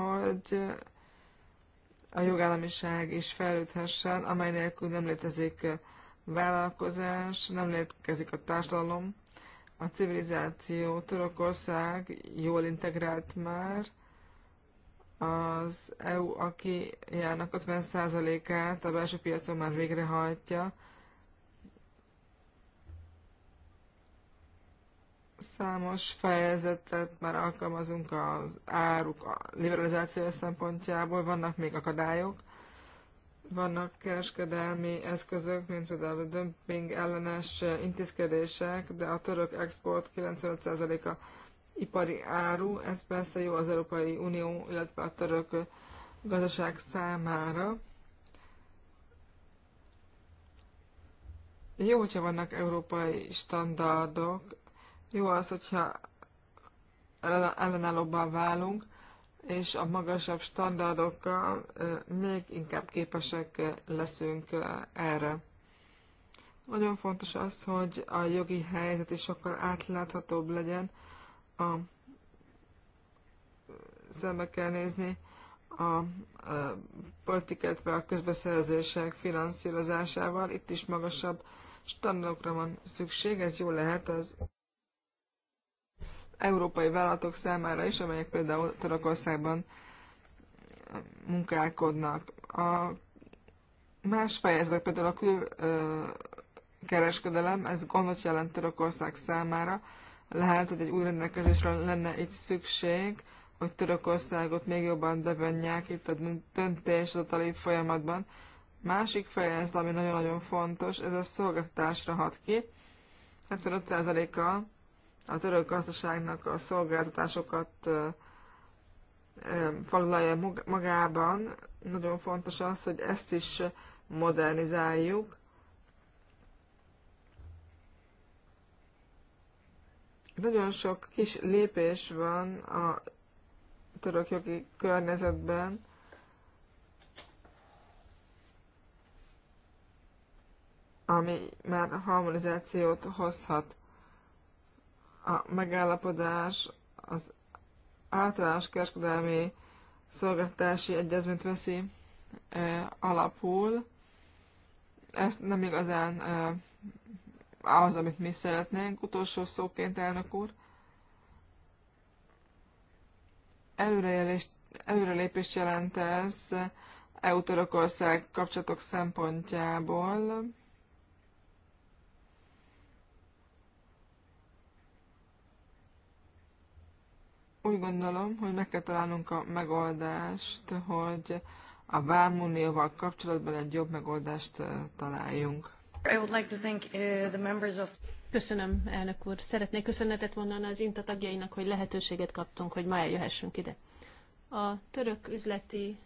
[SPEAKER 1] hogy a jogállamiság is fejlődhessen, amely nélkül nem létezik vállalkozás, nem létezik a társadalom, a civilizáció. Törökország jól integrált már, az EU, aki jának 50%-át a belső piacon már végrehajtja, Számos fejezetet már alkalmazunk az áruk a liberalizáció szempontjából, vannak még akadályok, vannak kereskedelmi eszközök, mint például a dömping ellenes intézkedések, de a török export 95%-a ipari áru, ez persze jó az Európai Unió, illetve a török gazdaság számára. Jó, hogyha vannak európai standardok jó az, hogyha ellenállóban válunk, és a magasabb standardokkal még inkább képesek leszünk erre. Nagyon fontos az, hogy a jogi helyzet is sokkal átláthatóbb legyen, a szembe kell nézni a, a politikát, a közbeszerzések finanszírozásával. Itt is magasabb standardokra van szükség, ez jó lehet az európai vállalatok számára is, amelyek például Törökországban munkálkodnak. A más fejezetek, például a külkereskedelem, ez gondot jelent Törökország számára. Lehet, hogy egy új rendelkezésre lenne itt szükség, hogy Törökországot még jobban bevonják itt a döntéshozatali folyamatban. Másik fejezet, ami nagyon-nagyon fontos, ez a szolgáltatásra hat ki. 75%-a a török gazdaságnak a szolgáltatásokat foglalja magában. Nagyon fontos az, hogy ezt is modernizáljuk. Nagyon sok kis lépés van a török jogi környezetben, ami már harmonizációt hozhat a megállapodás az általános kereskedelmi szolgáltatási egyezményt veszi e, alapul. Ezt nem igazán e, az, amit mi szeretnénk. Utolsó szóként, elnök úr. Előrejelést, előrelépést jelent ez EU-Törökország kapcsolatok szempontjából Úgy gondolom, hogy meg kell találnunk a megoldást, hogy a Vámunióval kapcsolatban egy jobb megoldást találjunk.
[SPEAKER 3] I would like to thank uh, the members of... Köszönöm, elnök úr. Szeretnék köszönetet mondani az INTA tagjainak, hogy lehetőséget kaptunk, hogy ma eljöhessünk ide. A török üzleti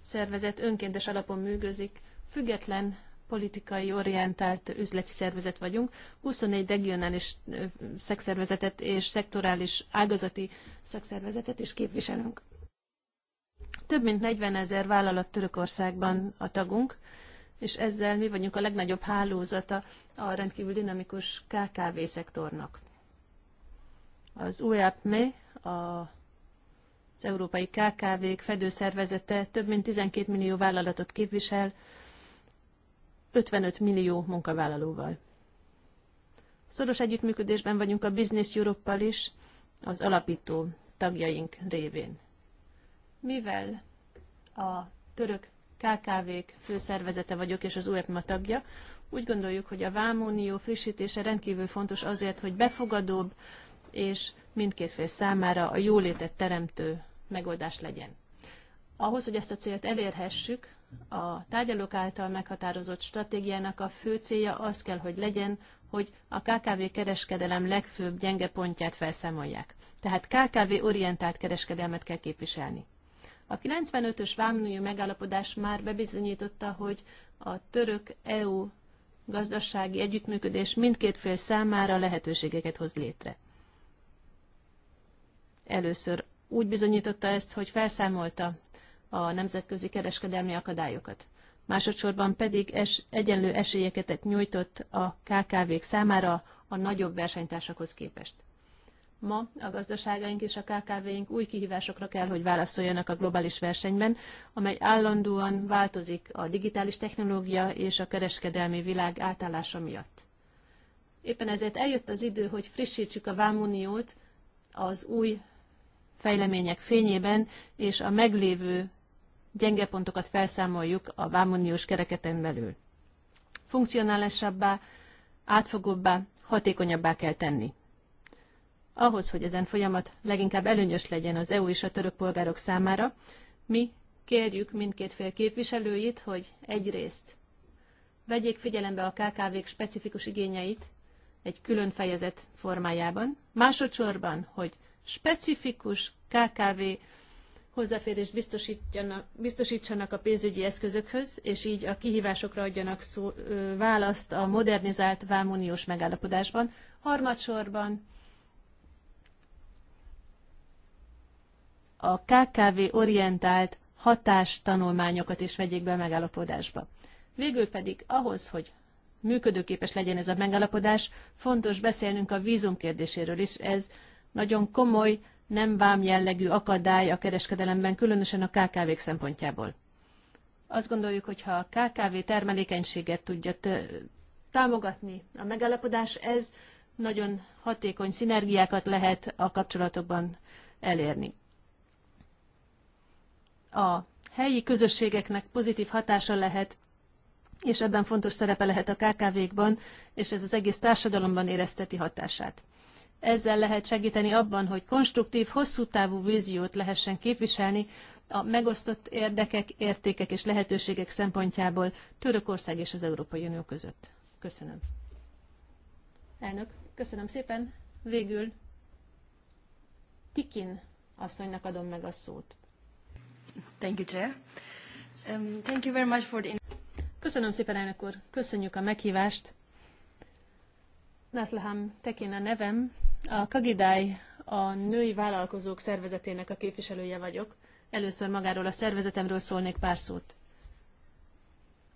[SPEAKER 3] szervezet önkéntes alapon működik, független politikai orientált üzleti szervezet vagyunk. 24 regionális szakszervezetet és szektorális ágazati szakszervezetet is képviselünk. Több mint 40 ezer vállalat Törökországban a tagunk, és ezzel mi vagyunk a legnagyobb hálózata a rendkívül dinamikus KKV szektornak. Az UEAPME, az Európai KKV-k fedőszervezete több mint 12 millió vállalatot képvisel, 55 millió munkavállalóval. Szoros együttműködésben vagyunk a Business europe is, az alapító tagjaink révén. Mivel a török KKV-k főszervezete vagyok és az UEPMA tagja, úgy gondoljuk, hogy a Vámunió frissítése rendkívül fontos azért, hogy befogadóbb és mindkét fél számára a jólétet teremtő megoldás legyen. Ahhoz, hogy ezt a célt elérhessük, a tárgyalók által meghatározott stratégiának a fő célja az kell, hogy legyen, hogy a KKV kereskedelem legfőbb gyenge pontját felszámolják. Tehát KKV orientált kereskedelmet kell képviselni. A 95-ös vámnői megállapodás már bebizonyította, hogy a török-EU gazdasági együttműködés mindkét fél számára lehetőségeket hoz létre. Először úgy bizonyította ezt, hogy felszámolta a nemzetközi kereskedelmi akadályokat. Másodszorban pedig es, egyenlő esélyeket nyújtott a KKV-k számára a nagyobb versenytársakhoz képest. Ma a gazdaságaink és a KKV-ink új kihívásokra kell, hogy válaszoljanak a globális versenyben, amely állandóan változik a digitális technológia és a kereskedelmi világ átállása miatt. Éppen ezért eljött az idő, hogy frissítsük a vámuniót az új fejlemények fényében és a meglévő gyenge pontokat felszámoljuk a vámuniós kereketen belül. Funkcionálisabbá, átfogóbbá, hatékonyabbá kell tenni. Ahhoz, hogy ezen folyamat leginkább előnyös legyen az EU és a török polgárok számára, mi kérjük mindkét fél képviselőit, hogy egyrészt vegyék figyelembe a KKV-k specifikus igényeit egy külön fejezet formájában, másodszorban, hogy specifikus KKV hozzáférést biztosítsanak, biztosítsanak a pénzügyi eszközökhöz, és így a kihívásokra adjanak szó, választ a modernizált vámuniós megállapodásban. Harmadsorban a KKV orientált hatástanulmányokat is vegyék be a megállapodásba. Végül pedig ahhoz, hogy működőképes legyen ez a megállapodás, fontos beszélnünk a vízum kérdéséről is. Ez nagyon komoly nem vám jellegű akadály a kereskedelemben, különösen a KKV-k szempontjából. Azt gondoljuk, hogy ha a KKV termelékenységet tudja támogatni a megállapodás, ez nagyon hatékony szinergiákat lehet a kapcsolatokban elérni. A helyi közösségeknek pozitív hatása lehet, és ebben fontos szerepe lehet a KKV-kban, és ez az egész társadalomban érezteti hatását. Ezzel lehet segíteni abban, hogy konstruktív, hosszú távú víziót lehessen képviselni a megosztott érdekek, értékek és lehetőségek szempontjából Törökország és az Európai Unió között. Köszönöm. Elnök, köszönöm szépen. Végül Tikin asszonynak adom meg a szót. Thank you, Chair. Um, thank you very much for the... Köszönöm szépen, elnök úr. Köszönjük a meghívást. Naslaham Tekin a nevem. A Kagidály a Női Vállalkozók Szervezetének a képviselője vagyok. Először magáról a szervezetemről szólnék pár szót.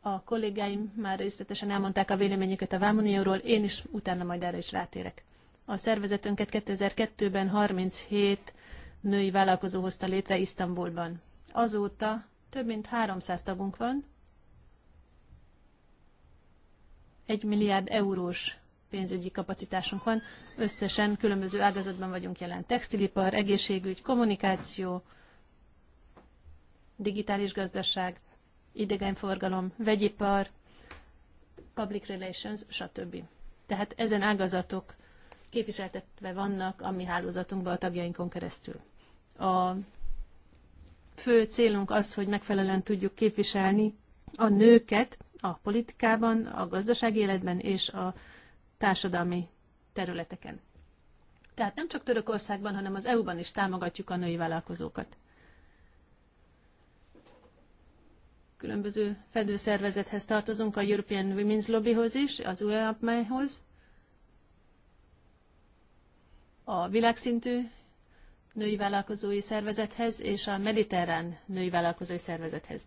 [SPEAKER 3] A kollégáim már részletesen elmondták a véleményüket a Vámunióról, én is utána majd erre is rátérek. A szervezetünket 2002-ben 37 női vállalkozó hozta létre Isztambulban. Azóta több mint 300 tagunk van, egy milliárd eurós pénzügyi kapacitásunk van. Összesen különböző ágazatban vagyunk jelen. Textilipar, egészségügy, kommunikáció, digitális gazdaság, idegenforgalom, vegyipar, public relations, stb. Tehát ezen ágazatok képviseltetve vannak a mi hálózatunkban a tagjainkon keresztül. A fő célunk az, hogy megfelelően tudjuk képviselni a nőket a politikában, a gazdasági életben és a társadalmi területeken. Tehát nem csak Törökországban, hanem az EU-ban is támogatjuk a női vállalkozókat. Különböző fedőszervezethez tartozunk, a European Women's Lobbyhoz is, az UEAPME-hoz, a világszintű női vállalkozói szervezethez és a mediterrán női vállalkozói szervezethez.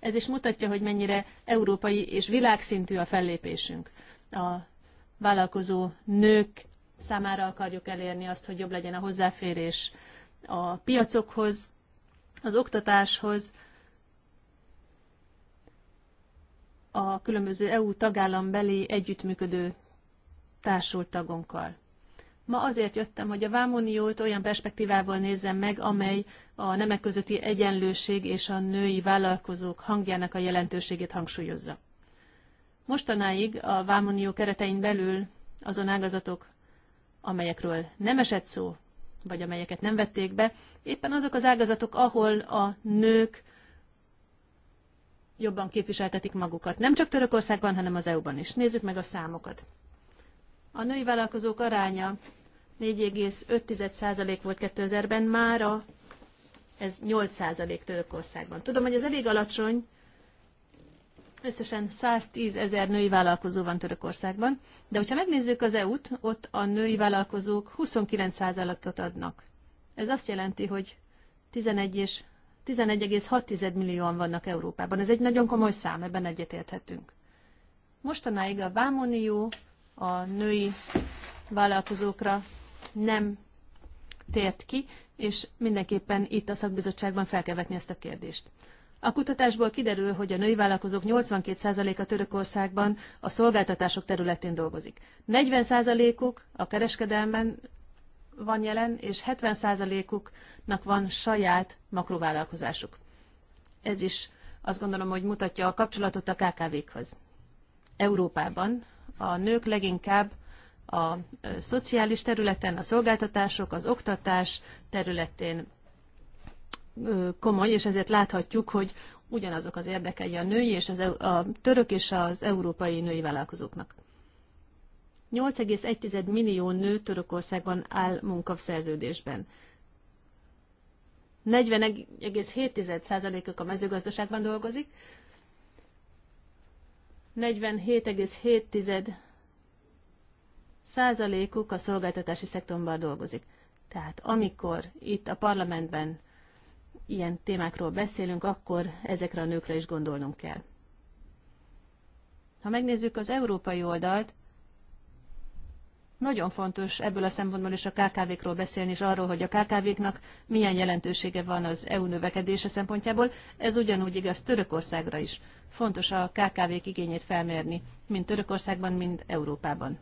[SPEAKER 3] Ez is mutatja, hogy mennyire európai és világszintű a fellépésünk. A vállalkozó nők számára akarjuk elérni azt, hogy jobb legyen a hozzáférés a piacokhoz, az oktatáshoz, a különböző EU tagállambeli együttműködő társultagonkkal. Ma azért jöttem, hogy a Vámuniót olyan perspektívával nézzem meg, amely a nemek közötti egyenlőség és a női vállalkozók hangjának a jelentőségét hangsúlyozza. Mostanáig a Vámunió keretein belül azon ágazatok, amelyekről nem esett szó, vagy amelyeket nem vették be, éppen azok az ágazatok, ahol a nők jobban képviseltetik magukat. Nem csak Törökországban, hanem az EU-ban is. Nézzük meg a számokat. A női vállalkozók aránya 4,5% volt 2000-ben, mára ez 8% Törökországban. Tudom, hogy ez elég alacsony, Összesen 110 ezer női vállalkozó van Törökországban, de hogyha megnézzük az EU-t, ott a női vállalkozók 29%-ot adnak. Ez azt jelenti, hogy 11 és 11,6 millióan vannak Európában. Ez egy nagyon komoly szám, ebben egyetérthetünk. Mostanáig a Vámonió a női vállalkozókra nem tért ki, és mindenképpen itt a szakbizottságban fel kell vetni ezt a kérdést. A kutatásból kiderül, hogy a női vállalkozók 82%-a Törökországban a szolgáltatások területén dolgozik. 40%-uk a kereskedelmen van jelen, és 70%-uknak van saját makrovállalkozásuk. Ez is azt gondolom, hogy mutatja a kapcsolatot a KKV-khoz. Európában a nők leginkább a szociális területen, a szolgáltatások, az oktatás területén komoly, és ezért láthatjuk, hogy ugyanazok az érdekei a női és az, a török és az európai női vállalkozóknak. 8,1 millió nő Törökországban áll munkaszerződésben. 417 ok a mezőgazdaságban dolgozik, 47,7 százalékuk a szolgáltatási szektorban dolgozik. Tehát amikor itt a parlamentben ilyen témákról beszélünk, akkor ezekre a nőkre is gondolnunk kell. Ha megnézzük az európai oldalt, nagyon fontos ebből a szempontból is a KKV-król beszélni, és arról, hogy a KKV-knak milyen jelentősége van az EU növekedése szempontjából. Ez ugyanúgy igaz Törökországra is. Fontos a KKV-k igényét felmérni, mind Törökországban, mind Európában.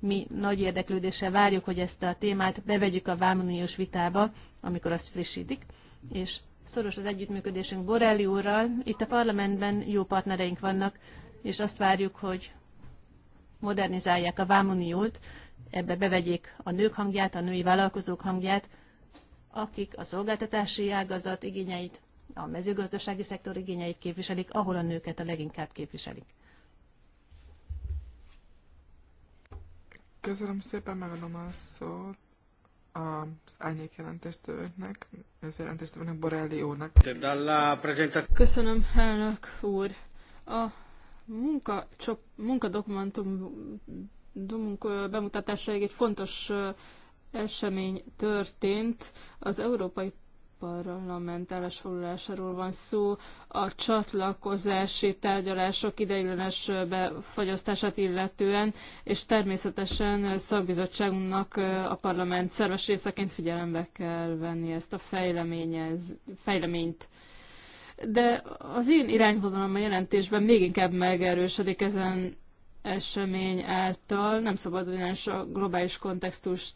[SPEAKER 3] Mi nagy érdeklődéssel várjuk, hogy ezt a témát bevegyük a vámuniós vitába, amikor azt frissítik, és szoros az együttműködésünk Borelli úrral. Itt a parlamentben jó partnereink vannak, és azt várjuk, hogy modernizálják a Vámuniót, ebbe bevegyék a nők hangját, a női vállalkozók hangját, akik a szolgáltatási ágazat igényeit, a mezőgazdasági szektor igényeit képviselik, ahol a nőket a leginkább képviselik.
[SPEAKER 1] Köszönöm szépen, megadom a szót az árnyék jelentéstevőknek, az jelentéstevőnek Borelli úrnak. Köszönöm, elnök úr. A munka, csop, munkadokumentum
[SPEAKER 4] munka bemutatásáig egy fontos esemény történt. Az Európai parlamentáros forulásáról van szó, a csatlakozási tárgyalások ideiglenes befagyasztását illetően, és természetesen szakbizottságunknak a parlament szerves részeként figyelembe kell venni ezt a fejleményt. De az én irányvonalom a jelentésben még inkább megerősödik ezen esemény által. Nem szabad ugyanis a globális kontextust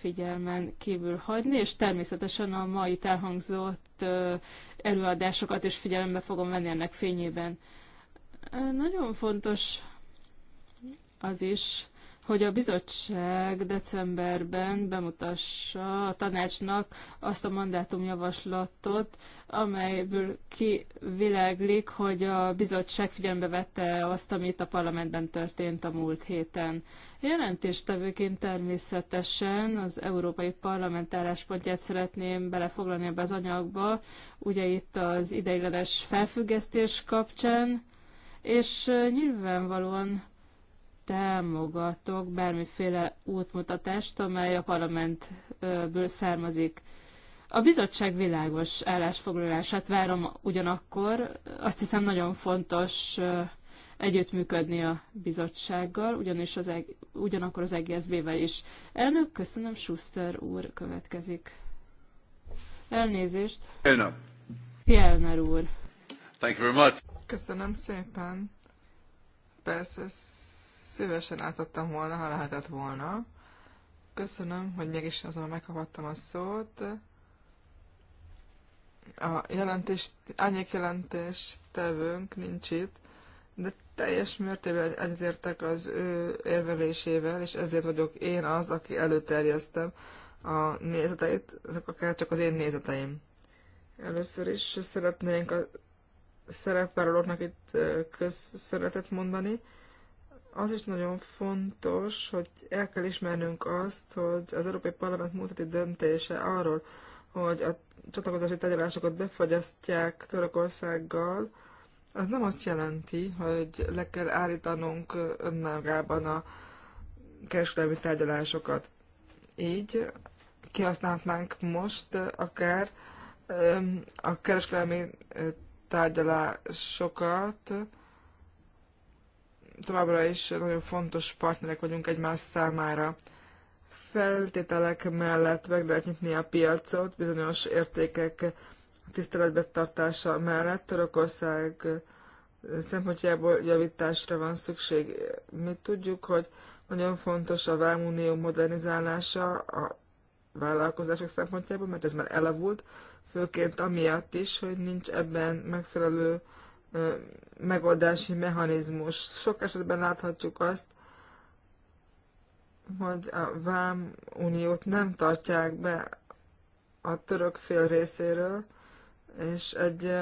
[SPEAKER 4] figyelmen kívül hagyni, és természetesen a mai elhangzott előadásokat is figyelembe fogom venni ennek fényében. Nagyon fontos az is, hogy a bizottság decemberben bemutassa a tanácsnak azt a mandátumjavaslatot, amelyből kiviláglik, hogy a bizottság figyelembe vette azt, amit a parlamentben történt a múlt héten. Jelentéstevőként természetesen az Európai Parlament álláspontját szeretném belefoglalni ebbe az anyagba, ugye itt az ideiglenes felfüggesztés kapcsán, és nyilvánvalóan támogatok bármiféle útmutatást, amely a parlamentből származik. A bizottság világos állásfoglalását várom ugyanakkor, azt hiszem nagyon fontos együttműködni a bizottsággal, ugyanis az, ugyanakkor az EGSZB-vel is. Elnök, köszönöm, Schuster úr következik. Elnézést. Elnök. Jelner úr.
[SPEAKER 2] Thank you very much.
[SPEAKER 1] Köszönöm szépen. Persze szívesen átadtam volna, ha lehetett volna. Köszönöm, hogy mégis azon megkaphattam a szót. A jelentés, árnyék jelentés tevőnk nincs itt, de teljes mértében egyetértek az ő érvelésével, és ezért vagyok én az, aki előterjesztem a nézeteit, ezek akár csak az én nézeteim. Először is szeretnénk a szerepvállalóknak itt köszönetet mondani, az is nagyon fontos, hogy el kell ismernünk azt, hogy az Európai Parlament múlteti döntése arról, hogy a csatlakozási tárgyalásokat befagyasztják Törökországgal, az nem azt jelenti, hogy le kell állítanunk önmagában a kereskedelmi tárgyalásokat. Így kihasználhatnánk most akár a kereskedelmi tárgyalásokat, továbbra is nagyon fontos partnerek vagyunk egymás számára. Feltételek mellett meg lehet nyitni a piacot, bizonyos értékek tiszteletbe tartása mellett Törökország szempontjából javításra van szükség. Mi tudjuk, hogy nagyon fontos a vámunió modernizálása a vállalkozások szempontjából, mert ez már elavult, főként amiatt is, hogy nincs ebben megfelelő megoldási mechanizmus. Sok esetben láthatjuk azt, hogy a Vám Uniót nem tartják be a török fél részéről, és egy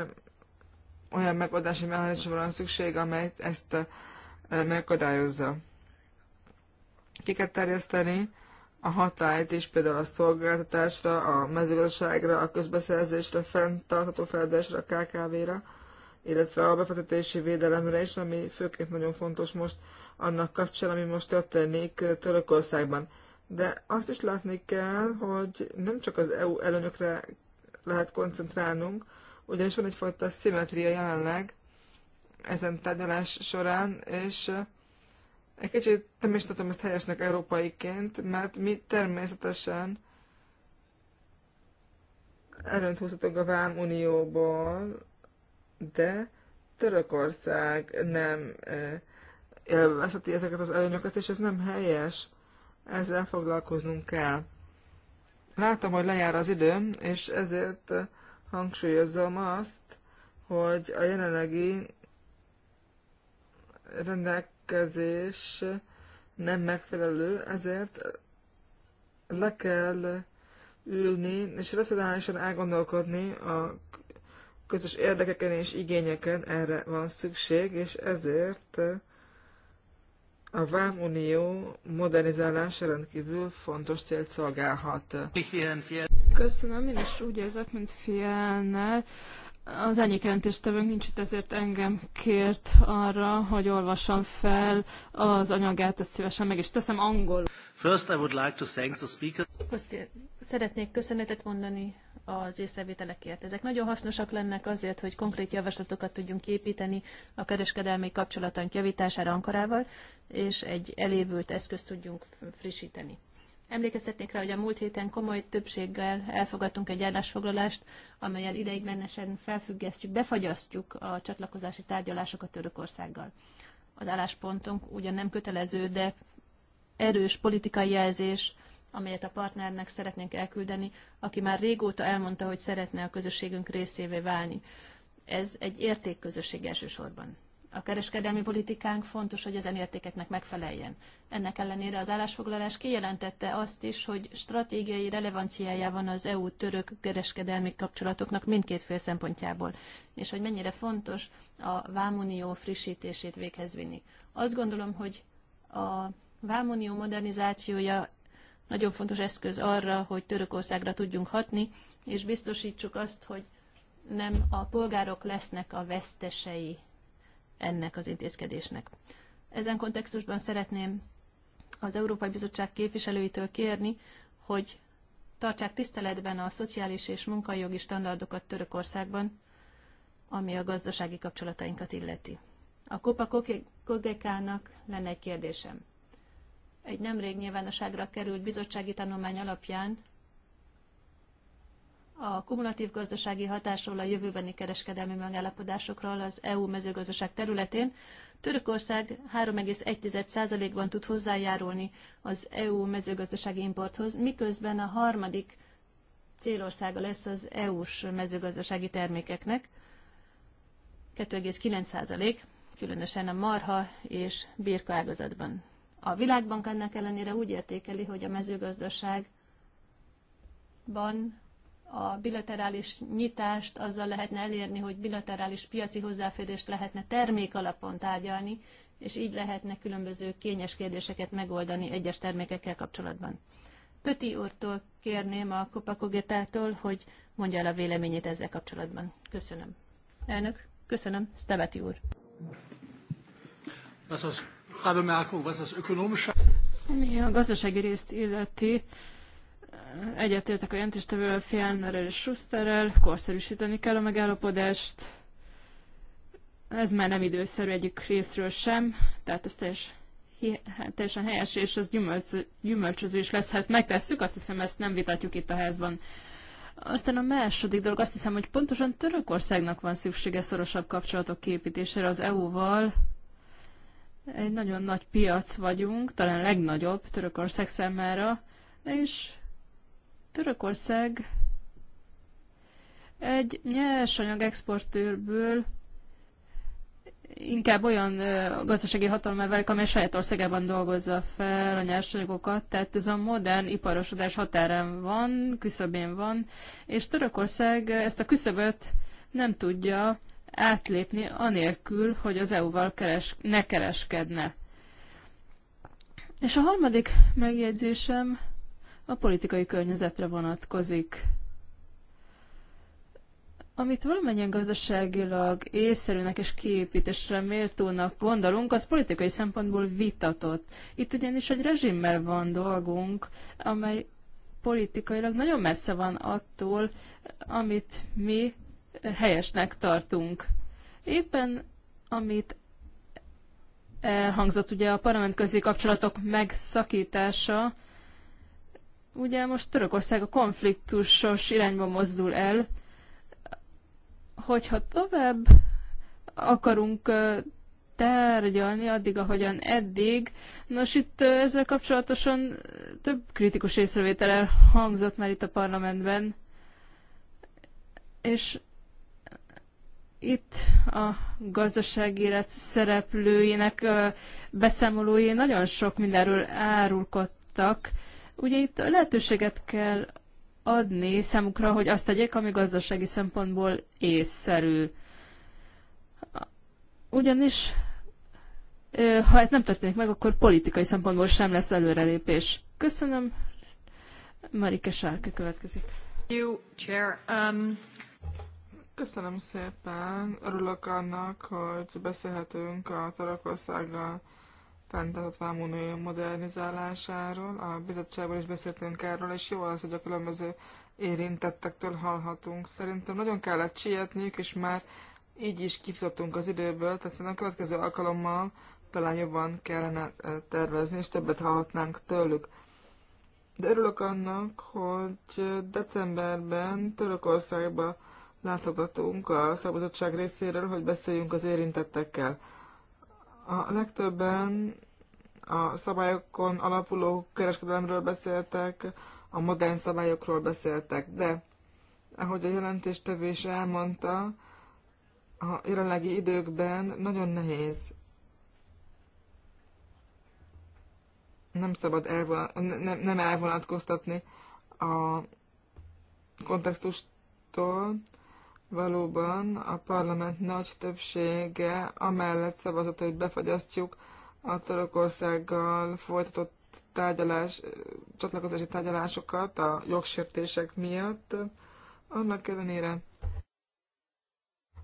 [SPEAKER 1] olyan megoldási mechanizmusra van szükség, amely ezt megakadályozza. Ki kell terjeszteni a hatályt is például a szolgáltatásra, a mezőgazdaságra, a közbeszerzésre, fenntartható feladásra, a KKV-ra, illetve a befektetési védelemre is, ami főként nagyon fontos most annak kapcsán, ami most történik Törökországban. De azt is látni kell, hogy nem csak az EU előnyökre lehet koncentrálnunk, ugyanis van egyfajta szimetria jelenleg ezen tárgyalás során, és egy kicsit nem is tudom ezt helyesnek európaiként, mert mi természetesen erőnt húzhatunk a Vám Unióból, de Törökország nem élvezheti ezeket az előnyöket, és ez nem helyes. Ezzel foglalkoznunk kell. Látom, hogy lejár az időm, és ezért hangsúlyozom azt, hogy a jelenlegi rendelkezés nem megfelelő, ezért le kell ülni, és racionálisan elgondolkodni a közös érdekeken és igényeken erre van szükség, és ezért a Vámunió modernizálása rendkívül fontos célt szolgálhat.
[SPEAKER 4] Köszönöm, én is úgy érzek, mint Fielner. Az egyik jelentéstevőnk nincs itt, ezért engem kért arra, hogy olvassam fel az
[SPEAKER 3] anyagát, ezt szívesen meg is teszem angol.
[SPEAKER 2] First I would like to thank the speaker.
[SPEAKER 3] szeretnék köszönetet mondani az észrevételekért. Ezek nagyon hasznosak lennek azért, hogy konkrét javaslatokat tudjunk építeni a kereskedelmi kapcsolataink javítására Ankarával, és egy elévült eszközt tudjunk frissíteni. Emlékeztetnék rá, hogy a múlt héten komoly többséggel elfogadtunk egy állásfoglalást, amelyel ideiglenesen felfüggesztjük, befagyasztjuk a csatlakozási tárgyalásokat Törökországgal. Az álláspontunk ugyan nem kötelező, de erős politikai jelzés, amelyet a partnernek szeretnénk elküldeni, aki már régóta elmondta, hogy szeretne a közösségünk részévé válni. Ez egy értékközösség elsősorban. A kereskedelmi politikánk fontos, hogy ezen értékeknek megfeleljen. Ennek ellenére az állásfoglalás kijelentette azt is, hogy stratégiai relevanciája van az EU-török kereskedelmi kapcsolatoknak mindkét fél szempontjából, és hogy mennyire fontos a Vámunió frissítését véghez vinni. Azt gondolom, hogy a Vámunió modernizációja nagyon fontos eszköz arra, hogy Törökországra tudjunk hatni, és biztosítsuk azt, hogy nem a polgárok lesznek a vesztesei ennek az intézkedésnek. Ezen kontextusban szeretném az Európai Bizottság képviselőitől kérni, hogy tartsák tiszteletben a szociális és munkajogi standardokat Törökországban, ami a gazdasági kapcsolatainkat illeti. A Kopa Kogekának lenne egy kérdésem. Egy nemrég nyilvánosságra került bizottsági tanulmány alapján a kumulatív gazdasági hatásról, a jövőbeni kereskedelmi megállapodásokról az EU mezőgazdaság területén. Törökország 3,1%-ban tud hozzájárulni az EU mezőgazdasági importhoz, miközben a harmadik célországa lesz az EU-s mezőgazdasági termékeknek, 2,9%, különösen a marha és birka ágazatban. A Világbank ennek ellenére úgy értékeli, hogy a mezőgazdaságban a bilaterális nyitást azzal lehetne elérni, hogy bilaterális piaci hozzáférést lehetne termék alapon tárgyalni, és így lehetne különböző kényes kérdéseket megoldani egyes termékekkel kapcsolatban. Pöti úrtól kérném a Kopakogetától, hogy mondja el a véleményét ezzel kapcsolatban. Köszönöm. Elnök, köszönöm. Szteveti úr.
[SPEAKER 2] Mi a
[SPEAKER 4] gazdasági részt illeti, egyetértek a jelentéstevővel, Fjellnerrel és Schusterrel, korszerűsíteni kell a megállapodást. Ez már nem időszerű egyik részről sem, tehát ez teljes, hát teljesen helyes, és ez gyümölcs, gyümölcsöző is lesz, ha ezt megtesszük, azt hiszem ezt nem vitatjuk itt a házban. Aztán a második dolog, azt hiszem, hogy pontosan Törökországnak van szüksége szorosabb kapcsolatok képítésére az EU-val. Egy nagyon nagy piac vagyunk, talán legnagyobb Törökország számára, és Törökország egy nyersanyag exportőrből inkább olyan gazdasági hatalommal válik, amely saját országában dolgozza fel a nyersanyagokat, tehát ez a modern iparosodás határán van, küszöbén van, és Törökország ezt a küszöböt nem tudja átlépni anélkül, hogy az EU-val keres, ne kereskedne. És a harmadik megjegyzésem a politikai környezetre vonatkozik. Amit valamennyien gazdaságilag észszerűnek és kiépítésre méltónak gondolunk, az politikai szempontból vitatott. Itt ugyanis egy rezsimmel van dolgunk, amely politikailag nagyon messze van attól, amit mi helyesnek tartunk. Éppen amit elhangzott ugye a parlamentközi kapcsolatok megszakítása, Ugye most Törökország a konfliktusos irányba mozdul el. Hogyha tovább akarunk tárgyalni addig, ahogyan eddig. Nos, itt ezzel kapcsolatosan több kritikus észrevétel elhangzott már itt a parlamentben, és itt a gazdasági élet szereplőinek beszámolói nagyon sok mindenről árulkodtak, Ugye itt lehetőséget kell adni számukra, hogy azt tegyék, ami gazdasági szempontból észszerű. Ugyanis, ha ez nem történik meg, akkor politikai szempontból sem lesz előrelépés. Köszönöm. Marike Sárke következik.
[SPEAKER 1] chair. Um, Köszönöm szépen. Örülök annak, hogy beszélhetünk a Törökországgal fenntartott modernizálásáról, a bizottságban is beszéltünk erről, és jó az, hogy a különböző érintettektől hallhatunk. Szerintem nagyon kellett sietniük, és már így is kifutottunk az időből, tehát szerintem a következő alkalommal talán jobban kellene tervezni, és többet hallhatnánk tőlük. De örülök annak, hogy decemberben Törökországba látogatunk a szabadság részéről, hogy beszéljünk az érintettekkel. A legtöbben a szabályokon alapuló kereskedelemről beszéltek, a modern szabályokról beszéltek, de ahogy a jelentéstevés elmondta, a jelenlegi időkben nagyon nehéz. Nem szabad elvonat, nem, nem elvonatkoztatni a kontextustól valóban a parlament nagy többsége amellett szavazott, hogy befagyasztjuk a Törökországgal folytatott tárgyalás, csatlakozási tárgyalásokat a jogsértések miatt, annak ellenére,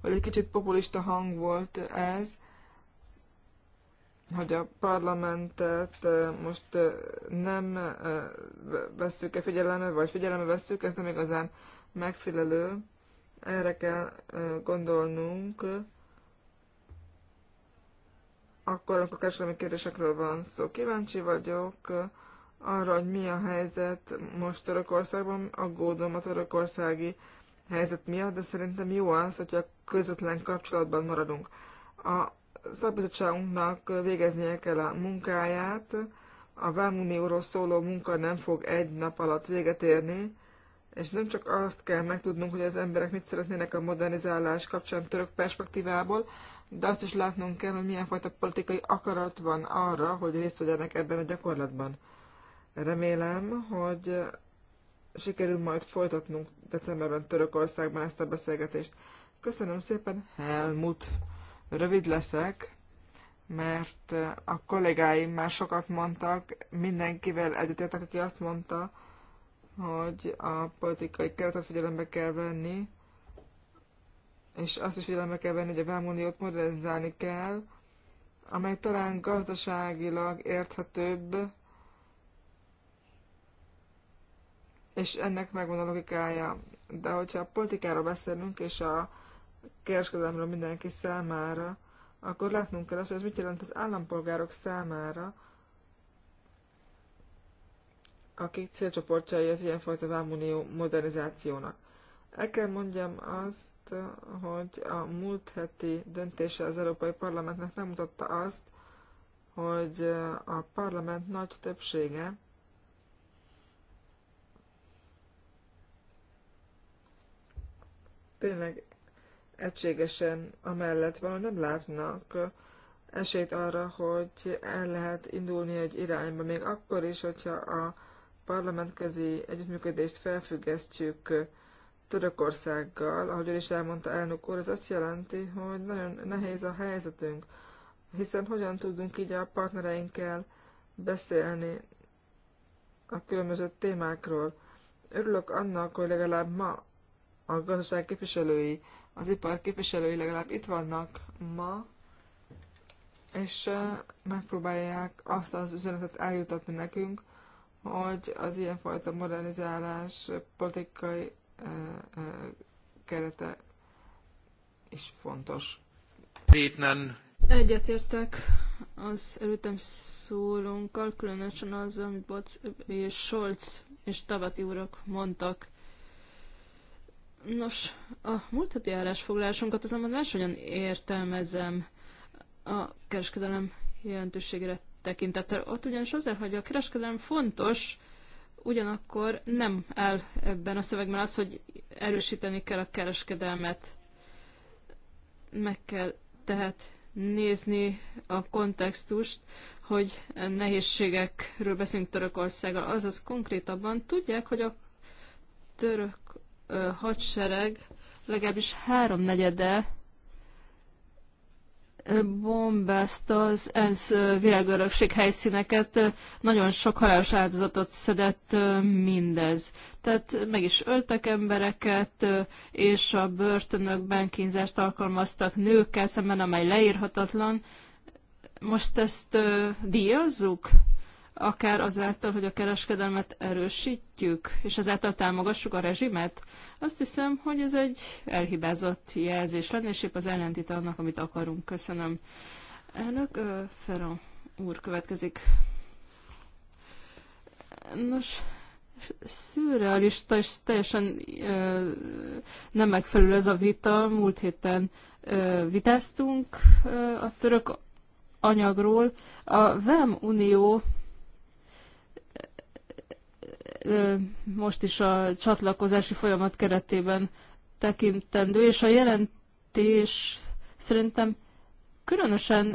[SPEAKER 1] hogy egy kicsit populista hang volt ez, hogy a parlamentet most nem vesszük-e figyelembe, vagy figyelembe vesszük, ez nem igazán megfelelő. Erre kell gondolnunk, akkor, amikor kereskedelmi kérdésekről van szó. Kíváncsi vagyok arra, hogy mi a helyzet most Törökországban. Aggódom a törökországi helyzet miatt, de szerintem jó az, hogyha közvetlen kapcsolatban maradunk. A szakbizottságunknak végeznie kell a munkáját, a Vámunióról szóló munka nem fog egy nap alatt véget érni, és nem csak azt kell megtudnunk, hogy az emberek mit szeretnének a modernizálás kapcsán török perspektívából, de azt is látnunk kell, hogy milyen fajta politikai akarat van arra, hogy részt vegyenek ebben a gyakorlatban. Remélem, hogy sikerül majd folytatnunk decemberben Törökországban ezt a beszélgetést. Köszönöm szépen, Helmut! Rövid leszek, mert a kollégáim már sokat mondtak, mindenkivel egyetértek, aki azt mondta, hogy a politikai keretet figyelembe kell venni, és azt is figyelembe kell venni, hogy a vámuniót modernizálni kell, amely talán gazdaságilag érthetőbb, és ennek megvan a logikája. De hogyha a politikáról beszélünk, és a kereskedelemről mindenki számára, akkor látnunk kell azt, hogy ez mit jelent az állampolgárok számára, akik célcsoportjai az ilyenfajta vámunió modernizációnak. El kell mondjam azt, hogy a múlt heti döntése az Európai Parlamentnek megmutatta azt, hogy a parlament nagy többsége tényleg egységesen amellett van, nem látnak esélyt arra, hogy el lehet indulni egy irányba, még akkor is, hogyha a parlamentközi együttműködést felfüggesztjük Törökországgal, ahogy is elmondta elnök úr, ez azt jelenti, hogy nagyon nehéz a helyzetünk, hiszen hogyan tudunk így a partnereinkkel beszélni a különböző témákról. Örülök annak, hogy legalább ma a gazdaság képviselői, az ipar képviselői legalább itt vannak ma, és megpróbálják azt az üzenetet eljutatni nekünk, hogy az ilyenfajta modernizálás politikai eh, eh, kerete is fontos.
[SPEAKER 2] Vétnen.
[SPEAKER 1] Egyetértek az előttem szólónkkal,
[SPEAKER 4] különösen az, amit Bot és Scholz és Tabati urak mondtak. Nos, a múlt heti állásfoglalásunkat azonban máshogyan értelmezem a kereskedelem jelentőségre tekintettel. Ott ugyanis azért, hogy a kereskedelem fontos, ugyanakkor nem áll ebben a szövegben az, hogy erősíteni kell a kereskedelmet. Meg kell tehát nézni a kontextust, hogy nehézségekről beszélünk Törökországgal, azaz konkrétabban tudják, hogy a török hadsereg legalábbis háromnegyede bombázta az ENSZ világörökség helyszíneket, nagyon sok halálos áldozatot szedett mindez. Tehát meg is öltek embereket, és a börtönökben kínzást alkalmaztak nőkkel szemben, amely leírhatatlan. Most ezt díjazzuk? akár azáltal, hogy a kereskedelmet erősítjük, és ezáltal támogassuk a rezsimet, azt hiszem, hogy ez egy elhibázott jelzés lenne, és épp az ellentéte annak, amit akarunk. Köszönöm. Elnök Fera úr következik. Nos, szürrealista és teljesen ö, nem megfelelő ez a vita. Múlt héten ö, vitáztunk ö, a török anyagról. A VEM Unió most is a csatlakozási folyamat keretében tekintendő, és a jelentés szerintem különösen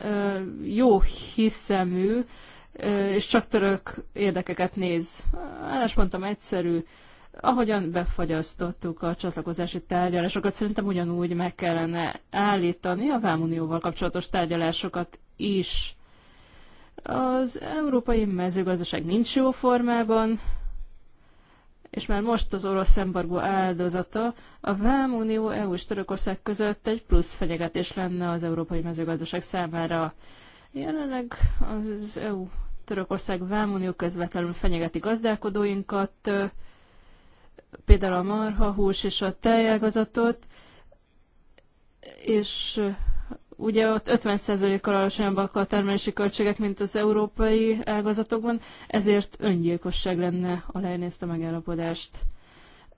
[SPEAKER 4] jó hiszemű, és csak török érdekeket néz. mondtam, egyszerű. Ahogyan befagyasztottuk a csatlakozási tárgyalásokat, szerintem ugyanúgy meg kellene állítani a Vámunióval kapcsolatos tárgyalásokat is. Az európai mezőgazdaság nincs jó formában, és már most az orosz embargó áldozata, a Vámunió EU és Törökország között egy plusz fenyegetés lenne az európai mezőgazdaság számára. Jelenleg az EU Törökország Vámunió közvetlenül fenyegeti gazdálkodóinkat, például a marha, hús és a tejágazatot, és Ugye ott 50%-kal alacsonyabbak a termelési költségek, mint az európai ágazatokban, ezért öngyilkosság lenne aláírni ezt a megállapodást.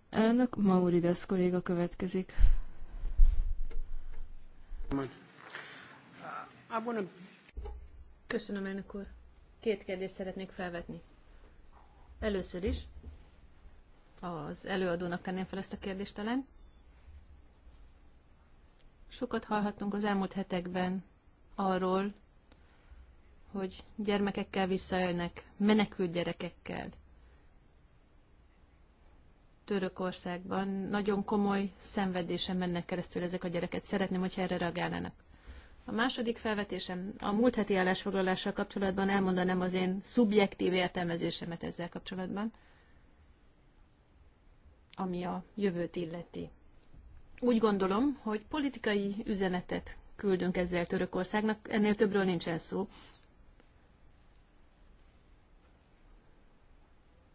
[SPEAKER 4] Elnök Maurides kolléga következik.
[SPEAKER 3] Köszönöm, elnök úr. Két kérdést szeretnék felvetni. Először is az előadónak tenném fel ezt a kérdést talán. Sokat hallhattunk az elmúlt hetekben arról, hogy gyermekekkel visszaélnek, menekült gyerekekkel. Törökországban nagyon komoly szenvedésen mennek keresztül ezek a gyereket. Szeretném, hogyha erre reagálnának. A második felvetésem a múlt heti állásfoglalással kapcsolatban elmondanám az én szubjektív értelmezésemet ezzel kapcsolatban, ami a jövőt illeti. Úgy gondolom, hogy politikai üzenetet küldünk ezzel Törökországnak, ennél többről nincsen szó.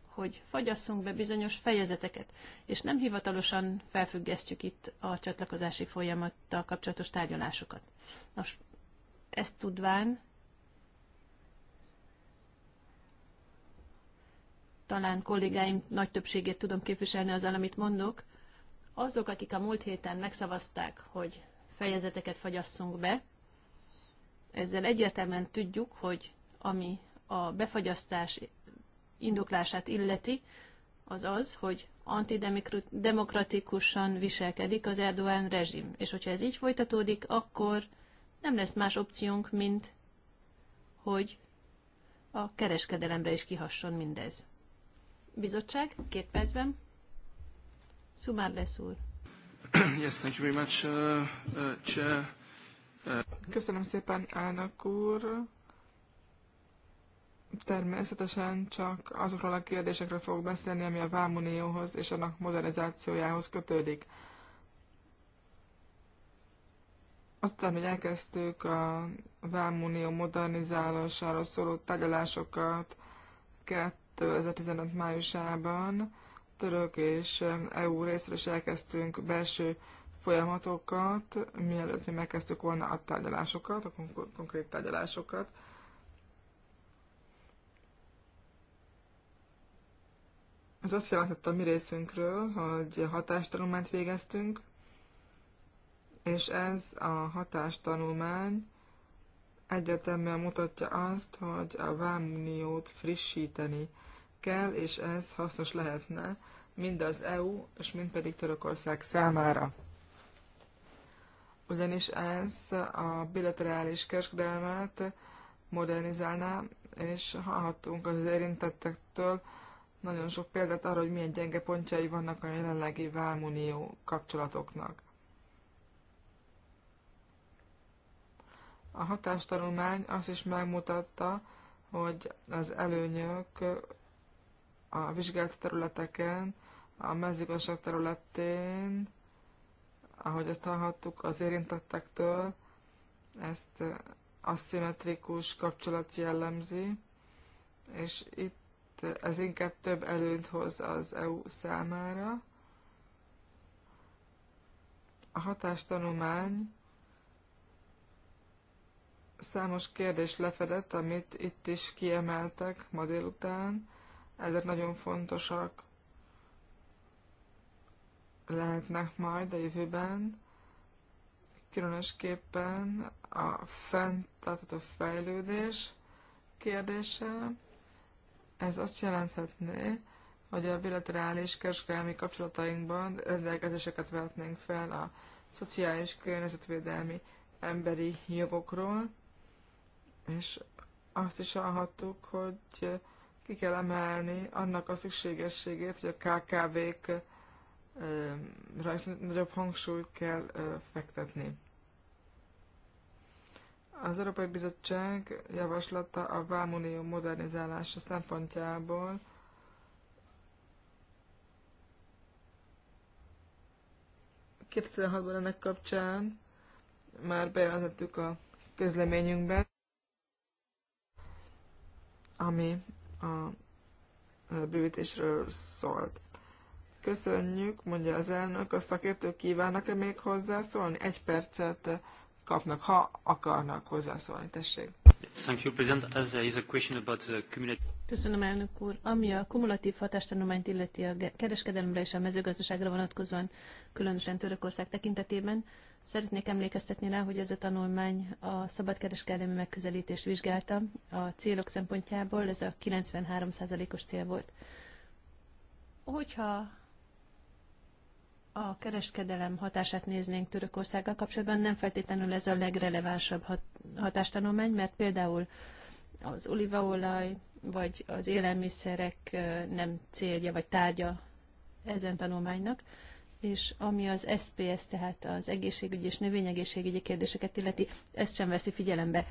[SPEAKER 3] hogy fagyasszunk be bizonyos fejezeteket, és nem hivatalosan felfüggesztjük itt a csatlakozási folyamattal kapcsolatos tárgyalásokat. Nos, ezt tudván talán kollégáim nagy többségét tudom képviselni azzal, amit mondok, azok, akik a múlt héten megszavazták, hogy fejezeteket fagyasszunk be, ezzel egyértelműen tudjuk, hogy ami a befagyasztás indoklását illeti, az az, hogy antidemokratikusan viselkedik az Erdogan rezsim. És hogyha ez így folytatódik, akkor nem lesz más opciónk, mint hogy a kereskedelemre is kihasson mindez. Bizottság, két percben. Szumár lesz úr.
[SPEAKER 4] Yes, thank you very much, uh, uh, chair.
[SPEAKER 2] Uh...
[SPEAKER 1] Köszönöm szépen, elnök úr. Természetesen csak azokról a kérdésekről fogok beszélni, ami a Vámunióhoz és annak modernizációjához kötődik. Azután, hogy elkezdtük a Vámunió modernizálásáról szóló tárgyalásokat 2015 májusában, török és EU e részre is elkezdtünk belső folyamatokat, mielőtt mi megkezdtük volna a tárgyalásokat, a konkrét tárgyalásokat. Ez azt jelentette a mi részünkről, hogy hatástanulmányt végeztünk, és ez a hatástanulmány egyetemben mutatja azt, hogy a vámuniót frissíteni kell, és ez hasznos lehetne mind az EU, és mind pedig Törökország számára. Ugyanis ez a bilaterális kereskedelmet modernizálná, és hallhattunk az érintettektől nagyon sok példát arra, hogy milyen gyenge pontjai vannak a jelenlegi vámunió kapcsolatoknak. A hatástanulmány azt is megmutatta, hogy az előnyök a vizsgált területeken, a mezőgazdaság területén, ahogy ezt hallhattuk az érintettektől, ezt aszimmetrikus kapcsolat jellemzi, és itt ez inkább több előnyt hoz az EU számára. A hatástanulmány számos kérdés lefedett, amit itt is kiemeltek ma délután, ezek nagyon fontosak lehetnek majd a jövőben, különösképpen a fenntartható fejlődés kérdése. Ez azt jelenthetné, hogy a bilaterális kereskedelmi kapcsolatainkban rendelkezéseket vehetnénk fel a szociális környezetvédelmi emberi jogokról, és azt is hallhattuk, hogy ki kell emelni annak a szükségességét, hogy a KKV-k nagyobb hangsúlyt kell fektetni. Az Európai Bizottság javaslata a Vámunió modernizálása szempontjából ban ennek kapcsán már bejelentettük a közleményünkbe, ami a bővítésről szólt. Köszönjük, mondja az elnök, a szakértők kívánnak-e még hozzászólni? Egy percet kapnak, ha akarnak hozzászólni. Tessék.
[SPEAKER 2] Thank you, President. As there is a question about the community...
[SPEAKER 3] Köszönöm, elnök úr. Ami a kumulatív hatástanulmányt illeti a kereskedelemre és a mezőgazdaságra vonatkozóan, különösen Törökország tekintetében, szeretnék emlékeztetni rá, hogy ez a tanulmány a szabadkereskedelmi megközelítést vizsgálta. A célok szempontjából ez a 93%-os cél volt. Hogyha a kereskedelem hatását néznénk Törökországgal kapcsolatban, nem feltétlenül ez a legrelevánsabb hatástanulmány, mert például az olívaolaj, vagy az élelmiszerek nem célja, vagy tárgya ezen tanulmánynak, és ami az SPS, tehát az egészségügyi és növényegészségügyi kérdéseket illeti, ezt sem veszi figyelembe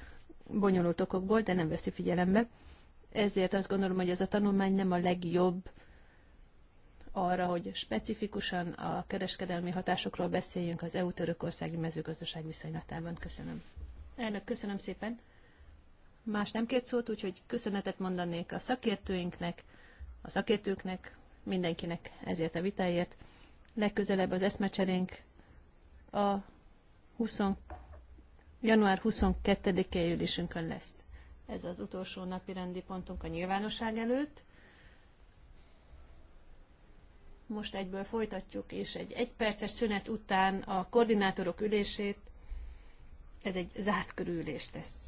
[SPEAKER 3] bonyolult okokból, de nem veszi figyelembe. Ezért azt gondolom, hogy ez a tanulmány nem a legjobb arra, hogy specifikusan a kereskedelmi hatásokról beszéljünk az EU-törökországi mezőgazdaság viszonylatában. Köszönöm. Elnök, köszönöm szépen. Más nem két szót, úgyhogy köszönetet mondanék a szakértőinknek, a szakértőknek, mindenkinek ezért a vitáért. Legközelebb az eszmecserénk a 20, január 22-e ülésünkön lesz. Ez az utolsó napi rendi pontunk a nyilvánosság előtt. Most egyből folytatjuk, és egy egy perces szünet után a koordinátorok ülését,
[SPEAKER 2] ez egy zárt körülés lesz.